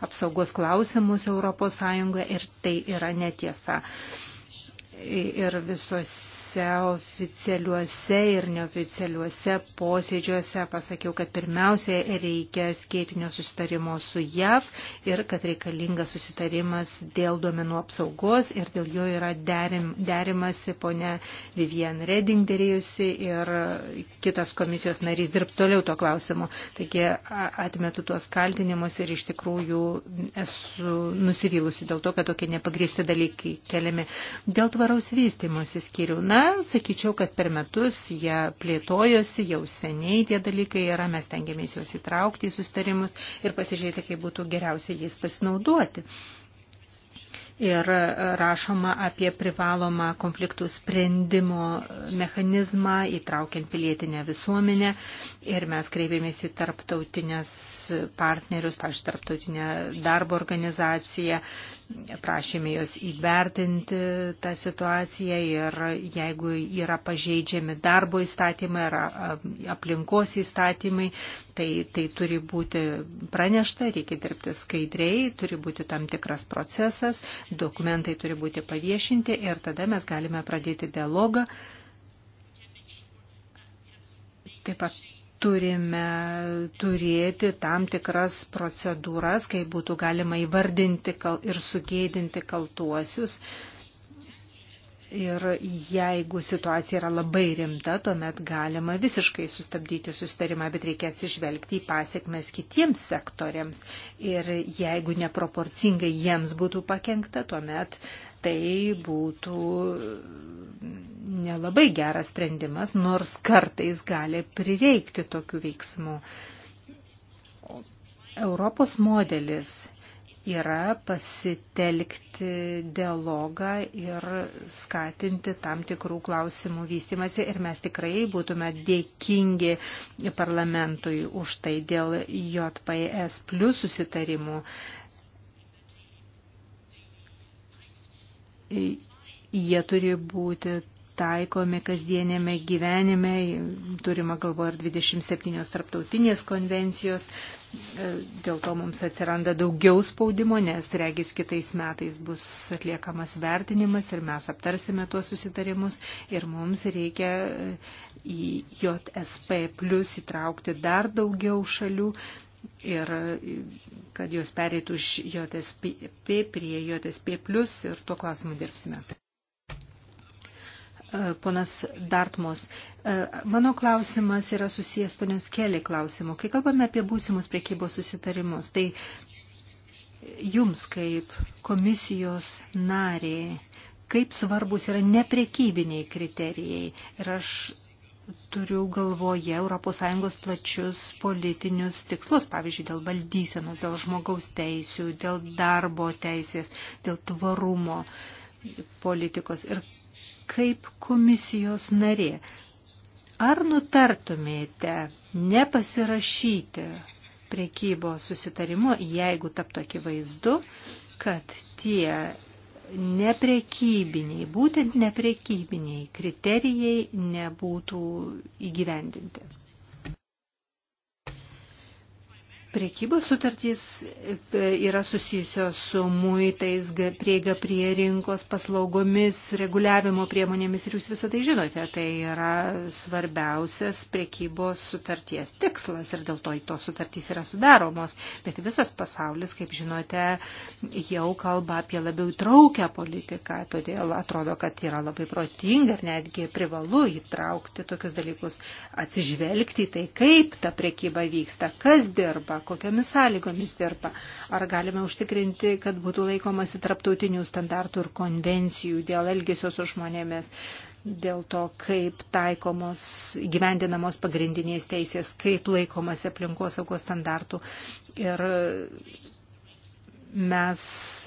apsaugos klausimus ES ir tai yra netiesa. Ir visos įvairiuose oficialiuose ir neoficialiuose posėdžiuose pasakiau, kad pirmiausia reikia skėtinio susitarimo su JAV ir kad reikalingas susitarimas dėl duomenų apsaugos ir dėl jo yra derim, derimasi ponia Vivian Reding dėrėjusi ir kitas komisijos narys dirb toliau to klausimu. Taigi atmetu tuos kaltinimus ir iš tikrųjų esu nusivylusi dėl to, kad tokie nepagristi dalykai keliami. Dėl tvaraus vystimosi skyrių. Na, na, sakyčiau, kad per metus jie plėtojosi, jau seniai tie dalykai yra, mes tengiamės juos įtraukti į sustarimus ir pasižiūrėti, kaip būtų geriausia jais pasinaudoti. Ir rašoma apie privalomą konfliktų sprendimo mechanizmą, įtraukiant pilietinę visuomenę. Ir mes kreipėmės į tarptautinės partnerius, pažiūrėjau, tarptautinę darbo organizaciją, prašėme jos įvertinti tą situaciją ir jeigu yra pažeidžiami darbo įstatymai ar aplinkos įstatymai, tai, tai turi būti pranešta, reikia dirbti skaidriai, turi būti tam tikras procesas, dokumentai turi būti paviešinti ir tada mes galime pradėti dialogą. Taip pat turime turėti tam tikras procedūras, kaip būtų galima įvardinti ir sugėdinti kaltuosius. Ir jeigu situacija yra labai rimta, tuomet galima visiškai sustabdyti sustarimą, bet reikia atsižvelgti į pasiekmes kitiems sektoriams. Ir jeigu neproporcingai jiems būtų pakengta, tuomet tai būtų nelabai geras sprendimas, nors kartais gali prireikti tokių veiksmų. Europos modelis yra pasitelkti dialogą ir skatinti tam tikrų klausimų vystimasi ir mes tikrai būtume dėkingi parlamentui už tai dėl JPS plus susitarimų. Jie turi būti taikomi kasdienėme gyvenime, turima galvo ir 27 tarptautinės konvencijos, e, dėl to mums atsiranda daugiau spaudimo, nes regis kitais metais bus atliekamas vertinimas ir mes aptarsime tuos susitarimus ir mums reikia e, į JSP plus įtraukti dar daugiau šalių ir e, kad jos pereitų iš JSP prie JSP plus ir tuo klausimu dirbsime. E, ponas Dartmos. E, mano klausimas yra susijęs ponios keli klausimu. Kai kalbame apie būsimus priekybos susitarimus, tai jums kaip komisijos nariai, kaip svarbus yra neprekybiniai kriterijai. Ir aš turiu galvoje ES plačius politinius tikslus, pavyzdžiui, dėl valdysenos, dėl žmogaus teisių, dėl darbo teisės, dėl tvarumo politikos. Ir kaip komisijos narė, ar nutartumėte nepasirašyti priekybos susitarimu, jeigu taptų akivaizdu, kad tie neprekybiniai, būtent neprekybiniai kriterijai nebūtų įgyvendinti? Priekybos sutartys e, yra susijusios su muitais, prieiga prie rinkos, paslaugomis, reguliavimo priemonėmis ir jūs visą tai žinote. Tai yra svarbiausias priekybos sutarties tikslas ir dėl to tos sutartys yra sudaromos. Bet visas pasaulis, kaip žinote, jau kalba apie labiau traukę politiką, todėl atrodo, kad yra labai protinga ir netgi privalu įtraukti tokius dalykus, atsižvelgti į tai, kaip ta priekyba vyksta, kas dirba dirba, kokiamis sąlygomis dirba, ar galime užtikrinti, kad būtų laikomasi traptautinių standartų ir konvencijų dėl elgesio su žmonėmis, dėl to, kaip taikomos, gyvendinamos pagrindinės teisės, kaip laikomasi aplinkosaugos standartų ir mes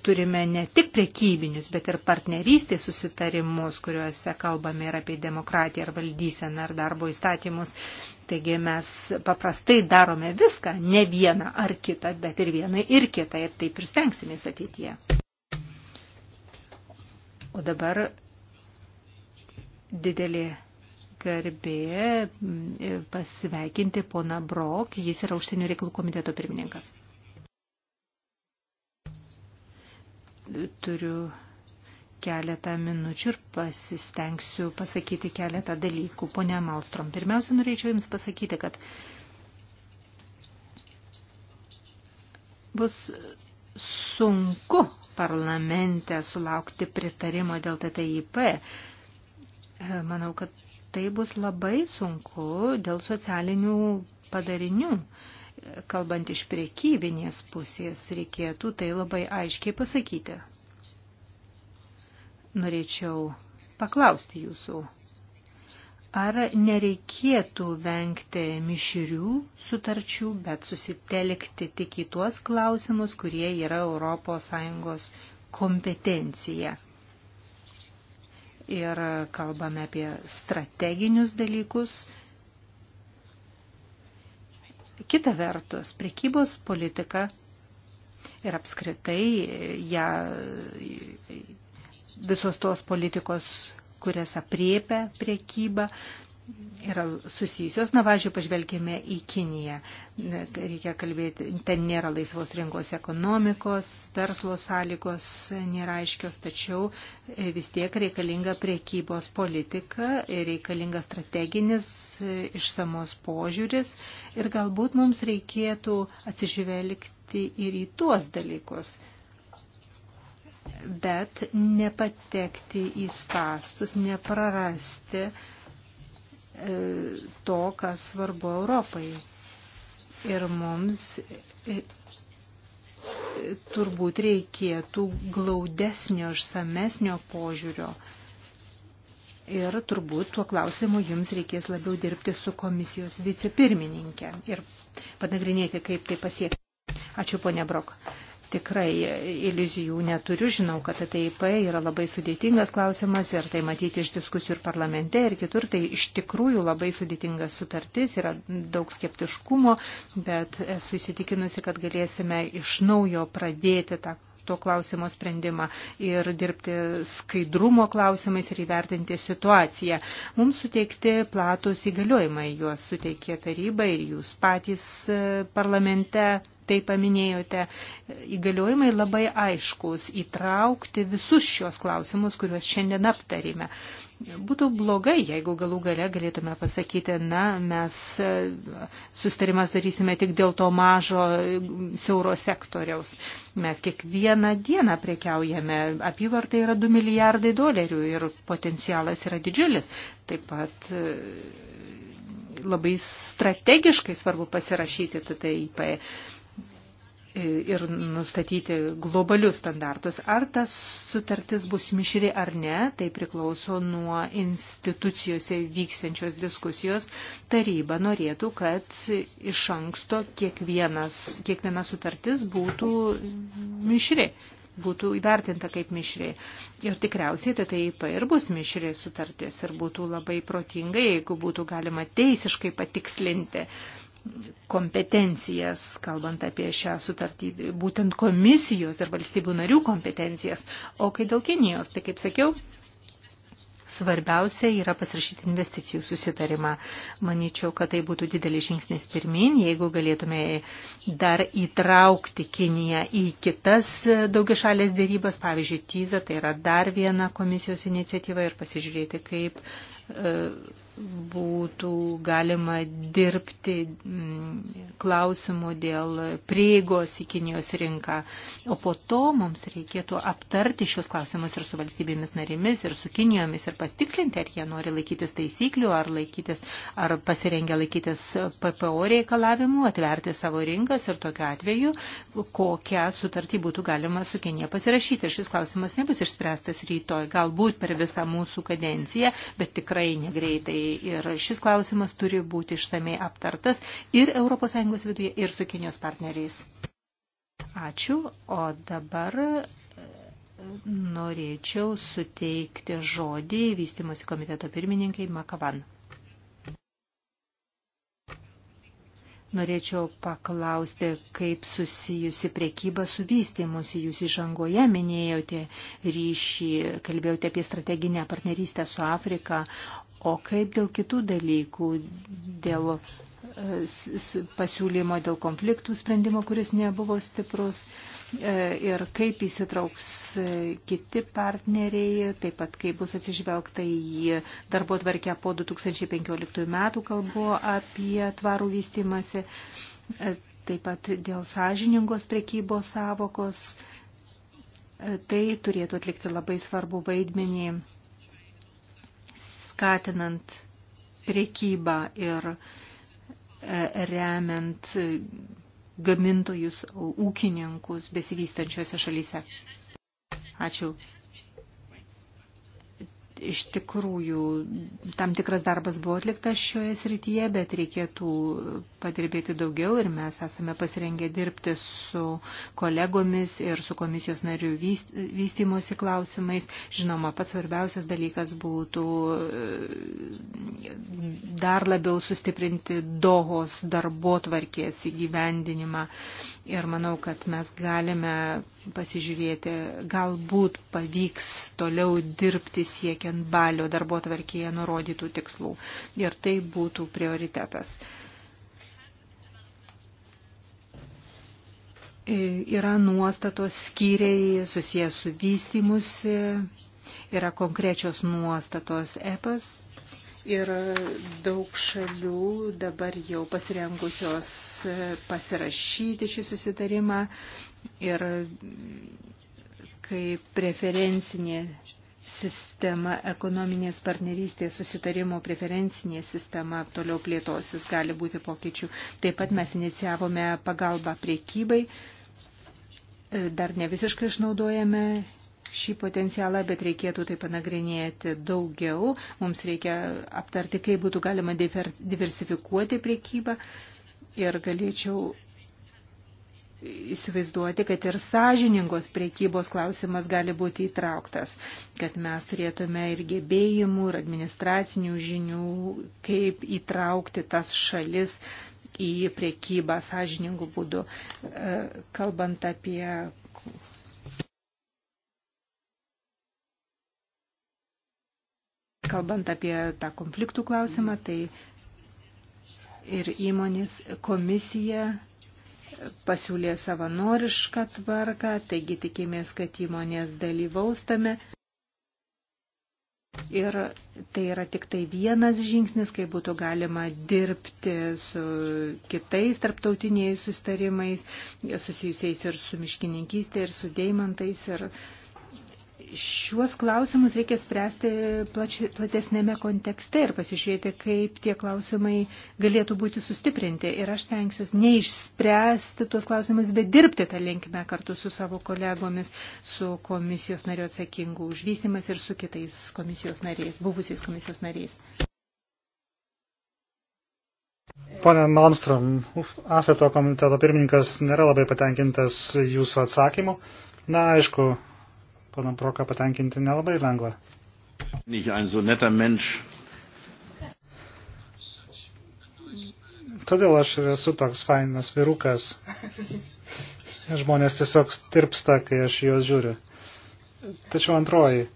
turime ne tik prekybinius, bet ir partnerystės susitarimus, kuriuose kalbame ir apie demokratiją, ir valdyseną, ir darbo įstatymus. Taigi mes paprastai darome viską, ne vieną ar kitą, bet ir vieną ir kitą, ir taip ir stengsimės ateityje. O dabar didelė garbė pasveikinti poną Brok, jis yra užsienio reikalų komiteto pirmininkas. turiu keletą minučių ir pasistengsiu pasakyti keletą dalykų. Pone Malstrom, pirmiausia, norėčiau Jums pasakyti, kad bus sunku parlamente sulaukti pritarimo dėl TTIP. Manau, kad tai bus labai sunku dėl socialinių padarinių kalbant iš priekybinės pusės, reikėtų tai labai aiškiai pasakyti. Norėčiau paklausti jūsų, ar nereikėtų vengti mišrių sutarčių, bet susitelkti tik į tuos klausimus, kurie yra ES kompetencija. Ir kalbame apie strateginius dalykus, Kita vertus, prekybos politika ir apskritai ją visos tos politikos kurias apriepia priekyba, yra susijusios. Na, važiuoju, pažvelgime į Kiniją. Tai reikia kalbėti, ten nėra laisvos rinkos ekonomikos, verslo sąlygos nėra aiškios, tačiau e, vis tiek reikalinga priekybos politika, e, reikalinga strateginis e, išsamos požiūris ir galbūt mums reikėtų atsižvelgti ir į tuos dalykus bet nepatekti į spastus, neprarasti uh, E, to, kas svarbu Europai. Ir mums e, turbūt reikėtų glaudesnio, išsamesnio požiūrio. Ir turbūt tuo klausimu jums reikės labiau dirbti su komisijos vicepirmininkė ir panagrinėti, kaip tai pasiekti. Ačiū, ponė Brok tikrai iliuzijų neturiu, žinau, kad ATIP yra labai sudėtingas klausimas ir tai matyti iš diskusijų ir parlamente ir kitur, tai iš tikrųjų labai sudėtingas sutartis, yra daug skeptiškumo, bet esu įsitikinusi, kad galėsime iš naujo pradėti tą to klausimo sprendimą ir dirbti skaidrumo klausimais ir įvertinti situaciją. Mums suteikti platus įgaliojimai, juos suteikė taryba ir jūs patys e, parlamente tai paminėjote, įgaliojimai labai aiškus įtraukti visus šios klausimus, kuriuos šiandien aptarime. Būtų blogai, jeigu galų gale galėtume pasakyti, na, mes e, sustarimas darysime tik dėl to mažo e, siauro sektoriaus. Mes kiekvieną dieną prekiaujame, apyvartai yra 2 milijardai dolerių ir potencialas yra didžiulis. Taip pat e, labai strategiškai svarbu pasirašyti TTIP. Tai ir nustatyti globalius standartus. Ar tas sutartis bus mišri ar ne, tai priklauso nuo institucijose vyksiančios diskusijos. Taryba norėtų, kad iš anksto kiekvienas, kiekviena sutartis būtų mišri būtų įvertinta kaip mišri. Ir tikriausiai tai taip ir bus mišri sutartis ir būtų labai protinga, jeigu būtų galima teisiškai patikslinti uh, kompetencijas, kalbant apie šią sutartį, būtent komisijos ir valstybių narių kompetencijas. O kai dėl Kinijos, tai kaip sakiau, Svarbiausia yra pasirašyti investicijų susitarimą. Manyčiau, kad tai būtų didelis žingsnis pirmin, jeigu galėtume dar įtraukti Kiniją į kitas daugiašalės dėrybas, pavyzdžiui, TIZA, tai yra dar viena komisijos iniciatyva ir pasižiūrėti, kaip E, būtų galima dirbti mm, klausimų dėl prieigos į Kinijos rinką. O po to mums reikėtų aptarti šios klausimus ir su valstybėmis narimis, ir su Kinijomis, ir pastikslinti, ar jie nori laikytis taisyklių, ar, laikytis, ar pasirengia laikytis PPO reikalavimų, atverti savo rinkas ir tokiu atveju, kokią sutartį būtų galima su Kinija pasirašyti. Ir šis klausimas nebus išspręstas rytoj, galbūt per visą mūsų kadenciją, bet tik tikrai negreitai. Ir šis klausimas turi būti išsamei aptartas ir ES viduje, ir su Kinijos partneriais. Ačiū. O dabar e, norėčiau suteikti žodį vystimosi komiteto pirmininkai Makavan. Norėčiau paklausti, kaip susijusi priekyba su vystymusi. Jūs įžangoje minėjote ryšį, kalbėjote apie strateginę partnerystę su Afrika, o kaip dėl kitų dalykų, dėl pasiūlymo dėl konfliktų sprendimo, kuris nebuvo stiprus e, ir kaip įsitrauks e, kiti partneriai, taip pat kaip bus atsižvelgta į darbo tvarkę po 2015 metų kalbu apie tvarų vystimąsi, e, taip pat dėl sąžiningos prekybos savokos. Tai turėtų atlikti labai svarbu vaidmenį skatinant priekybą ir uh, E, remiant gamintojus, ūkininkus besivystančiose šalyse. Ačiū iš tikrųjų tam tikras darbas buvo atliktas šioje srityje, bet reikėtų padirbėti daugiau ir mes esame pasirengę dirbti su kolegomis ir su komisijos narių vystymosi klausimais. Žinoma, pats svarbiausias dalykas būtų e, dar labiau sustiprinti dohos darbo tvarkės įgyvendinimą. Ir manau, kad mes galime pasižiūrėti, galbūt pavyks toliau dirbti siekia būtent balio darbo tvarkyje nurodytų tikslų. Ir tai būtų prioritetas. E, yra nuostatos skyriai susijęs su vystymusi, yra konkrečios nuostatos EPAS ir daug šalių dabar jau pasirengusios pasirašyti šį susitarimą ir kaip preferencinė sistema, ekonominės partnerystės susitarimo preferencinė sistema toliau plėtosis, gali būti pokyčių. Taip pat mes inicijavome pagalbą priekybai, e, dar ne visiškai išnaudojame šį potencialą, bet reikėtų tai panagrinėti daugiau. Mums reikia aptarti, kaip būtų galima diversifikuoti priekybą ir galėčiau įsivaizduoti, kad ir sąžiningos priekybos klausimas gali būti įtrauktas, kad mes turėtume ir gebėjimų, ir administracinių žinių, kaip įtraukti tas šalis į priekybą sąžiningų būdų, e, kalbant apie. Kalbant apie tą konfliktų klausimą, tai ir įmonės komisija pasiūlė savanorišką tvarką, taigi tikimės, kad įmonės dalyvaus tame. Ir tai yra tik tai vienas žingsnis, kai būtų galima dirbti su kitais tarptautiniais sustarimais, susijusiais ir su miškininkystė, ir su deimantais, ir, uh, šiuos klausimus reikia spręsti plači, platesnėme kontekste ir pasižiūrėti, kaip tie klausimai galėtų būti sustiprinti. Ir aš tenksiuos neišspręsti tuos klausimus, bet dirbti tą linkime kartu su savo kolegomis, su komisijos nariu atsakingu už vystimas ir su kitais komisijos nariais, buvusiais komisijos nariais. Pone Malmstrom, Afeto komiteto pirmininkas nėra labai patenkintas jūsų atsakymu. Na, aišku, panam Broką patenkinti nelabai lengva. Todėl aš ir esu toks fainas virukas. Žmonės tiesiog tirpsta, kai aš juos žiūriu. Tačiau antroji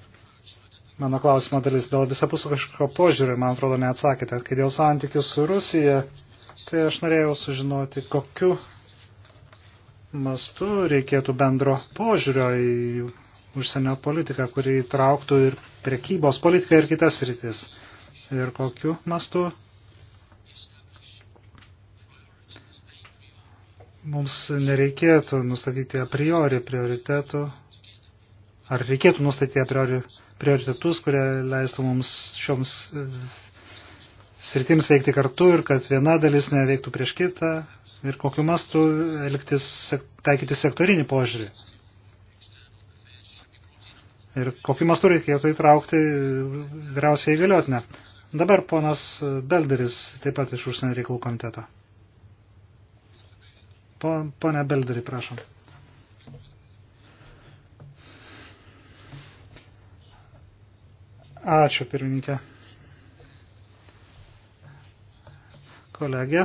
mano klausimo dalis dėl visapusiško požiūrio, man atrodo, neatsakėte. Kai dėl santykių su Rusija, tai aš norėjau sužinoti, kokiu mastu reikėtų bendro požiūrio į užsienio politiką, kuri įtrauktų ir prekybos politiką ir kitas rytis. Ir kokiu mastu mums nereikėtų nustatyti a priori prioritetų, ar reikėtų nustatyti a priori prioritetus, kurie leistų mums šioms sritims veikti kartu ir kad viena dalis neveiktų prieš kitą ir kokiu mastu elgtis, taikyti sektorinį požiūrį ir kokį mastų reikėtų įtraukti vyriausiai įgaliotinę. Dabar ponas Belderis, taip pat iš užsienio reikalų komiteto. Po, pone Belderį, prašom. Ačiū, pirmininkė. Kolegė,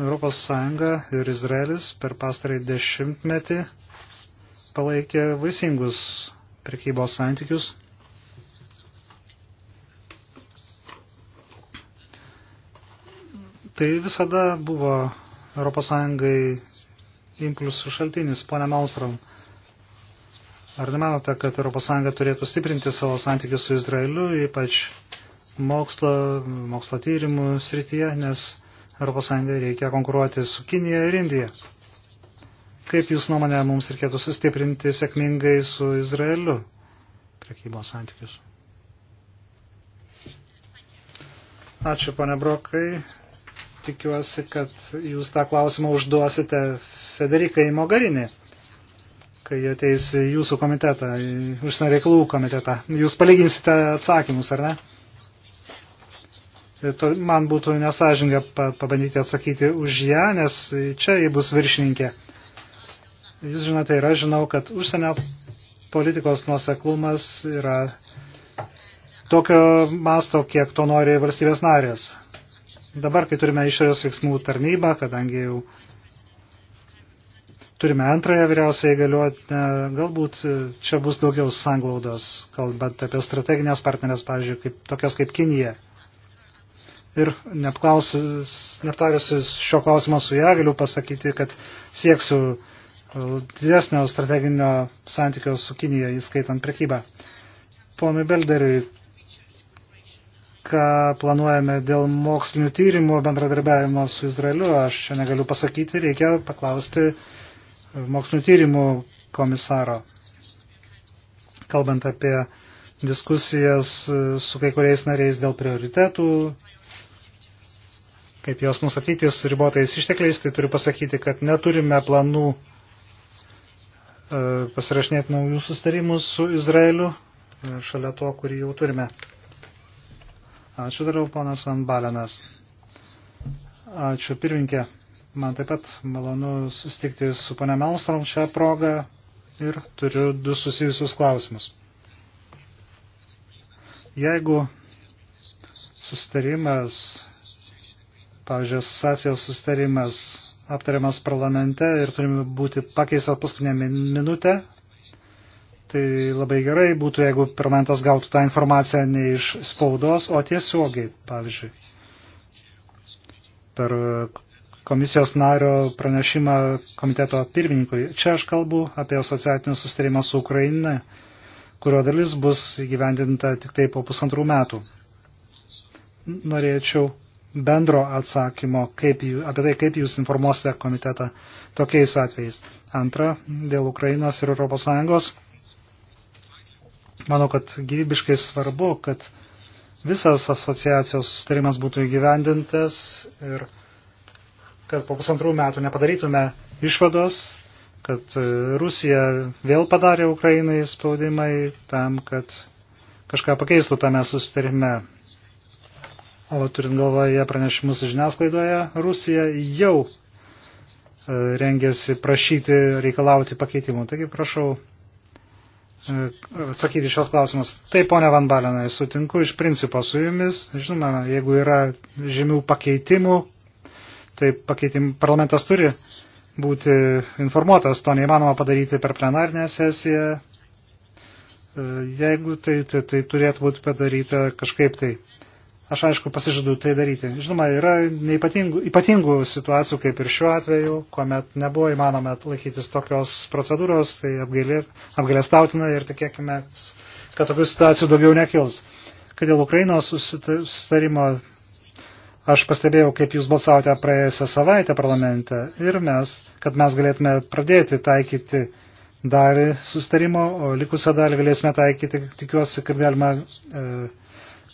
Europos Sąjunga ir Izraelis per pastarąjį dešimtmetį palaikė vaisingus prekybos santykius. Tai visada buvo ES impulsų šaltinis, ponė Malstrom. Ar nemanote, kad ES turėtų stiprinti savo santykius su Izraeliu, ypač mokslo, mokslo tyrimų srityje, nes ES reikia konkuruoti su Kinija ir Indija? Kaip Jūs nuomonė mums reikėtų sustiprinti sėkmingai su Izraeliu prekybos santykius? Ačiū, pane Brokai. Tikiuosi, kad Jūs tą klausimą užduosite Federikai Mogarinį, kai ateis Jūsų komitetą, užsienio reikalų komitetą. Jūs palyginsite atsakymus, ar ne? man būtų nesažinga pabandyti atsakyti už ją, nes čia ji bus viršininkė. Jūs žinote ir aš žinau, kad užsienio politikos nuoseklumas yra tokio masto, kiek to nori valstybės narės. Dabar, kai turime išorės veiksmų tarnybą, kadangi jau turime antrąją vyriausią įgaliuotinę, galbūt čia bus daugiau sanglaudos, kalbant apie strateginės partnerės, pavyzdžiui, kaip, tokias kaip Kinija. Ir neaptariusi šio klausimo su ją, galiu pasakyti, kad sieksiu didesnio strateginio santykio su Kinija, įskaitant prekybą. Ponui Belderiui, ką planuojame dėl mokslinių tyrimų bendradarbiavimo su Izraeliu, aš čia negaliu pasakyti, reikia paklausti mokslinių tyrimų komisaro. Kalbant apie diskusijas su kai kuriais nariais dėl prioritetų, kaip jos nustatyti su ribotais ištekliais, tai turiu pasakyti, kad neturime planų E, pasirašinėti naujus sustarimus su Izraeliu e, šalia to, kurį jau turime. Ačiū dariau, ponas Van Balenas. Ačiū pirminkė. Man taip pat malonu sustikti su ponia Melstrom šią progą ir turiu du susijusius klausimus. Jeigu sustarimas, pavyzdžiui, asociacijos sustarimas aptariamas parlamente ir turime būti pakeistas paskutinę minutę. Tai labai gerai būtų, jeigu parlamentas gautų tą informaciją ne iš spaudos, o tiesiogiai, pavyzdžiui, per e, komisijos nario pranešimą komiteto pirmininkui. Čia aš kalbu apie asociacinį sustarimą su Ukraina, kurio dalis bus įgyvendinta tik tai po pusantrų metų. Norėčiau bendro atsakymo kaip, apie tai, kaip jūs informuosite komitetą tokiais atvejais. Antra, dėl Ukrainos ir ES. Manau, kad gyvybiškai svarbu, kad visas asociacijos sustarimas būtų įgyvendintas ir kad po pusantrų metų nepadarytume išvados, kad e, Rusija vėl padarė Ukrainai spaudimai tam, kad kažką pakeistų tame sustarime o turint galvoje pranešimus žiniasklaidoje, Rusija jau e, rengėsi prašyti, reikalauti pakeitimų. Taigi prašau e, atsakyti šios klausimus. Taip, ponia Van Balenai, sutinku iš principo su jumis. Žinoma, jeigu yra žymių pakeitimų, tai pakeitim, parlamentas turi būti informuotas, to neįmanoma padaryti per plenarinę sesiją. E, jeigu tai, tai, tai turėtų būti padaryta kažkaip tai. Aš aišku pasižadu tai daryti. Žinoma, yra ypatingų, ypatingų situacijų, kaip ir šiuo atveju, kuomet nebuvo įmanoma laikytis tokios procedūros, tai apgailestautina ir tikėkime, kad tokių situacijų daugiau nekils. Kad dėl Ukrainos susitarimo aš pastebėjau, kaip jūs balsavote praėjusią savaitę parlamente ir mes, kad mes galėtume pradėti taikyti dalį susitarimo, o likusią dalį galėsime taikyti, tikiuosi, kad galima e,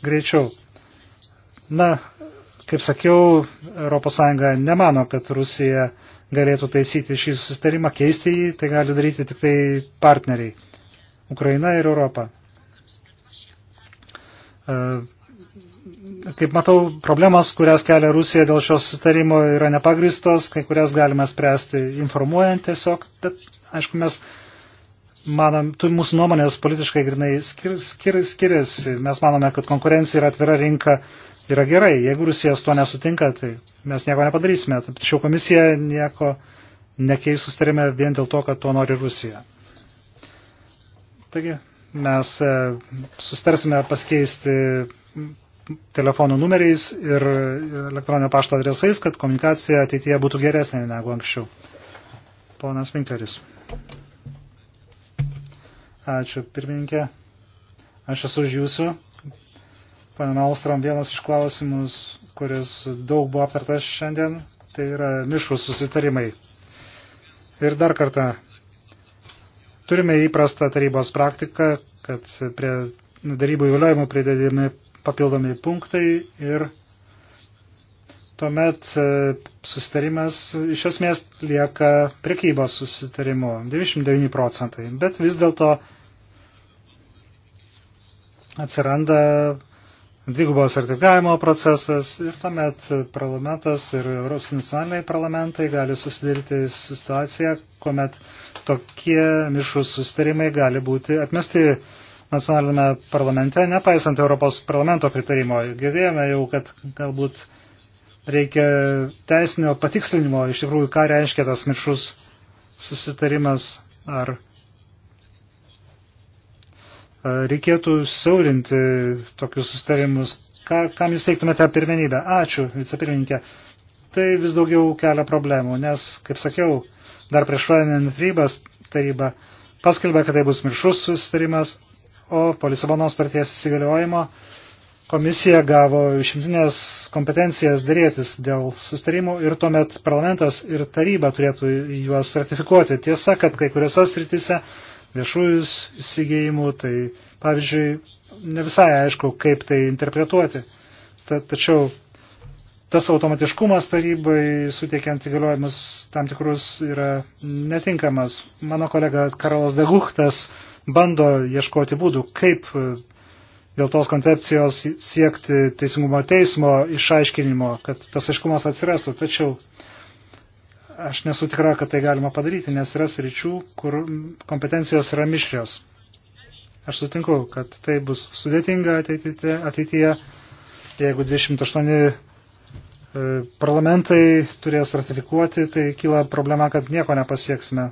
greičiau. Na, kaip sakiau, ES nemano, kad Rusija galėtų taisyti šį susitarimą, keisti jį, tai gali daryti tik tai partneriai - Ukraina ir Europa. E, kaip matau, problemas, kurias kelia Rusija dėl šios susitarimo yra nepagristos, kai kurias galime spręsti informuojant tiesiog, bet aišku, mes manom, tu, mūsų nuomonės politiškai grinai skir, skir, skiriasi. Mes manome, kad konkurencija ir atvira rinka uh, yra gerai. Jeigu Rusija su tuo nesutinka, tai mes nieko nepadarysime. Tačiau komisija nieko nekeis sustarime vien dėl to, kad to nori Rusija. Taigi mes e, sustarsime pasikeisti telefonų numeriais ir elektroninio pašto adresais, kad komunikacija ateityje būtų geresnė negu anksčiau. Ponas Vinkeris. Ačiū, pirmininkė. Aš esu už jūsų Pane Malstrom, vienas iš klausimus, kuris daug buvo aptartas šiandien, tai yra mišrų susitarimai. Ir dar kartą, turime įprastą tarybos praktiką, kad prie darybų įgaliojimų pridedami papildomi punktai ir tuomet e, susitarimas iš esmės lieka prekybos susitarimu 99 procentai, bet vis dėlto atsiranda dvigubo sertifikavimo procesas ir tuomet parlamentas ir Europos nacionaliniai parlamentai gali susidaryti su situacija, kuomet tokie mišrus susitarimai gali būti atmesti nacionalinėme parlamente, nepaisant Europos parlamento pritarimo. Girdėjome jau, kad galbūt reikia teisinio patikslinimo iš tikrųjų, ką reiškia tas mišrus susitarimas ar reikėtų siaurinti tokius sustarimus. Ką, kam jūs teiktumėte pirmenybę? Ačiū, vicepirmininkė. Tai vis daugiau kelia problemų, nes, kaip sakiau, dar prieš vadinant rybas taryba paskelbė, kad tai bus miršus sustarimas, o po Lisabono starties įsigaliojimo komisija gavo išimtinės kompetencijas dėrėtis dėl sustarimų ir tuomet parlamentas ir taryba turėtų juos ratifikuoti. Tiesa, kad kai kuriuose sritise viešųjų įsigėjimų, tai pavyzdžiui, ne visai aišku, kaip tai interpretuoti. Ta, tačiau tas automatiškumas tarybai, suteikiant įgaliojimus tam tikrus, yra netinkamas. Mano kolega Karolas Deguchtas bando ieškoti būdų, kaip e, dėl tos koncepcijos siekti teisingumo teismo išaiškinimo, kad tas aiškumas atsirastų. Tačiau aš nesu tikra, kad tai galima padaryti, nes yra sričių, kur kompetencijos yra mišrios. Aš sutinku, kad tai bus sudėtinga ateityje, ateityje jeigu 28 e, parlamentai turės ratifikuoti, tai kyla problema, kad nieko nepasieksime.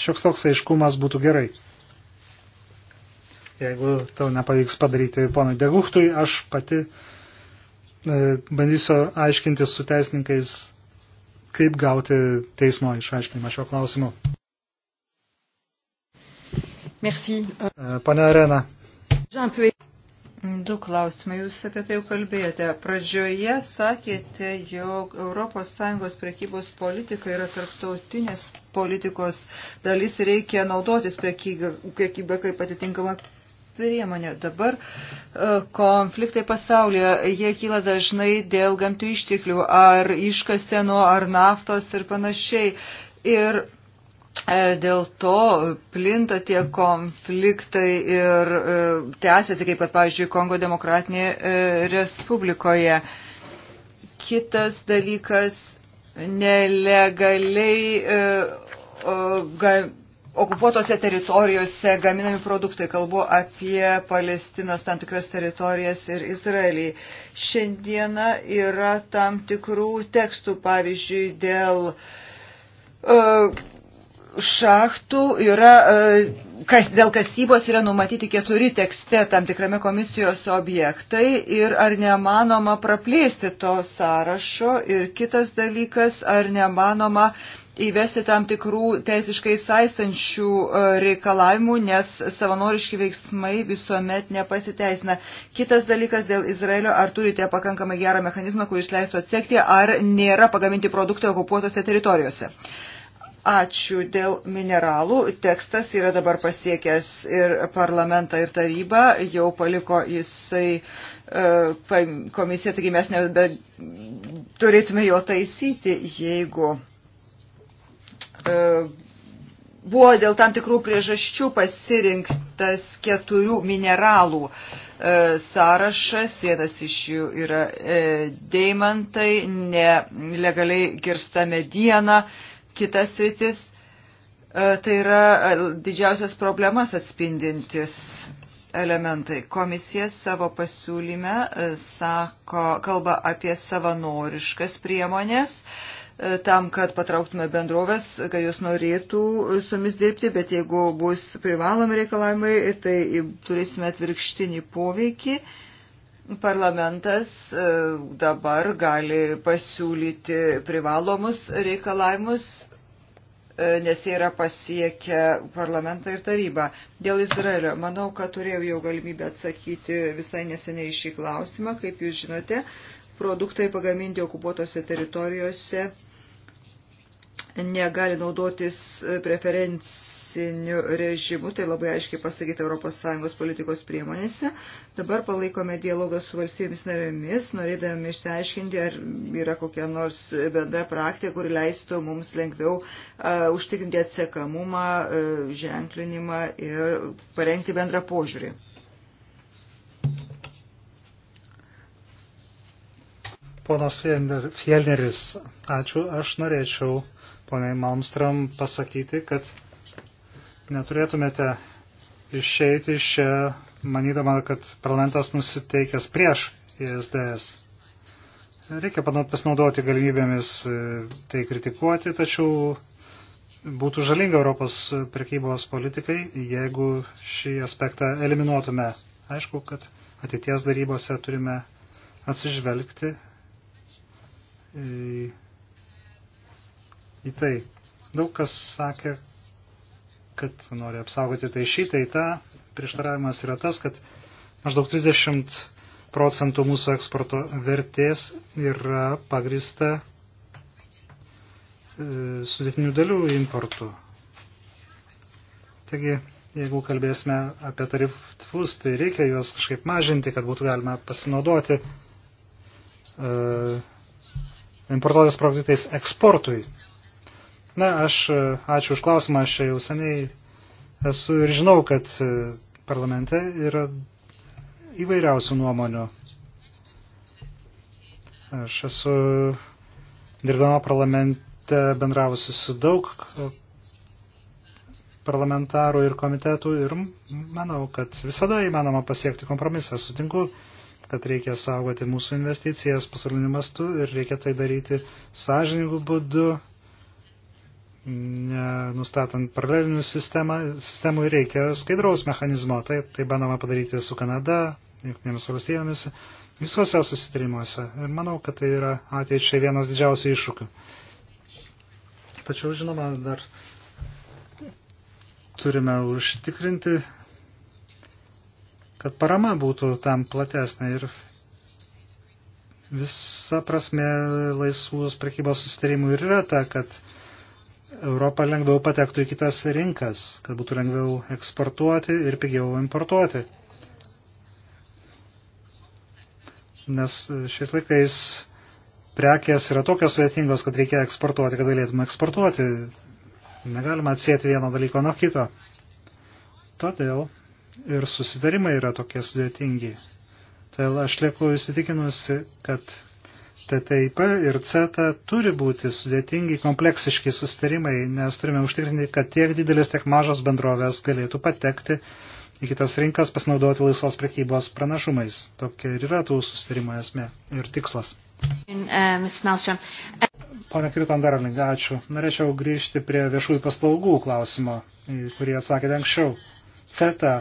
Šioks toks aiškumas būtų gerai. Jeigu tau nepavyks padaryti ponui Deguhtui, aš pati e, bandysiu aiškintis su teisininkais kaip gauti teismo išaiškinimą šio klausimu. Merci. E, pane Arena. Du klausimai. Jūs apie tai jau kalbėjote. Pradžioje sakėte, jog ES prekybos politika yra tarptautinės politikos dalis ir reikia naudotis prekybą kaip atitinkamą priemonė. Dabar e, konfliktai pasaulyje, jie kyla dažnai dėl gamtų išteklių, ar iškasenų, ar naftos ir panašiai. Ir e, Dėl to plinta tie konfliktai ir e, tęsiasi, kaip pat, pavyzdžiui, Kongo demokratinėje Respublikoje. Kitas dalykas - nelegaliai okupuotose teritorijose gaminami produktai. Kalbu apie Palestinos tam tikras teritorijas ir Izraelį. Šiandieną yra tam tikrų tekstų, pavyzdžiui, dėl e, šachtų yra, e, kas, dėl kasybos yra numatyti keturi tekste tam tikrame komisijos objektai ir ar nemanoma praplėsti to sąrašo ir kitas dalykas, ar nemanoma uh, įvesti tam tikrų teisiškai saistančių e, reikalavimų, nes savanoriški veiksmai visuomet nepasiteisina. Kitas dalykas dėl Izraelio, ar turite pakankamai gerą mechanizmą, kuris leistų atsekti, ar nėra pagaminti produktai okupuotose teritorijose. Ačiū dėl mineralų. Tekstas yra dabar pasiekęs ir parlamentą, ir tarybą. Jau paliko jisai e, komisiją, taigi mes neturėtume jo taisyti, jeigu E, buvo dėl tam tikrų priežasčių pasirinktas keturių mineralų e, sąrašas, vienas iš jų yra e, deimantai, nelegaliai kirsta mediena, kitas rytis. Tai yra didžiausias problemas atspindintis elementai. Komisija savo pasiūlyme sako, kalba apie savanoriškas priemonės. E, E, tam, kad patrauktume bendrovės, kad jos norėtų su jomis dirbti, bet jeigu bus privalomi reikalavimai, tai turėsime atvirkštinį poveikį. Parlamentas e, dabar gali pasiūlyti privalomus reikalavimus, e, nes jie yra pasiekę parlamentą ir tarybą. Dėl Izraelio, manau, kad turėjau jau galimybę atsakyti visai neseniai šį klausimą, kaip jūs žinote, produktai pagaminti okupuotose teritorijose negali naudotis preferenciniu režimu, tai labai aiškiai pasakyti ES politikos priemonėse. Dabar palaikome dialogą su valstybėmis narėmis, norėdami išsiaiškinti, ar yra kokia nors bendra praktika, kuri leistų mums lengviau uh, užtikrinti atsekamumą, uh, ženklinimą ir parengti bendrą požiūrį. Ponas Fielneris, ačiū. Aš norėčiau poniai Malmstram pasakyti, kad neturėtumėte išeiti iš čia, manydama, kad parlamentas nusiteikęs prieš ISDS. Reikia pasinaudoti galimybėmis e, tai kritikuoti, tačiau būtų žalinga Europos prekybos politikai, jeigu šį aspektą eliminuotume. Aišku, kad ateities darybose turime atsižvelgti į į tai. Daug kas sakė, kad nori apsaugoti tai šį, tai tą. Prieštaravimas yra tas, kad maždaug 30 procentų mūsų eksporto vertės yra pagrista e, sudėtinių dalių importų. Taigi, jeigu kalbėsime apie tarifus, tai reikia juos kažkaip mažinti, kad būtų galima pasinaudoti uh, e, importuotis produktais eksportui. Na, aš e, ačiū už klausimą, aš jau seniai esu ir žinau, kad e, parlamente yra įvairiausių nuomonių. Aš esu dirbdama parlamente bendravusi su daug parlamentarų ir komitetų ir manau, kad visada įmanoma pasiekti kompromisą. Sutinku, kad reikia saugoti mūsų investicijas pasauliniu mastu ir reikia tai daryti sąžiningų būdu nustatant paralelinių sistemų reikia skaidraus mechanizmo. Taip, tai bandoma padaryti su Kanada, Junktinėmis valstybėmis, visuose susitarimuose. Ir manau, kad tai yra ateičiai vienas didžiausių iššūkių. Tačiau, žinoma, dar turime užtikrinti, kad parama būtų tam platesnė ir visa prasme laisvus prekybos susitarimų ir yra ta, kad Europa lengviau patektų į kitas rinkas, kad būtų lengviau eksportuoti ir pigiau importuoti. Nes šiais laikais prekės yra tokios sudėtingos, kad reikia eksportuoti, kad galėtume eksportuoti. Negalima atsėti vieno dalyko nuo kito. Todėl ir susitarimai yra tokie sudėtingi. Todėl aš lieku įsitikinusi, kad TTIP ir CETA turi būti sudėtingi, kompleksiški sustarimai, nes turime užtikrinti, kad tiek didelis, tiek mažos bendrovės galėtų patekti į kitas rinkas, pasinaudoti laisvos prekybos pranašumais. Tokia ir yra tų sustarimo esmė ir tikslas. Uh, Pone Kriton Darling, ačiū. Norėčiau grįžti prie viešųjų paslaugų klausimo, kurį atsakėte anksčiau. CETA,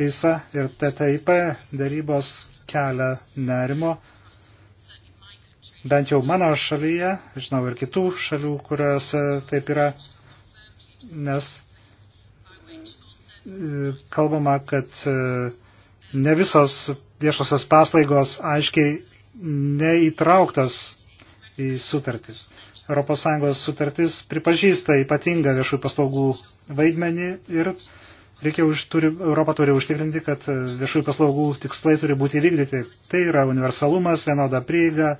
teisa ir TTIP darybos kelia nerimo bent jau mano šalyje, žinau ir kitų šalių, kuriuose taip yra, nes e, kalbama, kad e, ne visos viešosios paslaigos aiškiai neįtrauktos į sutartis. ES sutartis pripažįsta ypatingą viešųjų paslaugų vaidmenį ir reikia už, turi, Europa turi užtikrinti, kad e, viešųjų paslaugų tikslai turi būti įvykdyti. Tai yra universalumas, vienoda prieiga,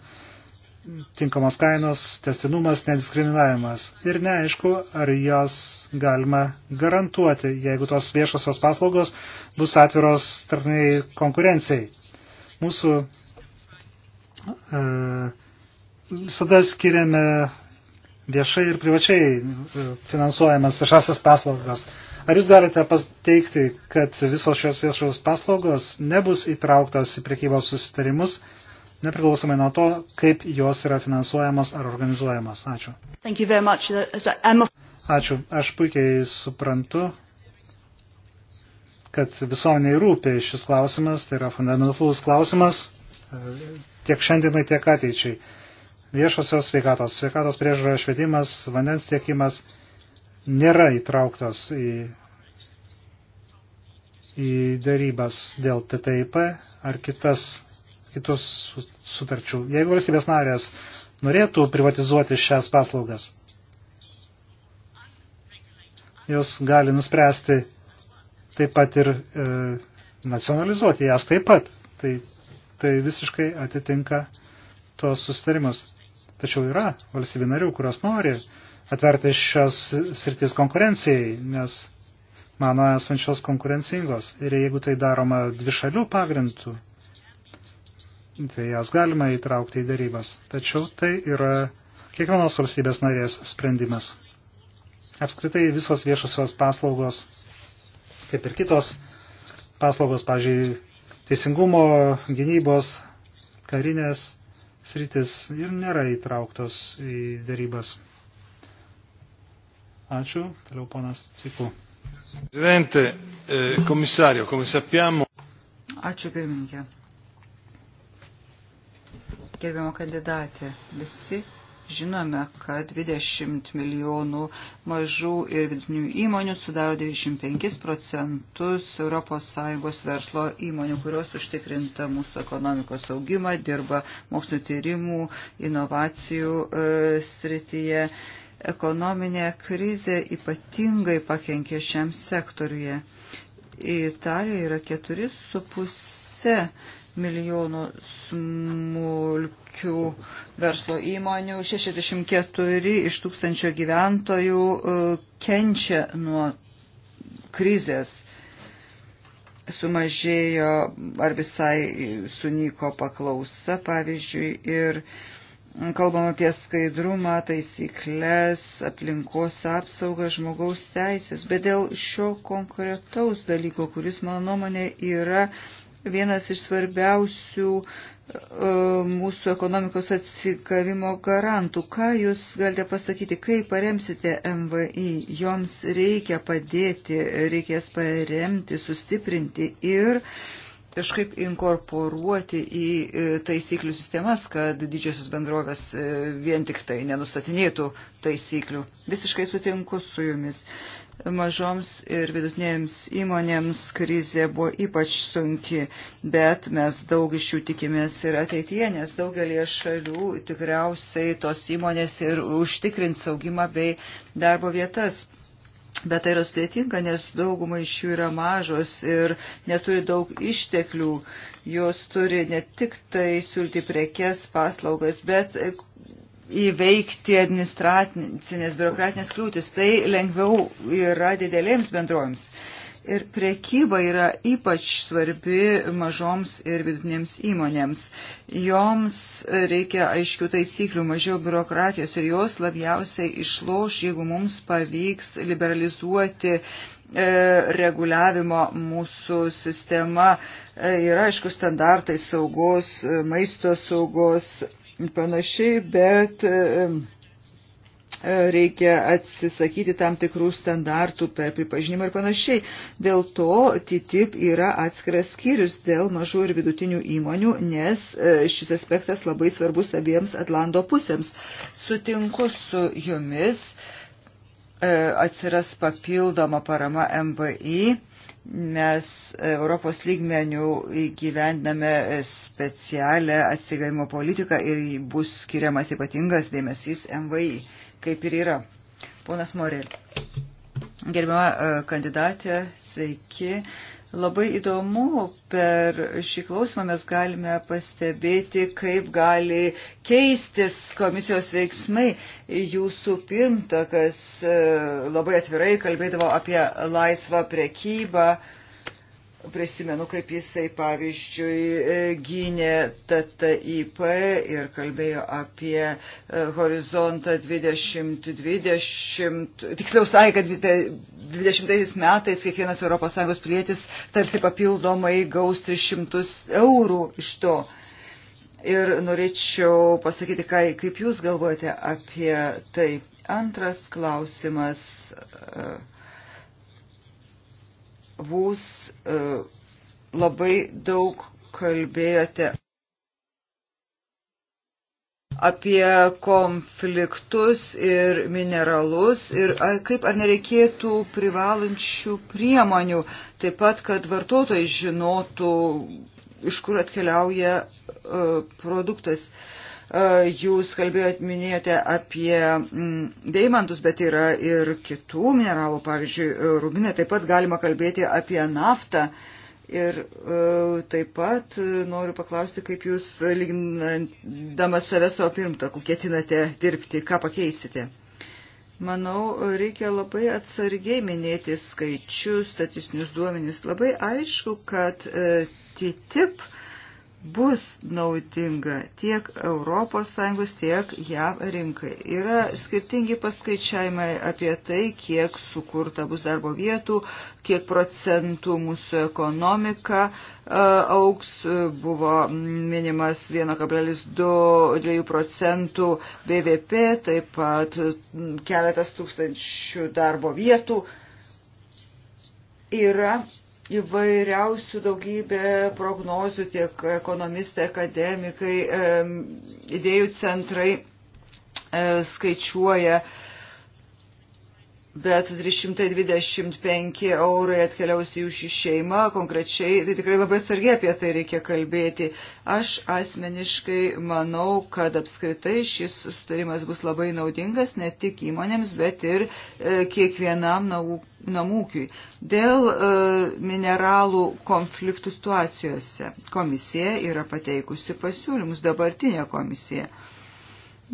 tinkamos kainos, testinumas, nediskriminavimas. Ir neaišku, ar jos galima garantuoti, jeigu tos viešosios paslaugos bus atviros tarpiniai konkurencijai. Mūsų e, visada skiriame viešai ir privačiai e, finansuojamas viešasias paslaugas. Ar jūs galite pateikti, kad visos šios viešos paslaugos nebus įtrauktos į priekybos susitarimus nepriklausomai nuo to, kaip jos yra finansuojamos ar organizuojamos. Ačiū. Ačiū. Aš puikiai suprantu, kad visuomeniai rūpia šis klausimas, tai yra fundamentalus klausimas tiek šiandienai, tiek ateičiai. Viešosios sveikatos, sveikatos priežiūra, švietimas, vandens tiekimas nėra įtrauktos į, į darybas dėl TTIP ar kitas kitus sutarčių. Jeigu valstybės narės norėtų privatizuoti šias paslaugas, jos gali nuspręsti taip pat ir e, nacionalizuoti jas taip pat. Tai, tai visiškai atitinka tuos sustarimus. Tačiau yra valstybių narių, kurios nori atverti šios sritis konkurencijai, nes mano esančios konkurencingos. Ir jeigu tai daroma dvišalių pagrindų, tai jas galima įtraukti į darybas. Tačiau tai yra kiekvienos valstybės narės sprendimas. Apskritai visos viešosios paslaugos, kaip ir kitos paslaugos, pažiūrėjau, teisingumo, gynybos, karinės sritis ir nėra įtrauktos į darybas. Ačiū. Toliau ponas Cikų. Presidente, komisario, eh, come sappiamo. Ačiū pirmininkė. Gerbiamo kandidatė, visi žinome, kad 20 milijonų mažų ir vidutinių įmonių sudaro 95 procentus ES verslo įmonių, kurios užtikrinta mūsų ekonomikos augimą, dirba mokslinio tyrimų, inovacijų e, srityje. Ekonominė krizė ypatingai pakenkė šiam sektoriuje. Italija yra 4,5 milijonų smulkių verslo įmonių, 64 iš tūkstančio gyventojų e, kenčia nuo krizės. Sumažėjo ar visai sunyko paklausa, pavyzdžiui, ir kalbam apie skaidrumą, taisyklės, aplinkos apsaugą, žmogaus teisės, bet dėl šio konkretaus dalyko, kuris, mano nuomonė, yra vienas iš svarbiausių e, mūsų ekonomikos atsigavimo garantų. Ką Jūs galite pasakyti, kaip paremsite MVI? Joms reikia padėti, reikės paremti, sustiprinti ir uh, kažkaip inkorporuoti į e, taisyklių sistemas, kad didžiosios bendrovės e, vien tik tai nenustatinėtų taisyklių. Visiškai sutinku su jumis. Mažoms ir vidutinėms įmonėms krizė buvo ypač sunki, bet mes daug iš jų tikimės ir ateityje, nes daugelie šalių tikriausiai tos įmonės ir užtikrins saugimą bei darbo vietas. Bet tai yra sudėtinga, nes dauguma iš jų yra mažos ir neturi daug išteklių. Jos turi ne tik tai siūlyti prekes, paslaugas, bet įveikti administracinės biurokratinės kliūtis. Tai lengviau yra didelėms bendrojams. Uh, Ir priekyba yra ypač svarbi mažoms ir vidutinėms įmonėms. Joms reikia aiškių taisyklių, mažiau biurokratijos ir jos labiausiai išloš, jeigu mums pavyks liberalizuoti e, reguliavimo mūsų sistema. E, yra, aišku, standartai saugos, e, maisto saugos panašiai, bet E, reikia atsisakyti tam tikrų standartų per pripažinimą ir panašiai. Dėl to TTIP yra atskiras skyrius dėl mažų ir vidutinių įmonių, nes e, šis aspektas labai svarbus abiems Atlanto pusėms. Sutinku su jumis, e, atsiras papildoma parama MVI mes Europos lygmenių įgyvendame specialią atsigavimo politiką ir bus skiriamas ypatingas dėmesys MVI kaip ir yra. Ponas Morel. Gerbiama e, kandidatė, sveiki. Labai įdomu, per šį klausimą mes galime pastebėti, kaip gali keistis komisijos veiksmai. Jūsų pirmtakas e, labai atvirai kalbėdavo apie laisvą prekybą prisimenu, kaip jisai pavyzdžiui e, gynė TTIP ir kalbėjo apie e, horizontą 2020, tiksliau sakė, kad 20 metais kiekvienas ES pilietis tarsi papildomai gaus 300 eurų iš to. Ir norėčiau pasakyti, kai, kaip jūs galvojate apie tai. Antras klausimas. Uh, Jūs e, labai daug kalbėjote apie konfliktus ir mineralus ir kaip ar nereikėtų privalančių priemonių, taip pat, kad vartotojai žinotų, iš kur atkeliauja e, produktas. Uh, E, jūs kalbėjot, minėjote apie mm, deimantus, bet yra ir kitų mineralų, pavyzdžiui, e, rubinai, taip pat galima kalbėti apie naftą. Ir e, taip pat noriu paklausti, kaip jūs, lygindamas save savo pirmtaku, ketinate dirbti, ką pakeisite? Manau, reikia labai atsargiai minėti skaičius, statistinius duomenys. Labai aišku, kad TTIP e, bus naudinga tiek ES, tiek JAV rinkai. Yra skirtingi paskaičiavimai apie tai, kiek sukurta bus darbo vietų, kiek procentų mūsų ekonomika e, auks, buvo minimas 1,2 procentų BVP, taip pat keletas tūkstančių darbo vietų. Yra įvairiausių daugybė prognozių, tiek ekonomistai, akademikai, idėjų centrai e, skaičiuoja bet 325 eurai atkeliaus į jūsų šeimą, konkrečiai, tai tikrai labai atsargiai apie tai reikia kalbėti. Aš asmeniškai manau, kad apskritai šis sutarimas bus labai naudingas ne tik įmonėms, bet ir e, kiekvienam namūkiui. Dėl e, mineralų konfliktų situacijose komisija yra pateikusi pasiūlymus, dabartinė komisija. E,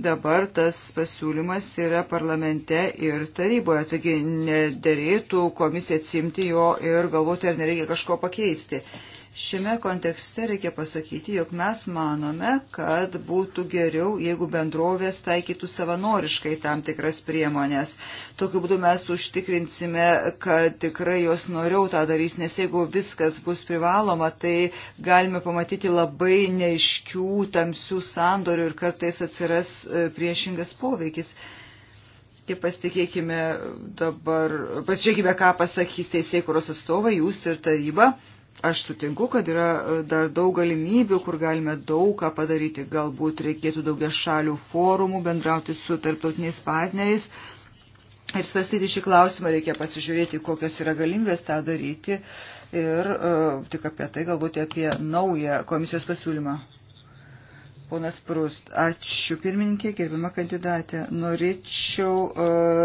Dabar tas pasiūlymas yra parlamente ir taryboje, taigi nederėtų komisija atsimti jo ir galvoti, ar nereikia kažko pakeisti. Uh, Šiame kontekste reikia pasakyti, jog mes manome, kad būtų geriau, jeigu bendrovės taikytų savanoriškai tam tikras priemonės. Tokiu būdu mes užtikrinsime, kad tikrai jos noriau tą darys, nes jeigu viskas bus privaloma, tai galime pamatyti labai neiškių, tamsių sandorių ir kartais atsiras e, priešingas poveikis. Tai pasitikėkime dabar, pasižiūrėkime, ką pasakys teisėkuros atstovai, jūs ir taryba aš sutinku, kad yra e, dar daug galimybių, kur galime daug ką padaryti. Galbūt reikėtų daugia šalių forumų, bendrauti su tarptautiniais partneriais. Ir svarstyti šį klausimą reikia pasižiūrėti, kokios yra galimybės tą daryti ir uh, tik apie tai galvoti apie naują komisijos pasiūlymą. Ponas Prust, ačiū pirmininkė, gerbima kandidatė. Norėčiau uh,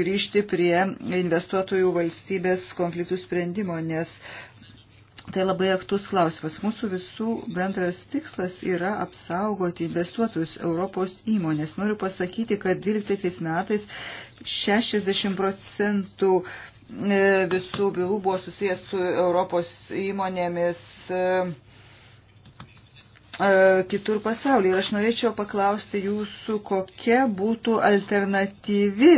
grįžti prie investuotojų valstybės konfliktų sprendimo, nes Tai labai aktus klausimas. Mūsų visų bendras tikslas yra apsaugoti investuotojus Europos įmonės. Noriu pasakyti, kad 12 metais 60 procentų e, visų bylų buvo susijęs su Europos įmonėmis e, E, kitur pasaulyje. Ir aš norėčiau paklausti jūsų, kokia būtų alternatyvi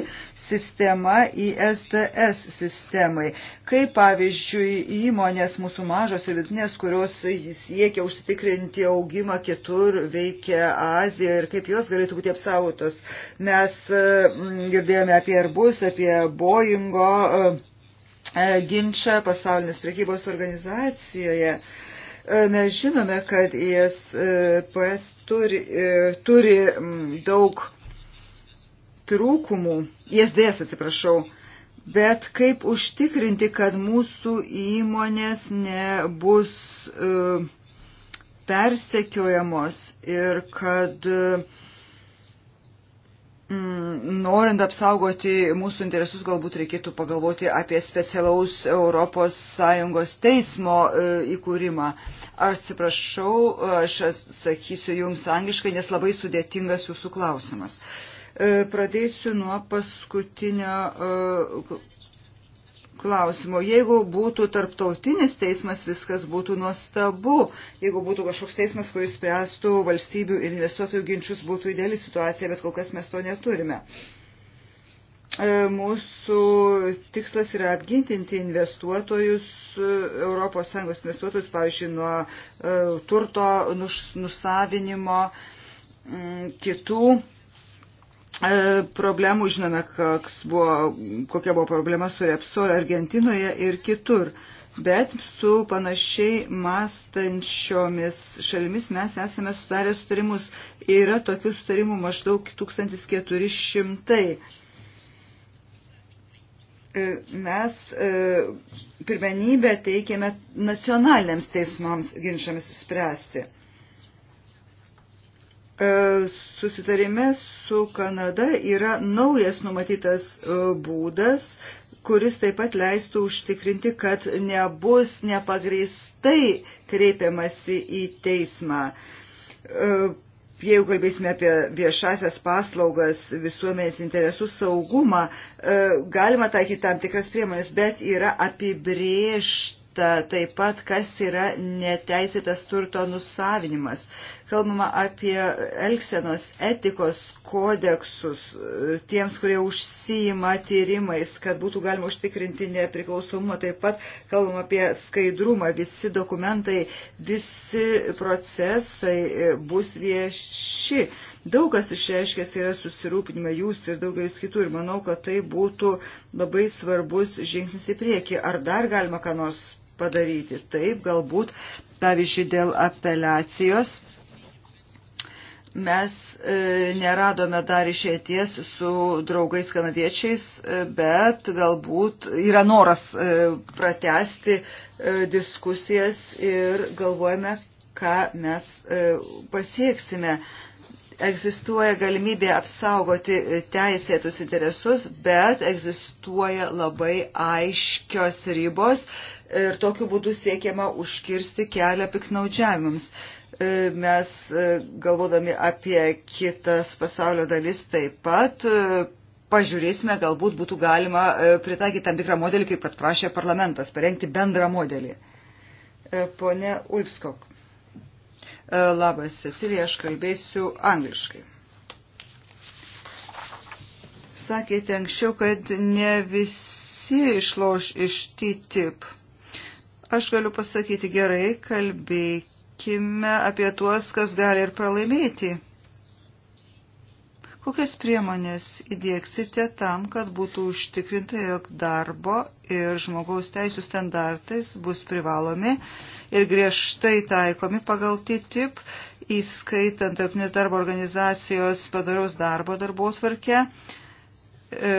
sistema į SDS sistemai. Kaip pavyzdžiui įmonės mūsų mažos ir vidutinės, kurios siekia užsitikrinti augimą kitur, veikia Azijoje ir kaip jos galėtų būti apsaugotos. Mes e, girdėjome apie Airbus, apie Boeingo e, ginčą pasaulinės prekybos organizacijoje E, mes žinome, kad ISPS turi, e, turi daug trūkumų, ISDS atsiprašau, bet kaip užtikrinti, kad mūsų įmonės nebus e, persekiojamos ir kad uh, Mm, norint apsaugoti mūsų interesus, galbūt reikėtų pagalvoti apie specialaus ES teismo e, įkūrimą. Aš atsiprašau, aš atsakysiu Jums angliškai, nes labai sudėtingas Jūsų klausimas. E, pradėsiu nuo paskutinio e, klausimo. Jeigu būtų tarptautinis teismas, viskas būtų nuostabu. Jeigu būtų kažkoks teismas, kuris spręstų valstybių ir investuotojų ginčius, būtų ideali situacija, bet kol kas mes to neturime. E, mūsų tikslas yra apgintinti investuotojus, ES investuotojus, pavyzdžiui, nuo e, turto nusavinimo, kitų E, problemų, žinome, buvo, kokia buvo problema su Repsol Argentinoje ir kitur. Bet su panašiai mastančiomis šalimis mes esame sudarę sutarimus. Yra tokių sutarimų maždaug 1400. E, mes e, pirmenybę teikėme nacionaliniams teismams ginčiams spręsti. E, susitarime su Kanada yra naujas numatytas e, būdas, kuris taip pat leistų užtikrinti, kad nebus nepagreistai kreipiamasi į teismą. E, jeigu kalbėsime apie viešasias paslaugas, visuomenės interesų saugumą, galima taikyti tam tikras priemonės, bet yra apibriežta taip pat, kas yra neteisėtas turto nusavinimas kalbama apie elksenos etikos kodeksus e, tiems, kurie užsijima tyrimais, kad būtų galima užtikrinti nepriklausomumą. Taip pat kalbama apie skaidrumą. Visi dokumentai, visi procesai e, bus vieši. Daug kas išreiškęs yra susirūpinimą jūs ir daugelis kitų ir manau, kad tai būtų labai svarbus žingsnis į priekį. Ar dar galima ką nors padaryti? Taip, galbūt, pavyzdžiui, dėl apeliacijos Mes e, neradome dar išėties su draugais kanadiečiais, e, bet galbūt yra noras e, pratesti diskusijas ir galvojame, ką mes pasieksime egzistuoja galimybė apsaugoti teisėtus interesus, bet egzistuoja labai aiškios ribos ir tokiu būdu siekiama užkirsti kelią piknaudžiavimams. E, mes e, galvodami apie kitas pasaulio dalis taip pat e, pažiūrėsime, galbūt būtų galima pritaikyti tam tikrą modelį, kaip kad prašė parlamentas, parengti bendrą modelį. Pone Ulfskok. Labas, Cecilija, aš kalbėsiu angliškai. Sakėte anksčiau, kad ne visi išloš iš TTIP. Aš galiu pasakyti gerai, kalbėkite Kalbėkime apie tuos, kas gali ir pralaimėti. Kokias priemonės įdėksite tam, kad būtų užtikrinta, jog darbo ir žmogaus teisų standartais bus privalomi ir griežtai taikomi pagal TTIP, įskaitant tarpinės darbo organizacijos padaraus darbo darbo tvarkę? E,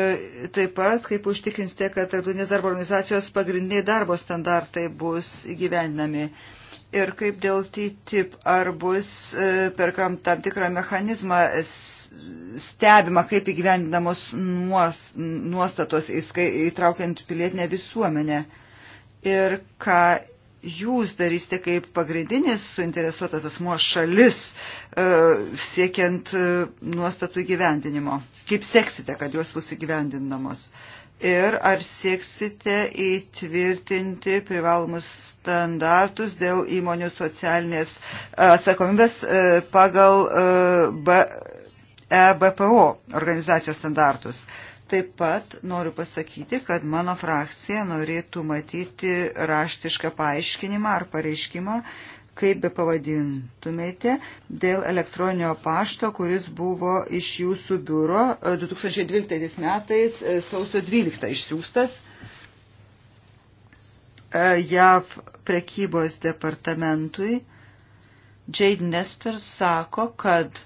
taip pat, kaip užtikrinsite, kad tarptautinės darbo organizacijos pagrindiniai darbo standartai bus įgyvendinami ir kaip dėl TTIP, ar bus e, perkam tam tikrą mechanizmą stebima, kaip įgyvendinamos nuostatos įtraukiant pilietinę visuomenę. Ir ką jūs darysite kaip pagrindinis suinteresuotas asmuo šalis e, siekiant e, nuostatų įgyvendinimo? Kaip seksite, kad jos bus įgyvendinamos? Uh, ir ar sieksite įtvirtinti privalomus standartus dėl įmonių socialinės e, atsakomybės e, pagal EBPO e, organizacijos standartus. Taip pat noriu pasakyti, kad mano frakcija norėtų matyti raštišką paaiškinimą ar pareiškimą kaip be pavadintumėte, dėl elektroninio pašto, kuris buvo iš jūsų biuro 2012 e, metais e, sausio 12 išsiųstas. E, JAV prekybos departamentui Jade Nestor sako, kad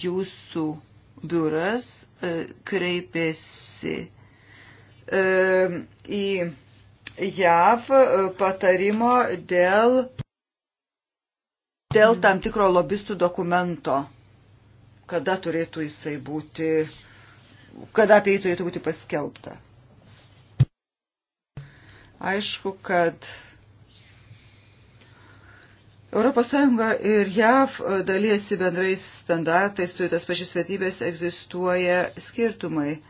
jūsų biuras kreipėsi į JAV e, patarimo dėl, dėl tam tikro lobistų dokumento, kada turėtų jisai būti, kada apie jį turėtų būti paskelbta. Aišku, kad ES ir JAV e, dalyjasi bendrais standartais, turi tas pačias vietybės, egzistuoja skirtumai.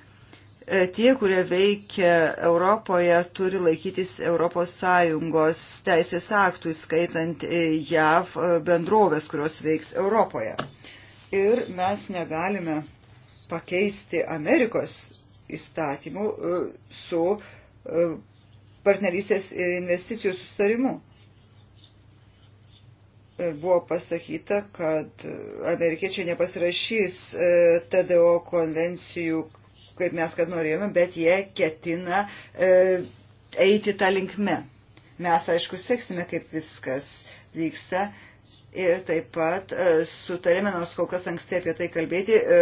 E, tie, kurie veikia Europoje, turi laikytis ES teisės aktų, įskaitant e, JAV e, bendrovės, kurios veiks Europoje. Ir mes negalime pakeisti Amerikos įstatymų su partnerystės ir investicijų sustarimu. Ir buvo pasakyta, kad amerikiečiai nepasirašys TDO konvencijų kaip mes kad norėjome, bet jie ketina e, eiti tą linkme. Mes, aišku, seksime, kaip viskas vyksta ir taip pat e, sutarėme, nors kol kas anksti apie tai kalbėti, e,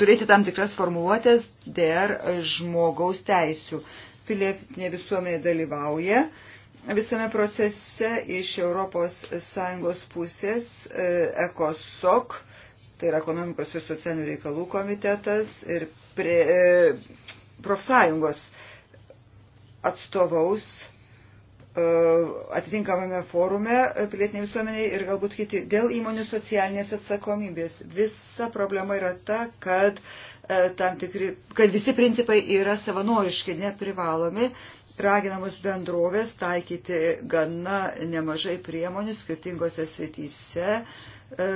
turėti tam tikras formuluotės dėl žmogaus teisių. Pilietinė visuomenė dalyvauja. E, visame procese iš ES pusės e, ECOSOC tai yra ekonomikos ir socialinių reikalų komitetas ir prie, e, profsąjungos atstovaus e, atitinkamame forume pilietiniai visuomeniai ir galbūt kiti dėl įmonių socialinės atsakomybės. Visa problema yra ta, kad, e, tam tikri, kad visi principai yra savanoriški, neprivalomi raginamos bendrovės taikyti gana nemažai priemonių skirtingose srityse, e,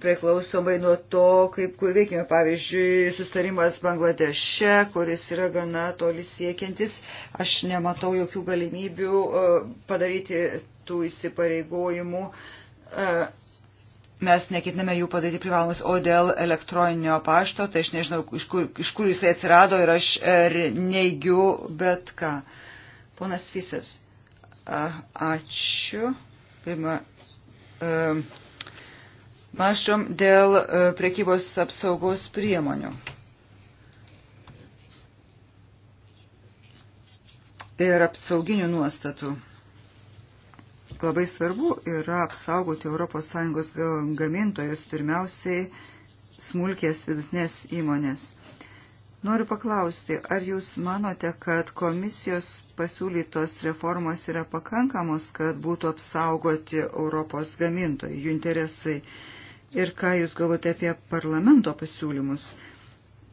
priklausomai nuo to, kaip kur veikime. Pavyzdžiui, sustarimas Bangladeše, kuris yra gana toli siekiantis, aš nematau jokių galimybių e, padaryti tų įsipareigojimų. E, mes nekitiname jų padaryti privalomus, o dėl elektroninio pašto, tai aš nežinau, iš kur, iš kur jisai atsirado ir aš e, neigiu bet ką. Ponas Fisas, ačiū. Pirma, Mašom dėl e, prekybos apsaugos priemonių. Ir apsauginių nuostatų. Labai svarbu yra apsaugoti ES gamintojus, pirmiausiai smulkės vidutinės įmonės. Noriu paklausti, ar Jūs manote, kad komisijos pasiūlytos reformos yra pakankamos, kad būtų apsaugoti Europos gamintojai, jų interesai? ir ką jūs galvote apie parlamento pasiūlymus.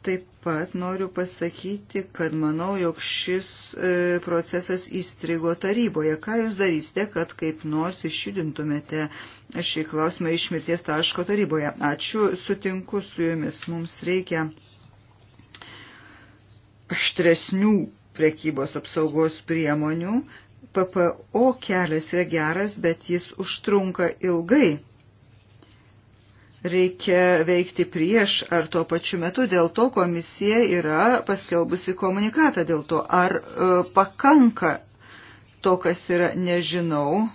Taip pat noriu pasakyti, kad manau, jog šis e, procesas įstrigo taryboje. Ką jūs darysite, kad kaip nors išjudintumėte šį klausimą iš mirties taško taryboje? Ačiū, sutinku su jumis. Mums reikia aštresnių prekybos apsaugos priemonių. PPO kelias yra geras, bet jis užtrunka ilgai reikia veikti prieš ar tuo pačiu metu. Dėl to komisija yra paskelbusi komunikatą dėl to. Ar e, pakanka to, kas yra, nežinau.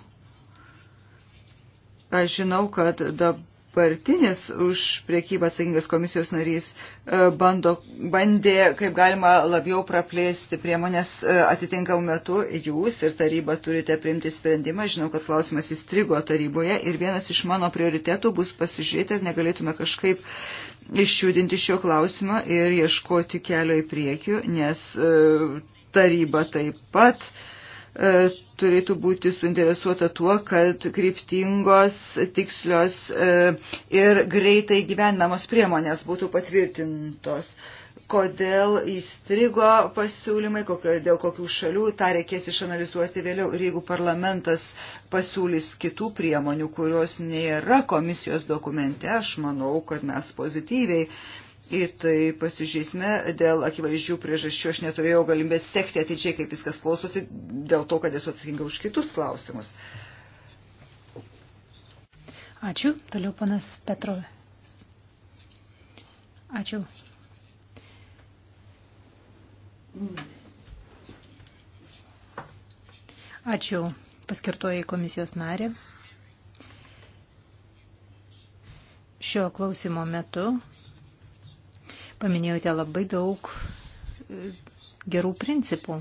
Aš žinau, kad dabar partinis už priekybą atsakingas komisijos narys e, bando, bandė, kaip galima labiau praplėsti priemonės e, atitinkamų metų. Jūs ir taryba turite priimti sprendimą. Žinau, kad klausimas įstrigo taryboje ir vienas iš mano prioritetų bus pasižiūrėti, ar negalėtume kažkaip išjudinti šio klausimo ir ieškoti kelio į priekį, nes e, taryba taip pat uh, E, turėtų būti suinteresuota tuo, kad kryptingos, tikslios e, ir greitai gyvenamos priemonės būtų patvirtintos. Kodėl įstrigo pasiūlymai, kokio, dėl kokių šalių, tą reikės išanalizuoti vėliau. Ir jeigu parlamentas pasiūlys kitų priemonių, kurios nėra komisijos dokumente, aš manau, kad mes pozityviai uh, į tai pasižiūrėsime. Dėl akivaizdžių priežasčių aš neturėjau galimybės sekti atidžiai, kaip viskas klausosi, dėl to, kad esu atsakinga už kitus klausimus. Ačiū. Toliau panas Petrovės. Ačiū. Ačiū paskirtoji komisijos narė. Šio klausimo metu Paminėjote labai daug e, gerų principų.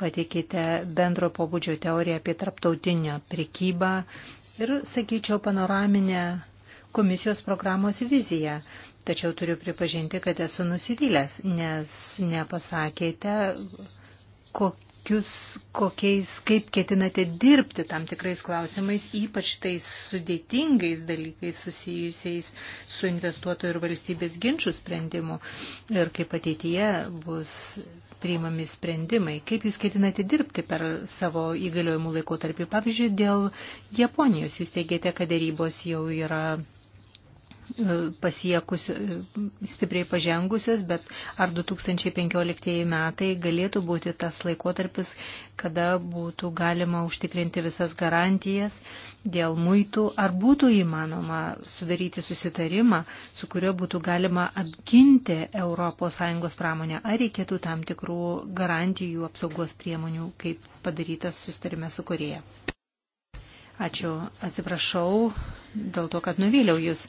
Pateikite bendro pobūdžio teoriją apie tarptautinę prekybą ir, sakyčiau, panoraminę komisijos programos viziją. Tačiau turiu pripažinti, kad esu nusivylęs, nes nepasakėte, kokia kokius, kokiais, kaip ketinate dirbti tam tikrais klausimais, ypač tais sudėtingais dalykais susijusiais su investuotojų ir valstybės ginčių sprendimu ir kaip ateityje bus priimami sprendimai. Kaip jūs ketinate dirbti per savo įgaliojimų laikotarpį? Pavyzdžiui, dėl Japonijos jūs teigiate, kad dėrybos jau yra pasiekusi, stipriai pažengusios, bet ar 2015 metai galėtų būti tas laikotarpis, kada būtų galima užtikrinti visas garantijas dėl muitų, ar būtų įmanoma sudaryti susitarimą, su kuriuo būtų galima apginti ES pramonę, ar reikėtų tam tikrų garantijų apsaugos priemonių, kaip padarytas susitarime su Korėja. Ačiū, atsiprašau dėl to, kad nuvyliau jūs.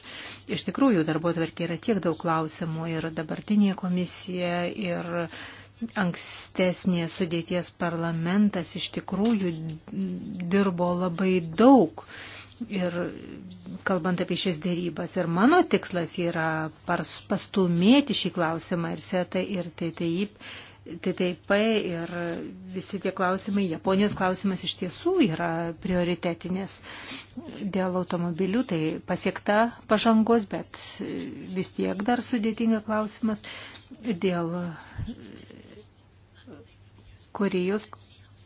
Iš tikrųjų, darbo tvarkė yra tiek daug klausimų ir dabartinė komisija ir ankstesnės sudėties parlamentas iš tikrųjų dirbo labai daug. Ir kalbant apie šias dėrybas, ir mano tikslas yra pastumėti šį klausimą ir setą ir TTIP tai, tai, TTIP ir visi tie klausimai, Japonijos klausimas iš tiesų yra prioritetinis. Dėl automobilių tai pasiekta pažangos, bet vis tiek dar sudėtinga klausimas. Dėl Korejos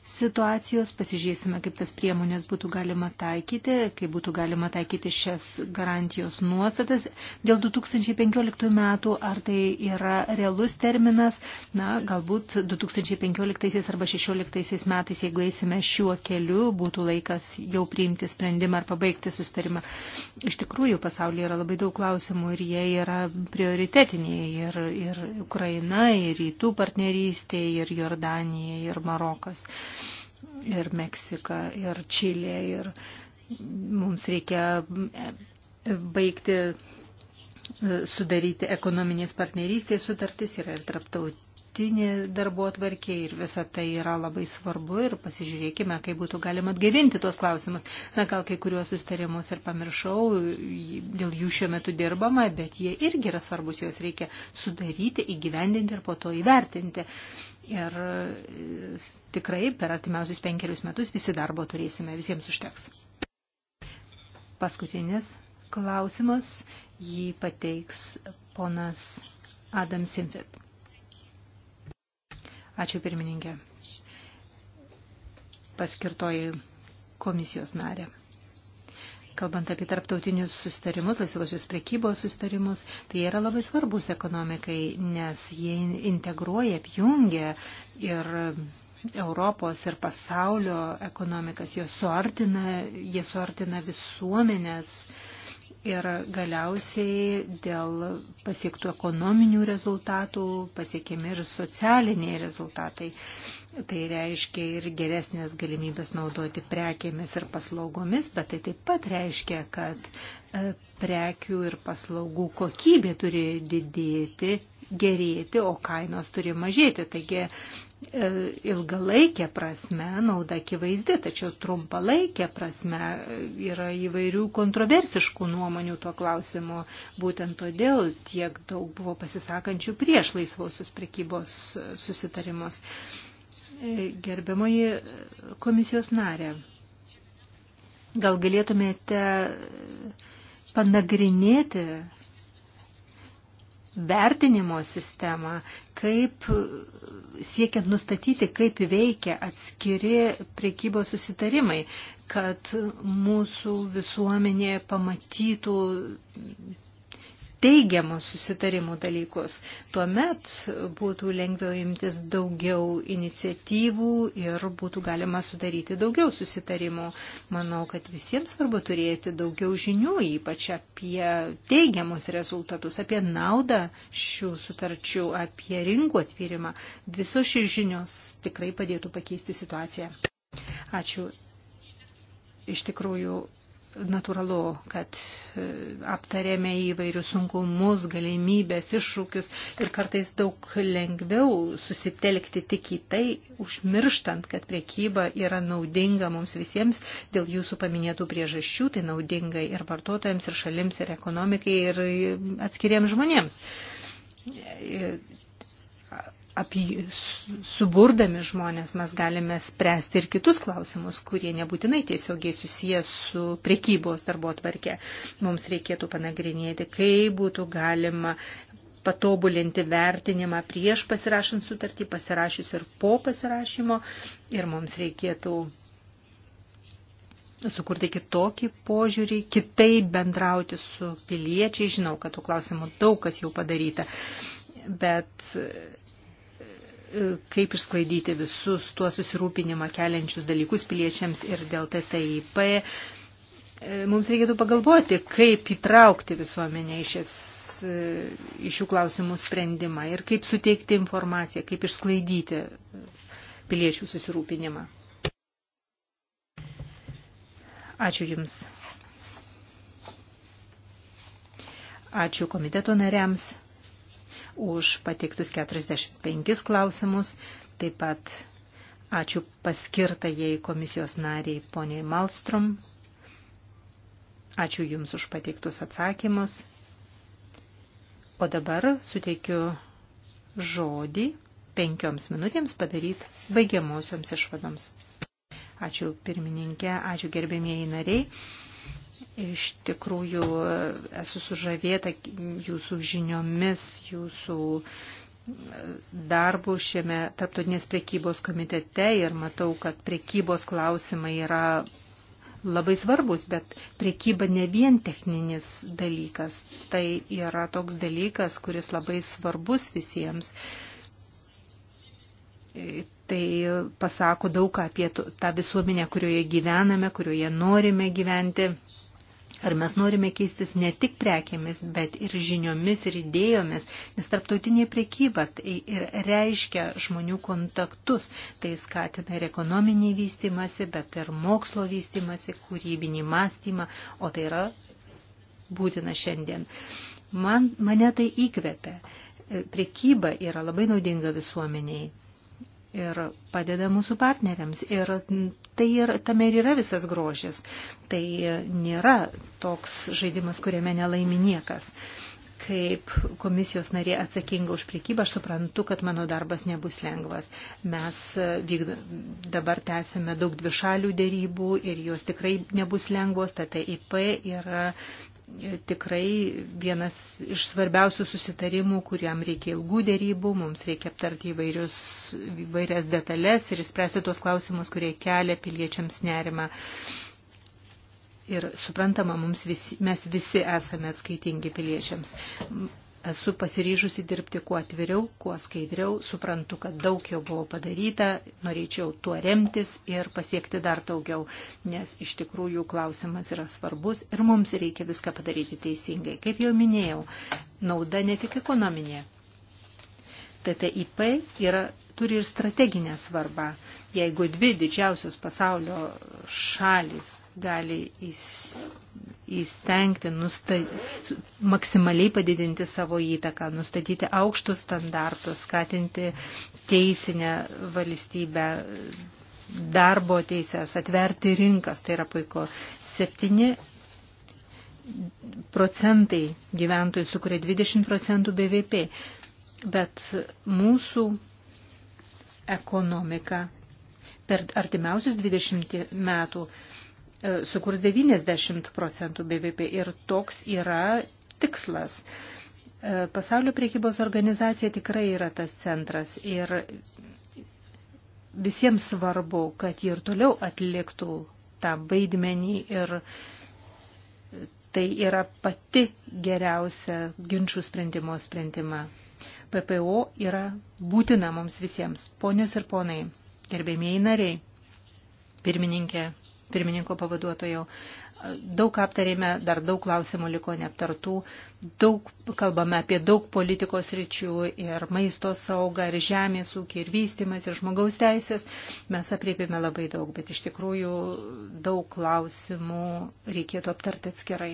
situacijos, pasižiūrėsime, kaip tas priemonės būtų galima taikyti, kaip būtų galima taikyti šias garantijos nuostatas. Dėl 2015 metų, ar tai yra realus terminas, na, galbūt 2015 arba 2016 metais, jeigu eisime šiuo keliu, būtų laikas jau priimti sprendimą ar pabaigti sustarimą. Iš tikrųjų, pasaulyje yra labai daug klausimų ir jie yra prioritetiniai ir, ir Ukraina, ir rytų partnerystė, ir Jordanija, ir Marokas ir Meksika, ir Čilė, ir mums reikia e, baigti e, sudaryti ekonominės partnerystės sutartis, yra ir tarptautinė darbo atvarkė ir visa tai yra labai svarbu ir pasižiūrėkime, kaip būtų galima atgaivinti tuos klausimus. Na, gal kai kuriuos sustarimus ir pamiršau, dėl jų šiuo metu dirbama, bet jie irgi yra svarbus, juos reikia sudaryti, įgyvendinti ir po to įvertinti. Ir e, tikrai per artimiausius penkerius metus visi darbo turėsime, visiems užteks. Paskutinis klausimas, jį pateiks ponas Adam Simfit. Ačiū pirmininkė. Paskirtoji komisijos narė. Kalbant apie tarptautinius sustarimus, laisvosios prekybos sustarimus, tai yra labai svarbus ekonomikai, nes jie integruoja, apjungia ir Europos ir pasaulio ekonomikas, jie suartina, jie suartina visuomenės ir galiausiai dėl pasiektų ekonominių rezultatų pasiekiami ir socialiniai rezultatai. Tai reiškia ir geresnės galimybės naudoti prekėmis ir paslaugomis, bet tai taip pat reiškia, kad e, prekių ir paslaugų kokybė turi didėti, gerėti, o kainos turi mažėti. Taigi e, ilgalaikė prasme nauda akivaizdi, tačiau trumpalaikė prasme e, yra įvairių kontroversiškų nuomonių tuo klausimu. Būtent todėl tiek daug buvo pasisakančių prieš laisvausios prekybos susitarimus. E, gerbiamoji e, komisijos narė, gal galėtumėte e, panagrinėti vertinimo sistemą, kaip siekiant nustatyti, kaip veikia atskiri priekybos susitarimai, kad mūsų visuomenė pamatytų teigiamus susitarimų dalykus. Tuomet būtų lengviau imtis daugiau iniciatyvų ir būtų galima sudaryti daugiau susitarimų. Manau, kad visiems svarbu turėti daugiau žinių, ypač apie teigiamus rezultatus, apie naudą šių sutarčių, apie rinkų atvirimą. Visos šis žinios tikrai padėtų pakeisti situaciją. Ačiū. Iš tikrųjų, natūralu, kad e, aptarėme įvairius sunkumus, galimybės, iššūkius ir kartais daug lengviau susitelkti tik į tai, užmirštant, kad priekyba yra naudinga mums visiems dėl jūsų paminėtų priežasčių, tai naudinga ir vartotojams, ir šalims, ir ekonomikai, ir e, atskiriems žmonėms e, apie, suburdami žmonės mes galime spręsti ir kitus klausimus, kurie nebūtinai tiesiogiai susijęs su prekybos darbo tvarkė. Mums reikėtų panagrinėti, kaip būtų galima patobulinti vertinimą prieš pasirašant sutartį, pasirašius ir po pasirašymo. Ir mums reikėtų sukurti kitokį požiūrį, kitaip bendrauti su piliečiai. Žinau, kad tų klausimų daug kas jau padaryta, bet E, kaip išsklaidyti visus tuo susirūpinimą keliančius dalykus piliečiams ir dėl TTIP. E, mums reikėtų pagalvoti, kaip įtraukti visuomenę iš e, šių klausimų sprendimą ir kaip suteikti informaciją, kaip išsklaidyti piliečių susirūpinimą. Ačiū Jums. Ačiū komiteto nariams už pateiktus 45 klausimus. Taip pat ačiū paskirtajai komisijos nariai poniai Malstrom. Ačiū Jums už pateiktus atsakymus. O dabar suteikiu žodį penkioms minutėms padaryti baigiamosioms išvadoms. Ačiū pirmininkė, ačiū gerbėmieji nariai. Iš tikrųjų esu sužavėta jūsų žiniomis, jūsų e, darbų šiame tarptautinės priekybos komitete ir matau, kad priekybos klausimai yra labai svarbus, bet priekyba ne vien techninis dalykas, tai yra toks dalykas, kuris labai svarbus visiems. Uh, Tai pasako daug apie tą visuomenę, kurioje gyvename, kurioje norime gyventi. Ar mes norime keistis ne tik prekėmis, bet ir žiniomis ir idėjomis, nes tarptautinė priekyba tai ir reiškia žmonių kontaktus, tai skatina ir ekonominį vystimąsi, bet ir mokslo vystimąsi, kūrybinį mąstymą, o tai yra būtina šiandien. Man, mane tai įkvepia. Priekyba yra labai naudinga visuomeniai ir padeda mūsų partneriams. Ir tai ir, tame ir yra visas grožis. Tai nėra toks žaidimas, kuriame nelaimi niekas. Kaip komisijos narė atsakinga už priekybą, aš suprantu, kad mano darbas nebus lengvas. Mes vykdo, dabar tęsime daug dvišalių dėrybų ir jos tikrai nebus lengvos, tad EIP yra tikrai vienas iš svarbiausių susitarimų, kuriam reikia ilgų dėrybų, mums reikia aptarti įvairius, įvairias detalės ir išspręsti tuos klausimus, kurie kelia piliečiams nerimą. Ir suprantama, mums visi, mes visi esame atskaitingi piliečiams. Esu pasiryžusi dirbti kuo atviriau, kuo skaidriau, suprantu, kad daug jau buvo padaryta, norėčiau tuo remtis ir pasiekti dar daugiau, nes iš tikrųjų klausimas yra svarbus ir mums reikia viską padaryti teisingai. Kaip jau minėjau, nauda ne tik ekonominė. TTIP yra turi ir strateginę svarbą. Jeigu dvi didžiausios pasaulio šalis gali įstengti nusta, maksimaliai padidinti savo įtaką, nustatyti aukštus standartus, skatinti teisinę valstybę, darbo teisės, atverti rinkas, tai yra puiku. 7 procentai gyventojų sukuria 20 procentų BVP, bet mūsų ekonomika per artimiausius 20 metų e, sukurs 90 procentų BVP ir toks yra tikslas. E, Pasaulio priekybos organizacija tikrai yra tas centras ir visiems svarbu, kad ji ir toliau atliktų tą vaidmenį ir tai yra pati geriausia ginčių sprendimo sprendima. PPO yra būtina mums visiems, ponios ir ponai, gerbėmieji nariai, pirmininkė, pirmininko pavaduotojau. Daug aptarėme, dar daug klausimų liko neaptartų, daug kalbame apie daug politikos ryčių ir maisto saugą, ir žemės ūkį, ir vystimas, ir žmogaus teisės. Mes apriepėme labai daug, bet iš tikrųjų daug klausimų reikėtų aptarti atskirai.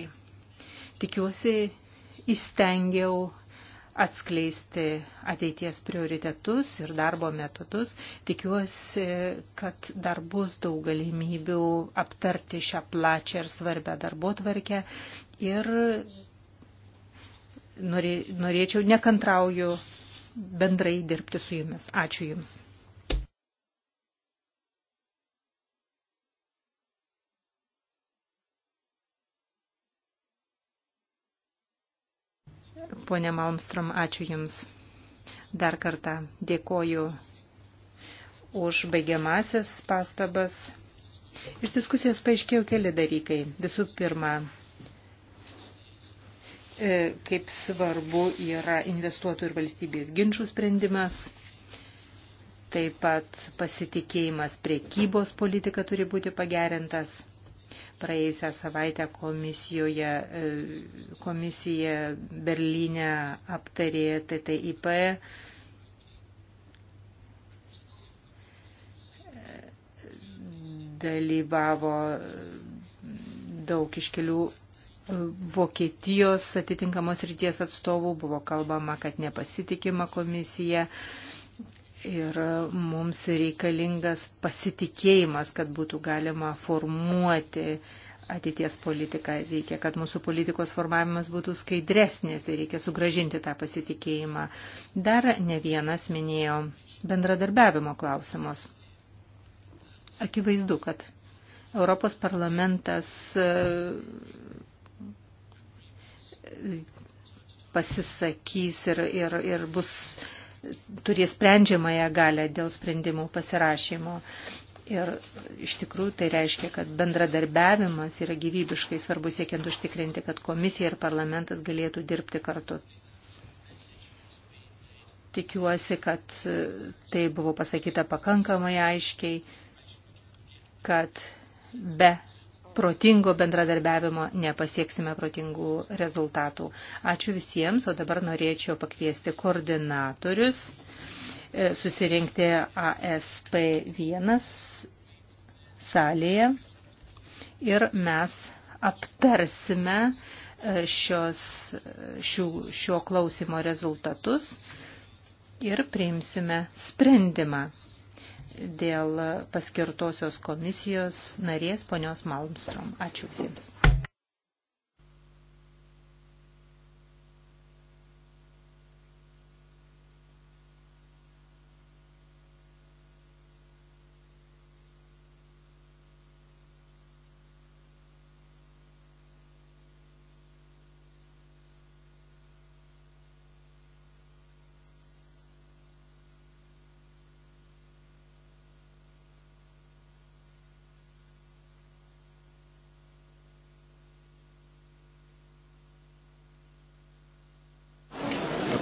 Tikiuosi, įstengiau atskleisti ateities prioritetus ir darbo metodus. Tikiuosi, kad dar bus daug galimybių aptarti šią plačią ir svarbę darbo tvarkę ir norėčiau, nekantrauju bendrai dirbti su jumis. Ačiū Jums. Pone Malmstrom, ačiū Jums. Dar kartą dėkoju už baigiamasias pastabas. Iš diskusijos paaiškėjo keli dalykai. Visų pirma, e, kaip svarbu yra investuotojų ir valstybės ginčių sprendimas. Taip pat pasitikėjimas priekybos politika turi būti pagerintas. Praėjusią savaitę komisijoje, e, komisija Berlyne aptarė TTIP. E, dalyvavo daug iškelių e, Vokietijos atitinkamos ryties atstovų, buvo kalbama, kad nepasitikima komisija Ir e, mums reikalingas pasitikėjimas, kad būtų galima formuoti ateities politiką. Reikia, kad mūsų politikos formavimas būtų skaidresnis ir reikia sugražinti tą pasitikėjimą. Dar ne vienas minėjo bendradarbiavimo klausimus. Akivaizdu, kad Europos parlamentas e, pasisakys ir, ir, ir bus turės sprendžiamąją galę dėl sprendimų pasirašymo. Ir iš tikrųjų tai reiškia, kad bendradarbiavimas yra gyvybiškai svarbu siekiant užtikrinti, kad komisija ir parlamentas galėtų dirbti kartu. Tikiuosi, kad tai buvo pasakyta pakankamai aiškiai, kad be protingo bendradarbiavimo nepasieksime protingų rezultatų. Ačiū visiems, o dabar norėčiau pakviesti koordinatorius e, susirinkti ASP1 salėje ir mes aptarsime e, šios, šių, šio klausimo rezultatus ir priimsime sprendimą dėl paskirtosios komisijos narės ponios Malmstrom. Ačiū visiems.